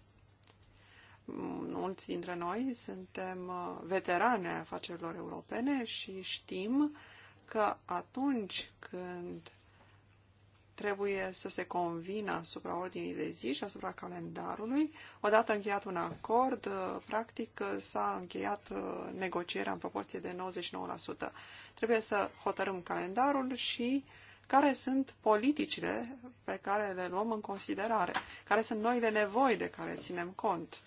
mulți dintre noi suntem uh, veterane afacerilor europene și știm că atunci când trebuie să se convină asupra ordinii de zi și asupra calendarului. Odată încheiat un acord, uh, practic uh, s-a încheiat negocierea în proporție de 99%. Trebuie să hotărâm calendarul și care sunt politicile pe care le luăm în considerare, care sunt noile nevoi de care ținem cont.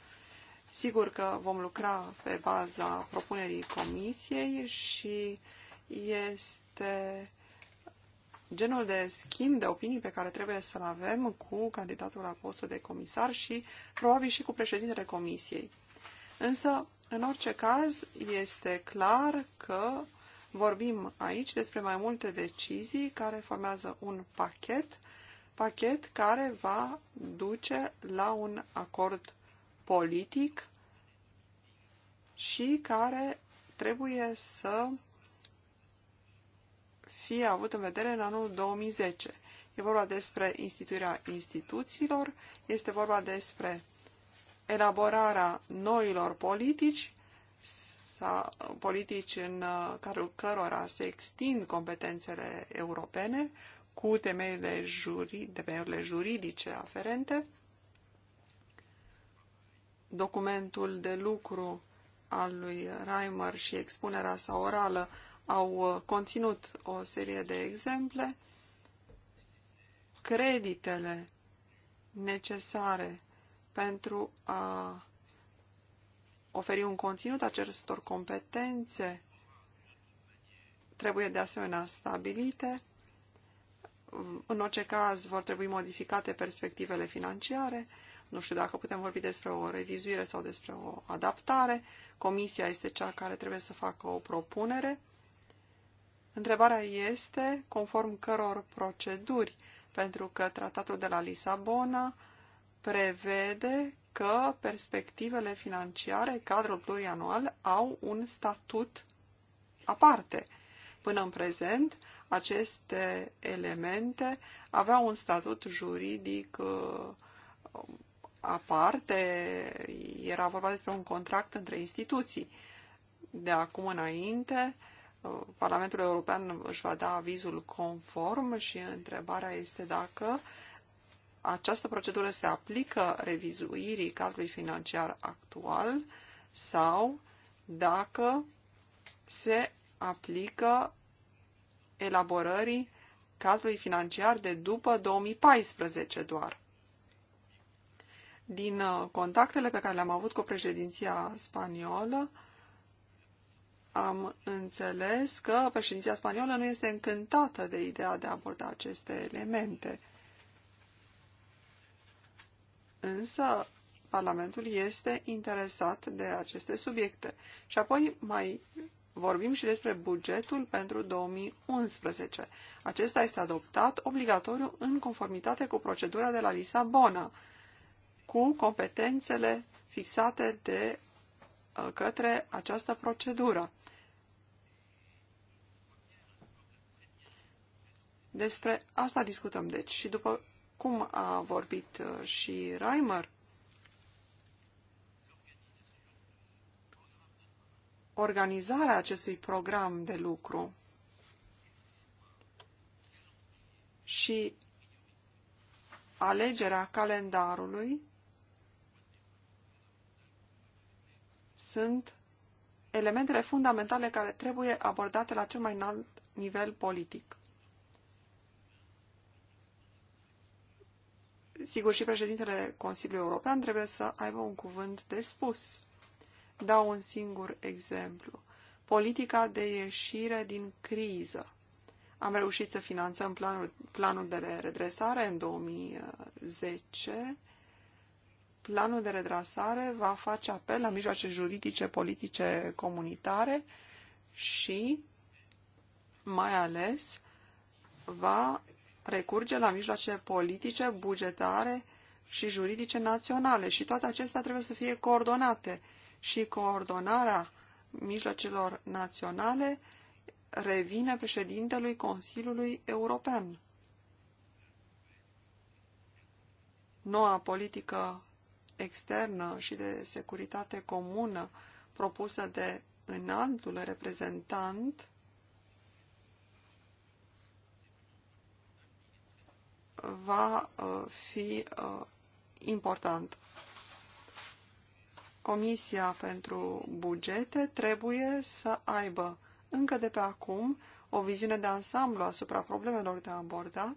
Sigur că vom lucra pe baza propunerii comisiei și este genul de schimb de opinii pe care trebuie să-l avem cu candidatul la postul de comisar și probabil și cu președintele comisiei. Însă, în orice caz, este clar că vorbim aici despre mai multe decizii care formează un pachet, pachet care va duce la un acord politic și care trebuie să fie avut în vedere în anul 2010. E vorba despre instituirea instituțiilor, este vorba despre elaborarea noilor politici, sa, politici în uh, cadrul cărora se extind competențele europene cu temeiurile, temeiurile juridice aferente documentul de lucru al lui Reimer și expunerea sa orală au uh, conținut o serie de exemple, creditele necesare pentru a oferi un conținut acestor competențe trebuie de asemenea stabilite. În orice caz vor trebui modificate perspectivele financiare nu știu dacă putem vorbi despre o revizuire sau despre o adaptare. Comisia este cea care trebuie să facă o propunere. Întrebarea este conform căror proceduri, pentru că tratatul de la Lisabona prevede că perspectivele financiare, cadrul plurianual, au un statut aparte. Până în prezent, aceste elemente aveau un statut juridic uh, aparte, era vorba despre un contract între instituții. De acum înainte, Parlamentul European își va da avizul conform și întrebarea este dacă această procedură se aplică revizuirii cadrului financiar actual sau dacă se aplică elaborării cadrului financiar de după 2014 doar. Din uh, contactele pe care le-am avut cu președinția spaniolă, am înțeles că președinția spaniolă nu este încântată de ideea de a aborda aceste elemente. Însă, Parlamentul este interesat de aceste subiecte. Și apoi mai vorbim și despre bugetul pentru 2011. Acesta este adoptat obligatoriu în conformitate cu procedura de la Lisabona cu competențele fixate de uh, către această procedură. Despre asta discutăm, deci, și după cum a vorbit uh, și Reimer, organizarea acestui program de lucru și alegerea calendarului sunt elementele fundamentale care trebuie abordate la cel mai înalt nivel politic. Sigur, și președintele Consiliului European trebuie să aibă un cuvânt de spus. Dau un singur exemplu. Politica de ieșire din criză. Am reușit să finanțăm planul, planul de redresare în 2010 planul de redrasare va face apel la mijloace juridice, politice, comunitare și mai ales va recurge la mijloace politice, bugetare și juridice naționale și toate acestea trebuie să fie coordonate și coordonarea mijloacelor naționale revine președintelui Consiliului European. Noua politică externă și de securitate comună propusă de înaltul reprezentant va uh, fi uh, important. Comisia pentru bugete trebuie să aibă încă de pe acum o viziune de ansamblu asupra problemelor de abordat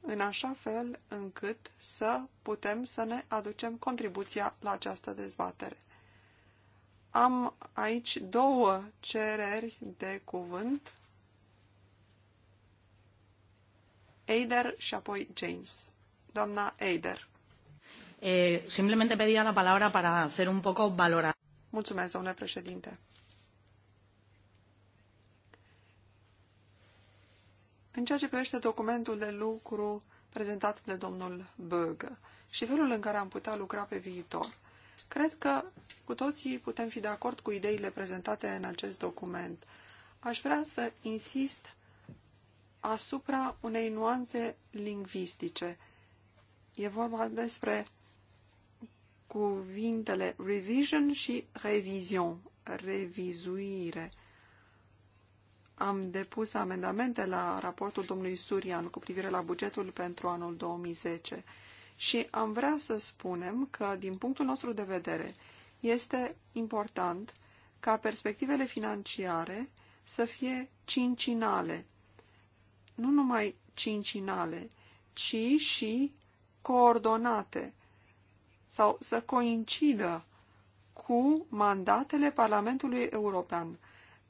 în așa fel încât să putem să ne aducem contribuția la această dezbatere. Am aici două cereri de cuvânt. Eider și apoi James. Doamna Eider. Eh, simplemente pedia la palabra para hacer un poco valorar. Mulțumesc, domnule președinte. În ceea ce privește documentul de lucru prezentat de domnul Böge și felul în care am putea lucra pe viitor, cred că cu toții putem fi de acord cu ideile prezentate în acest document. Aș vrea să insist asupra unei nuanțe lingvistice. E vorba despre cuvintele revision și revision, revizuire am depus amendamente la raportul domnului Surian cu privire la bugetul pentru anul 2010 și am vrea să spunem că, din punctul nostru de vedere, este important ca perspectivele financiare să fie cincinale. Nu numai cincinale, ci și coordonate sau să coincidă cu mandatele Parlamentului European.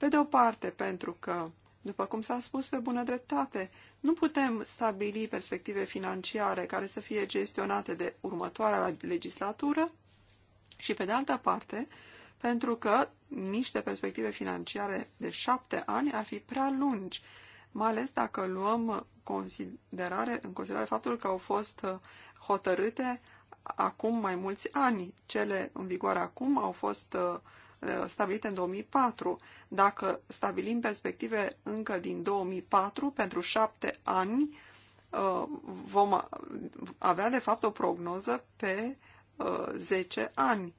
Pe de o parte, pentru că, după cum s-a spus pe bună dreptate, nu putem stabili perspective financiare care să fie gestionate de următoarea legislatură și, pe de altă parte, pentru că niște perspective financiare de șapte ani ar fi prea lungi, mai ales dacă luăm considerare, în considerare faptul că au fost uh, hotărâte acum mai mulți ani. Cele în vigoare acum au fost uh, Eh, stabilite în 2004. Dacă stabilim perspective încă din 2004, pentru șapte ani, eh, vom avea de fapt o prognoză pe 10 eh, ani.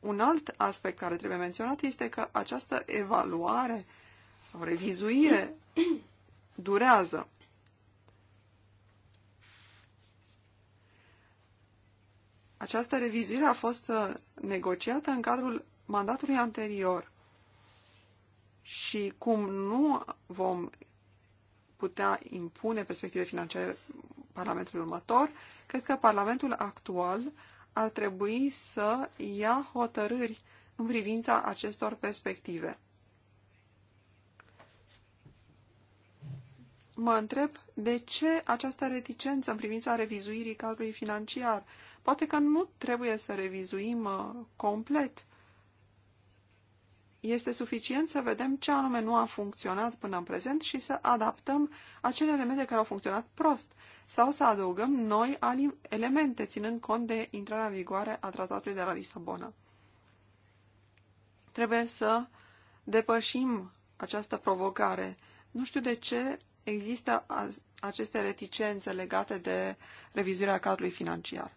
Un alt aspect care trebuie menționat este că această evaluare sau revizuire durează. Această revizuire a fost uh, negociată în cadrul mandatului anterior și cum nu vom putea impune perspective financiare Parlamentului următor, cred că Parlamentul actual ar trebui să ia hotărâri în privința acestor perspective. mă întreb de ce această reticență în privința revizuirii cadrului financiar. Poate că nu trebuie să revizuim uh, complet. Este suficient să vedem ce anume nu a funcționat până în prezent și să adaptăm acele elemente care au funcționat prost sau să adăugăm noi elemente, ținând cont de intrarea în vigoare a tratatului de la Lisabona. Trebuie să depășim această provocare. Nu știu de ce există aceste reticențe legate de revizuirea cadrului financiar.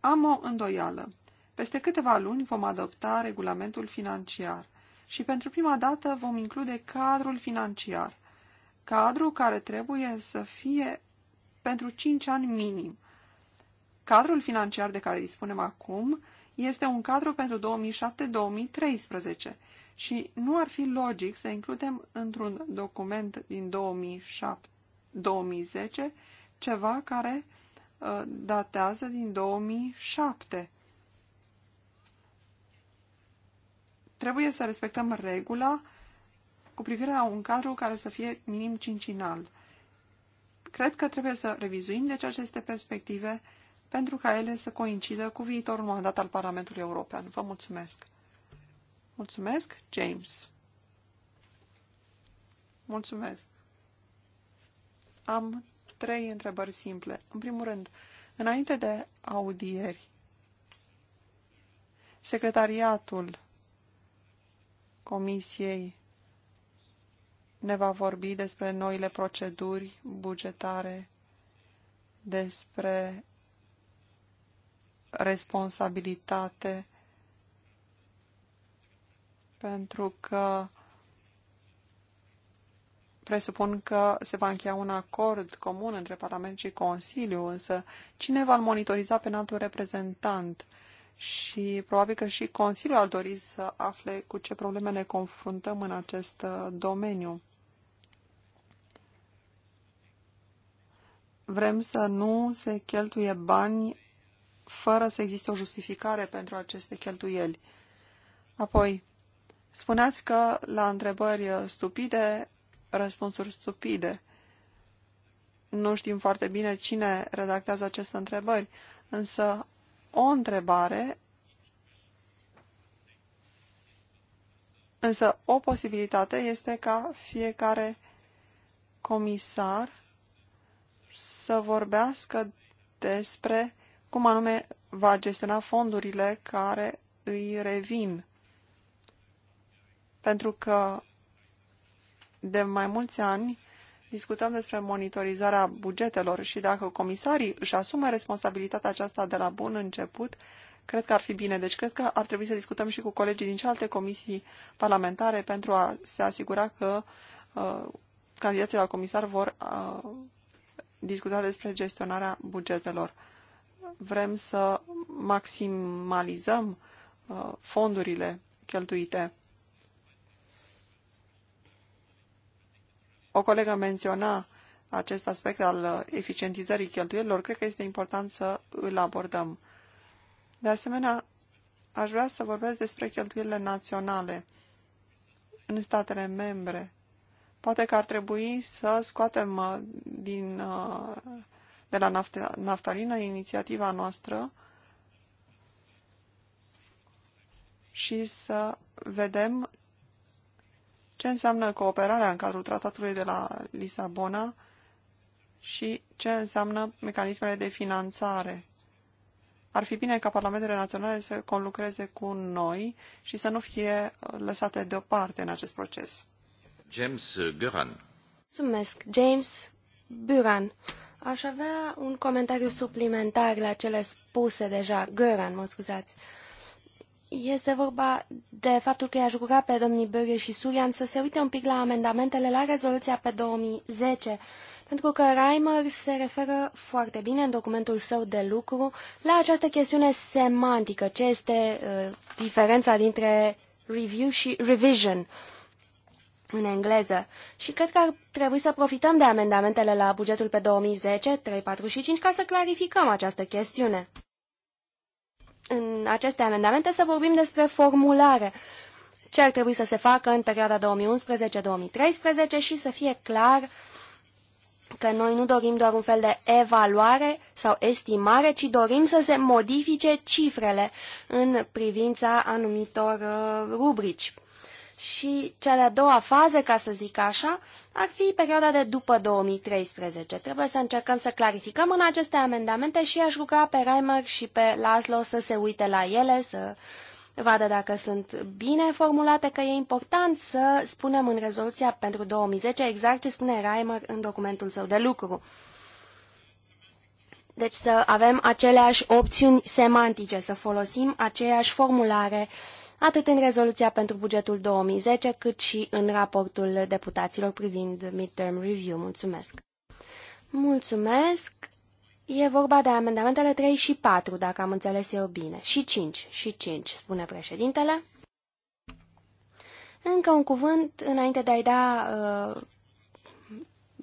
Am o îndoială. Peste câteva luni vom adopta regulamentul financiar și pentru prima dată vom include cadrul financiar. Cadru care trebuie să fie pentru 5 ani minim. Cadrul financiar de care dispunem acum este un cadru pentru 2007-2013 și nu ar fi logic să includem într-un document din 2007, 2010 ceva care uh, datează din 2007. Trebuie să respectăm regula cu privire la un cadru care să fie minim cincinal. Cred că trebuie să revizuim deci aceste perspective pentru ca ele să coincidă cu viitorul mandat al Parlamentului European. Vă mulțumesc! Mulțumesc, James. Mulțumesc. Am trei întrebări simple. În primul rând, înainte de audieri, secretariatul Comisiei ne va vorbi despre noile proceduri bugetare, despre responsabilitate, pentru că presupun că se va încheia un acord comun între Parlament și Consiliu, însă cine va monitoriza pe înaltul reprezentant? Și probabil că și Consiliul ar dori să afle cu ce probleme ne confruntăm în acest uh, domeniu. Vrem să nu se cheltuie bani fără să existe o justificare pentru aceste cheltuieli. Apoi, Spuneați că la întrebări stupide, răspunsuri stupide. Nu știm foarte bine cine redactează aceste întrebări, însă o întrebare, însă o posibilitate este ca fiecare comisar să vorbească despre cum anume va gestiona fondurile care îi revin pentru că de mai mulți ani discutăm despre monitorizarea bugetelor și dacă comisarii își asumă responsabilitatea aceasta de la bun început, cred că ar fi bine. Deci cred că ar trebui să discutăm și cu colegii din celelalte comisii parlamentare pentru a se asigura că uh, candidații la comisar vor uh, discuta despre gestionarea bugetelor. Vrem să maximalizăm uh, fondurile cheltuite. O colegă menționa acest aspect al eficientizării cheltuielilor. Cred că este important să îl abordăm. De asemenea, aș vrea să vorbesc despre cheltuielile naționale în statele membre. Poate că ar trebui să scoatem uh, din, uh, de la naftalină inițiativa noastră și să vedem ce înseamnă cooperarea în cadrul tratatului de la Lisabona și ce înseamnă mecanismele de finanțare. Ar fi bine ca parlamentele naționale să conlucreze cu noi și să nu fie uh, lăsate deoparte în acest proces. James Guran. Mulțumesc, James Buran. Aș avea un comentariu suplimentar la cele spuse deja. Guran, mă scuzați. Uh, este vorba de faptul că i-aș ruga pe domnii Bărie și Surian să se uite un pic la amendamentele la rezoluția pe 2010, pentru că Reimer se referă foarte bine în documentul său de lucru la această chestiune semantică, ce este uh, diferența dintre review și revision în engleză. Și cred că ar trebui să profităm de amendamentele la bugetul pe 2010, 3, 4 și 5 ca să clarificăm această chestiune în aceste amendamente să vorbim despre formulare, ce ar trebui să se facă în perioada 2011-2013 și să fie clar că noi nu dorim doar un fel de evaluare sau estimare, ci dorim să se modifice cifrele în privința anumitor uh, rubrici și cea de-a doua fază, ca să zic așa, ar fi perioada de după 2013. Trebuie să încercăm să clarificăm în aceste amendamente și aș ruga pe Reimer și pe Laszlo să se uite la ele, să vadă dacă sunt bine formulate, că e important să spunem în rezoluția pentru 2010 exact ce spune Reimer în documentul său de lucru. Deci să avem aceleași opțiuni semantice, să folosim aceeași formulare uh, atât în rezoluția pentru bugetul 2010, cât și în raportul deputaților privind midterm review. Mulțumesc! Mulțumesc! E vorba de amendamentele 3 și 4, dacă am înțeles eu bine. Și 5, și 5, spune președintele. Încă un cuvânt înainte de a-i da uh,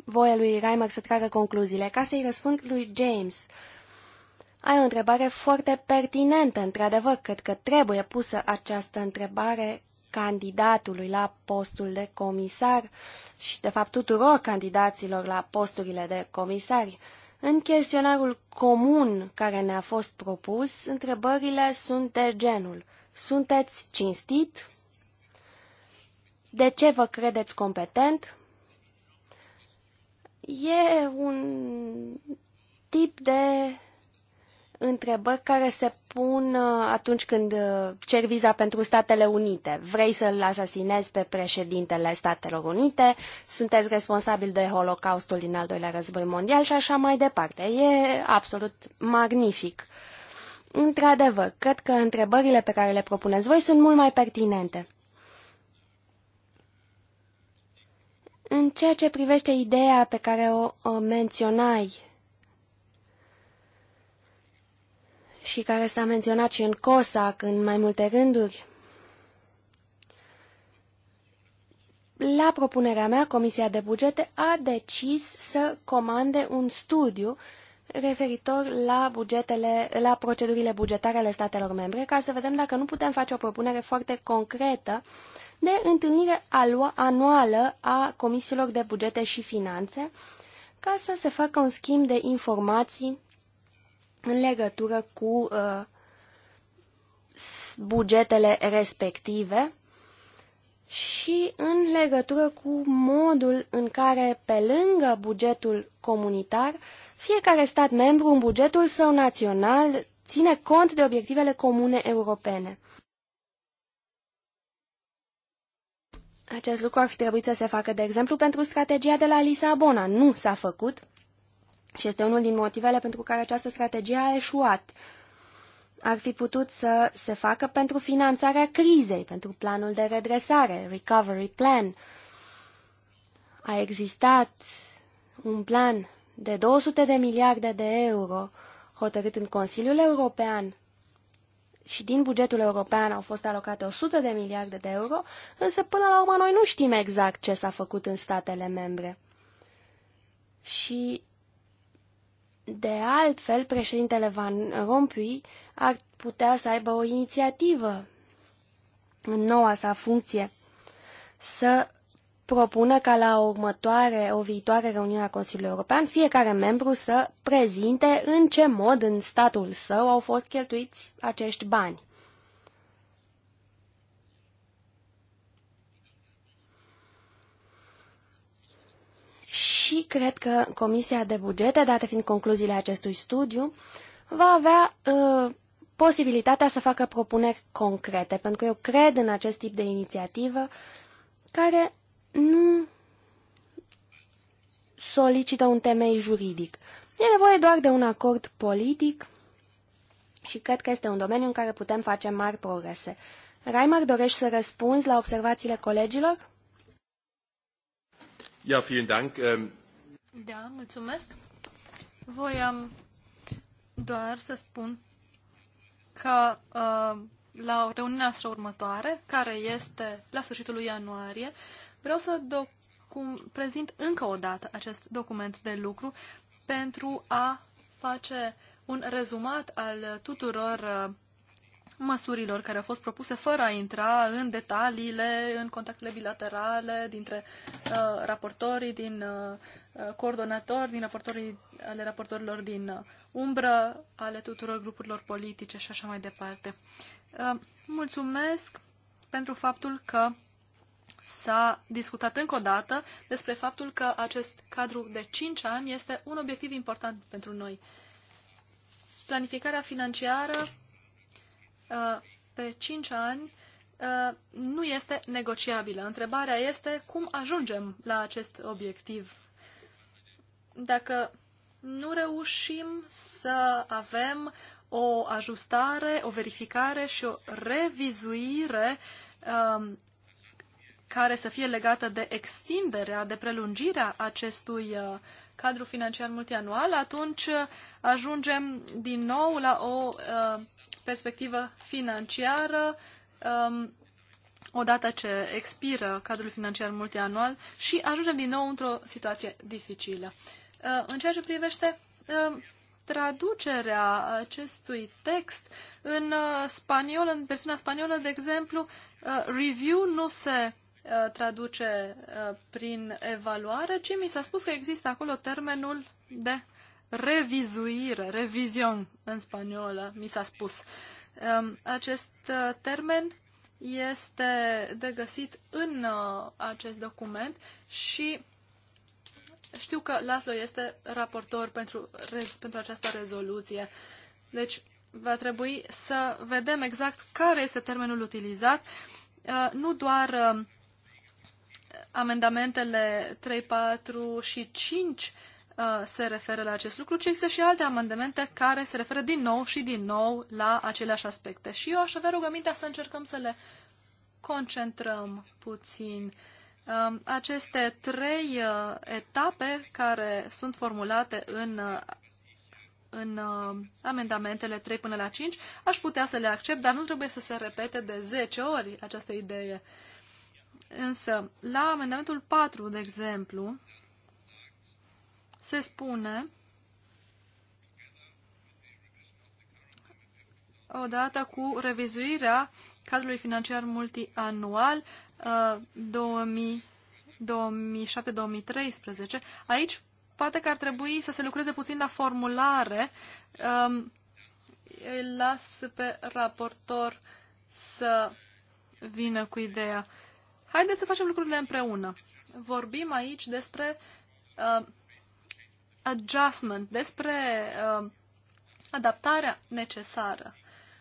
voie lui Reimer să tragă concluziile, ca să-i răspund lui James. Uh, ai o întrebare foarte pertinentă, într-adevăr, cred că trebuie pusă această întrebare candidatului la postul de comisar și, de fapt, tuturor candidaților la posturile de comisari. În chestionarul comun care ne-a fost propus, întrebările sunt de genul Sunteți cinstit? De ce vă credeți competent? E un tip de întrebări care se pun uh, atunci când uh, cer viza pentru Statele Unite. Vrei să-l asasinezi pe președintele Statelor Unite, sunteți responsabil de Holocaustul din al doilea război mondial și așa mai departe. E absolut magnific. Într-adevăr, cred că întrebările pe care le propuneți voi sunt mult mai pertinente. În ceea ce privește ideea pe care o menționai și care s-a menționat și în COSAC în mai multe rânduri. La propunerea mea, Comisia de Bugete a decis să comande un studiu referitor la, bugetele, la procedurile bugetare ale statelor membre, ca să vedem dacă nu putem face o propunere foarte concretă de întâlnire anuală a comisiilor de bugete și finanțe, ca să se facă un schimb de informații în legătură cu uh, bugetele respective și în legătură cu modul în care, pe lângă bugetul comunitar, fiecare stat membru în bugetul său național ține cont de obiectivele comune europene. Acest lucru ar fi trebuit să se facă, de exemplu, pentru strategia de la Lisabona. Nu s-a făcut și este unul din motivele pentru care această strategie a eșuat. Ar fi putut să se facă pentru finanțarea crizei, pentru planul de redresare, recovery plan. A existat un plan de 200 de miliarde de euro hotărât în Consiliul European și din bugetul european au fost alocate 100 de miliarde de euro, însă până la urmă noi nu știm exact ce s-a făcut în statele membre. Și de altfel, președintele Van Rompuy ar putea să aibă o inițiativă în noua sa funcție să propună ca la o următoare, o viitoare reuniune a Consiliului European, fiecare membru să prezinte în ce mod în statul său au fost cheltuiți acești bani. și cred că Comisia de Bugete, date fiind concluziile acestui studiu, va avea uh, posibilitatea să facă propuneri concrete, pentru că eu cred în acest tip de inițiativă care nu solicită un temei juridic. E nevoie doar de un acord politic și cred că este un domeniu în care putem face mari progrese. Raimar, dorești să răspunzi la observațiile colegilor? Ja, vielen Dank. Ähm, da, mulțumesc. Voiam doar să spun că uh, la reuniunea noastră următoare, care este la sfârșitul lui ianuarie, vreau să docum- prezint încă o dată acest document de lucru pentru a face un rezumat al tuturor uh, măsurilor care au fost propuse fără a intra în detaliile, în contactele bilaterale dintre uh, raportorii, din uh, uh, coordonatori, din raportorii, ale raportorilor din uh, umbră, ale tuturor grupurilor politice și așa mai departe. Uh, mulțumesc pentru faptul că s-a discutat încă o dată despre faptul că acest cadru de 5 ani este un obiectiv important pentru noi. Planificarea financiară Uh, pe 5 ani uh, nu este negociabilă. Întrebarea este cum ajungem la acest obiectiv. Dacă nu reușim să avem o ajustare, o verificare și o revizuire um, care să fie legată de extinderea, de prelungirea acestui uh, cadru financiar multianual, atunci ajungem din nou la o uh, perspectivă financiară, um, odată ce expiră cadrul financiar multianual și ajungem din nou într-o situație dificilă. Uh, în ceea ce privește uh, traducerea acestui text în uh, spaniolă, în versiunea spaniolă, de exemplu, uh, review nu se uh, traduce uh, prin evaluare, ci mi s-a spus că există acolo termenul de revizuire, revision în spaniolă, mi s-a spus. Ehm, acest uh, termen este de găsit în uh, acest document și știu că Laslo este raportor pentru, pentru această rezoluție. Deci va trebui să vedem exact care este termenul utilizat, uh, nu doar amendamentele 3, 4 și 5 Uh, se referă la acest lucru, ci există și alte amendamente care se referă din nou și din nou la aceleași aspecte. Și eu aș avea rugămintea să încercăm să le concentrăm puțin. Um, aceste trei uh, etape care sunt formulate în, uh, în amendamentele 3 până la 5, aș putea să le accept, dar nu trebuie să se repete de 10 ori această idee. Însă, la amendamentul 4, de exemplu, se spune odată cu revizuirea cadrului financiar multianual 2007-2013. Uh, aici poate că ar trebui să se lucreze puțin la formulare. Um, Îi las pe raportor să vină cu ideea. Haideți să facem lucrurile împreună. Vorbim aici despre uh, adjustment, despre uh, adaptarea necesară.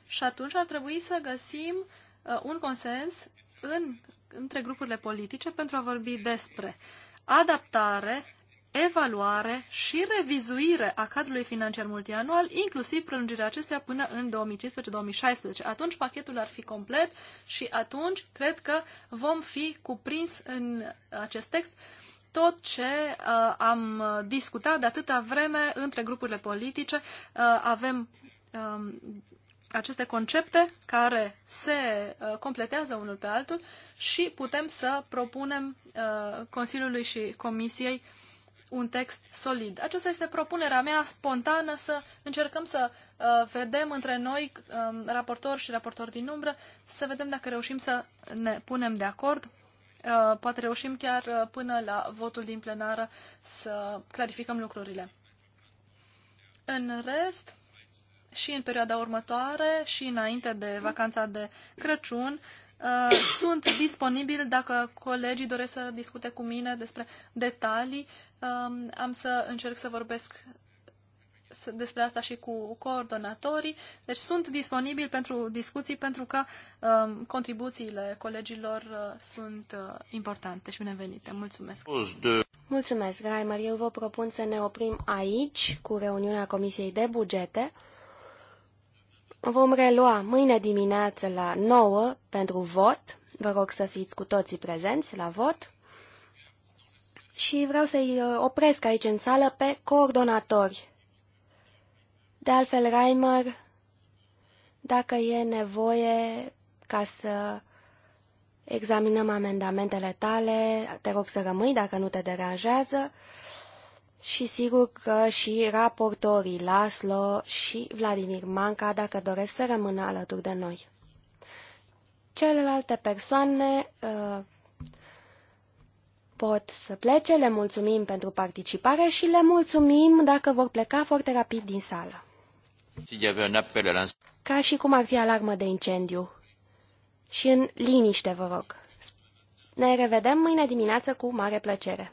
Și atunci ar trebui să găsim uh, un consens în, între grupurile politice pentru a vorbi despre adaptare, evaluare și revizuire a cadrului financiar multianual, inclusiv prelungirea acestuia până în 2015-2016. Atunci pachetul ar fi complet și atunci cred că vom fi cuprins în acest text uh, tot ce uh, am uh, discutat de atâta vreme între grupurile politice. Uh, avem um, aceste concepte care se uh, completează unul pe altul și putem să propunem uh, Consiliului și Comisiei un text solid. Aceasta este propunerea mea spontană să încercăm să uh, vedem între noi, uh, raportori și raportori din umbră, să vedem dacă reușim să ne punem de acord Uh, poate reușim chiar uh, până la votul din plenară să clarificăm lucrurile. În rest, și în perioada următoare și înainte de vacanța de Crăciun, uh, sunt disponibil dacă colegii doresc să discute cu mine despre detalii. Um, am să încerc să vorbesc despre asta și cu coordonatorii. Deci sunt disponibil pentru discuții pentru că um, contribuțiile colegilor uh, sunt uh, importante și binevenite. Mulțumesc! Mulțumesc, Raimer. Eu vă propun să ne oprim aici cu reuniunea Comisiei de Bugete. Vom relua mâine dimineață la 9 pentru vot. Vă rog să fiți cu toții prezenți la vot. Și vreau să-i uh, opresc aici în sală pe coordonatori. De altfel, Reimer, dacă e nevoie ca să examinăm amendamentele tale, te rog să rămâi dacă nu te deranjează și sigur că și raportorii Laslo și Vladimir Manca dacă doresc să rămână alături de noi. Celelalte persoane uh, pot să plece, le mulțumim pentru participare și le mulțumim dacă vor pleca foarte rapid din sală. Ca și cum ar fi alarmă de incendiu. Și în liniște, vă rog. Ne revedem mâine dimineață cu mare plăcere.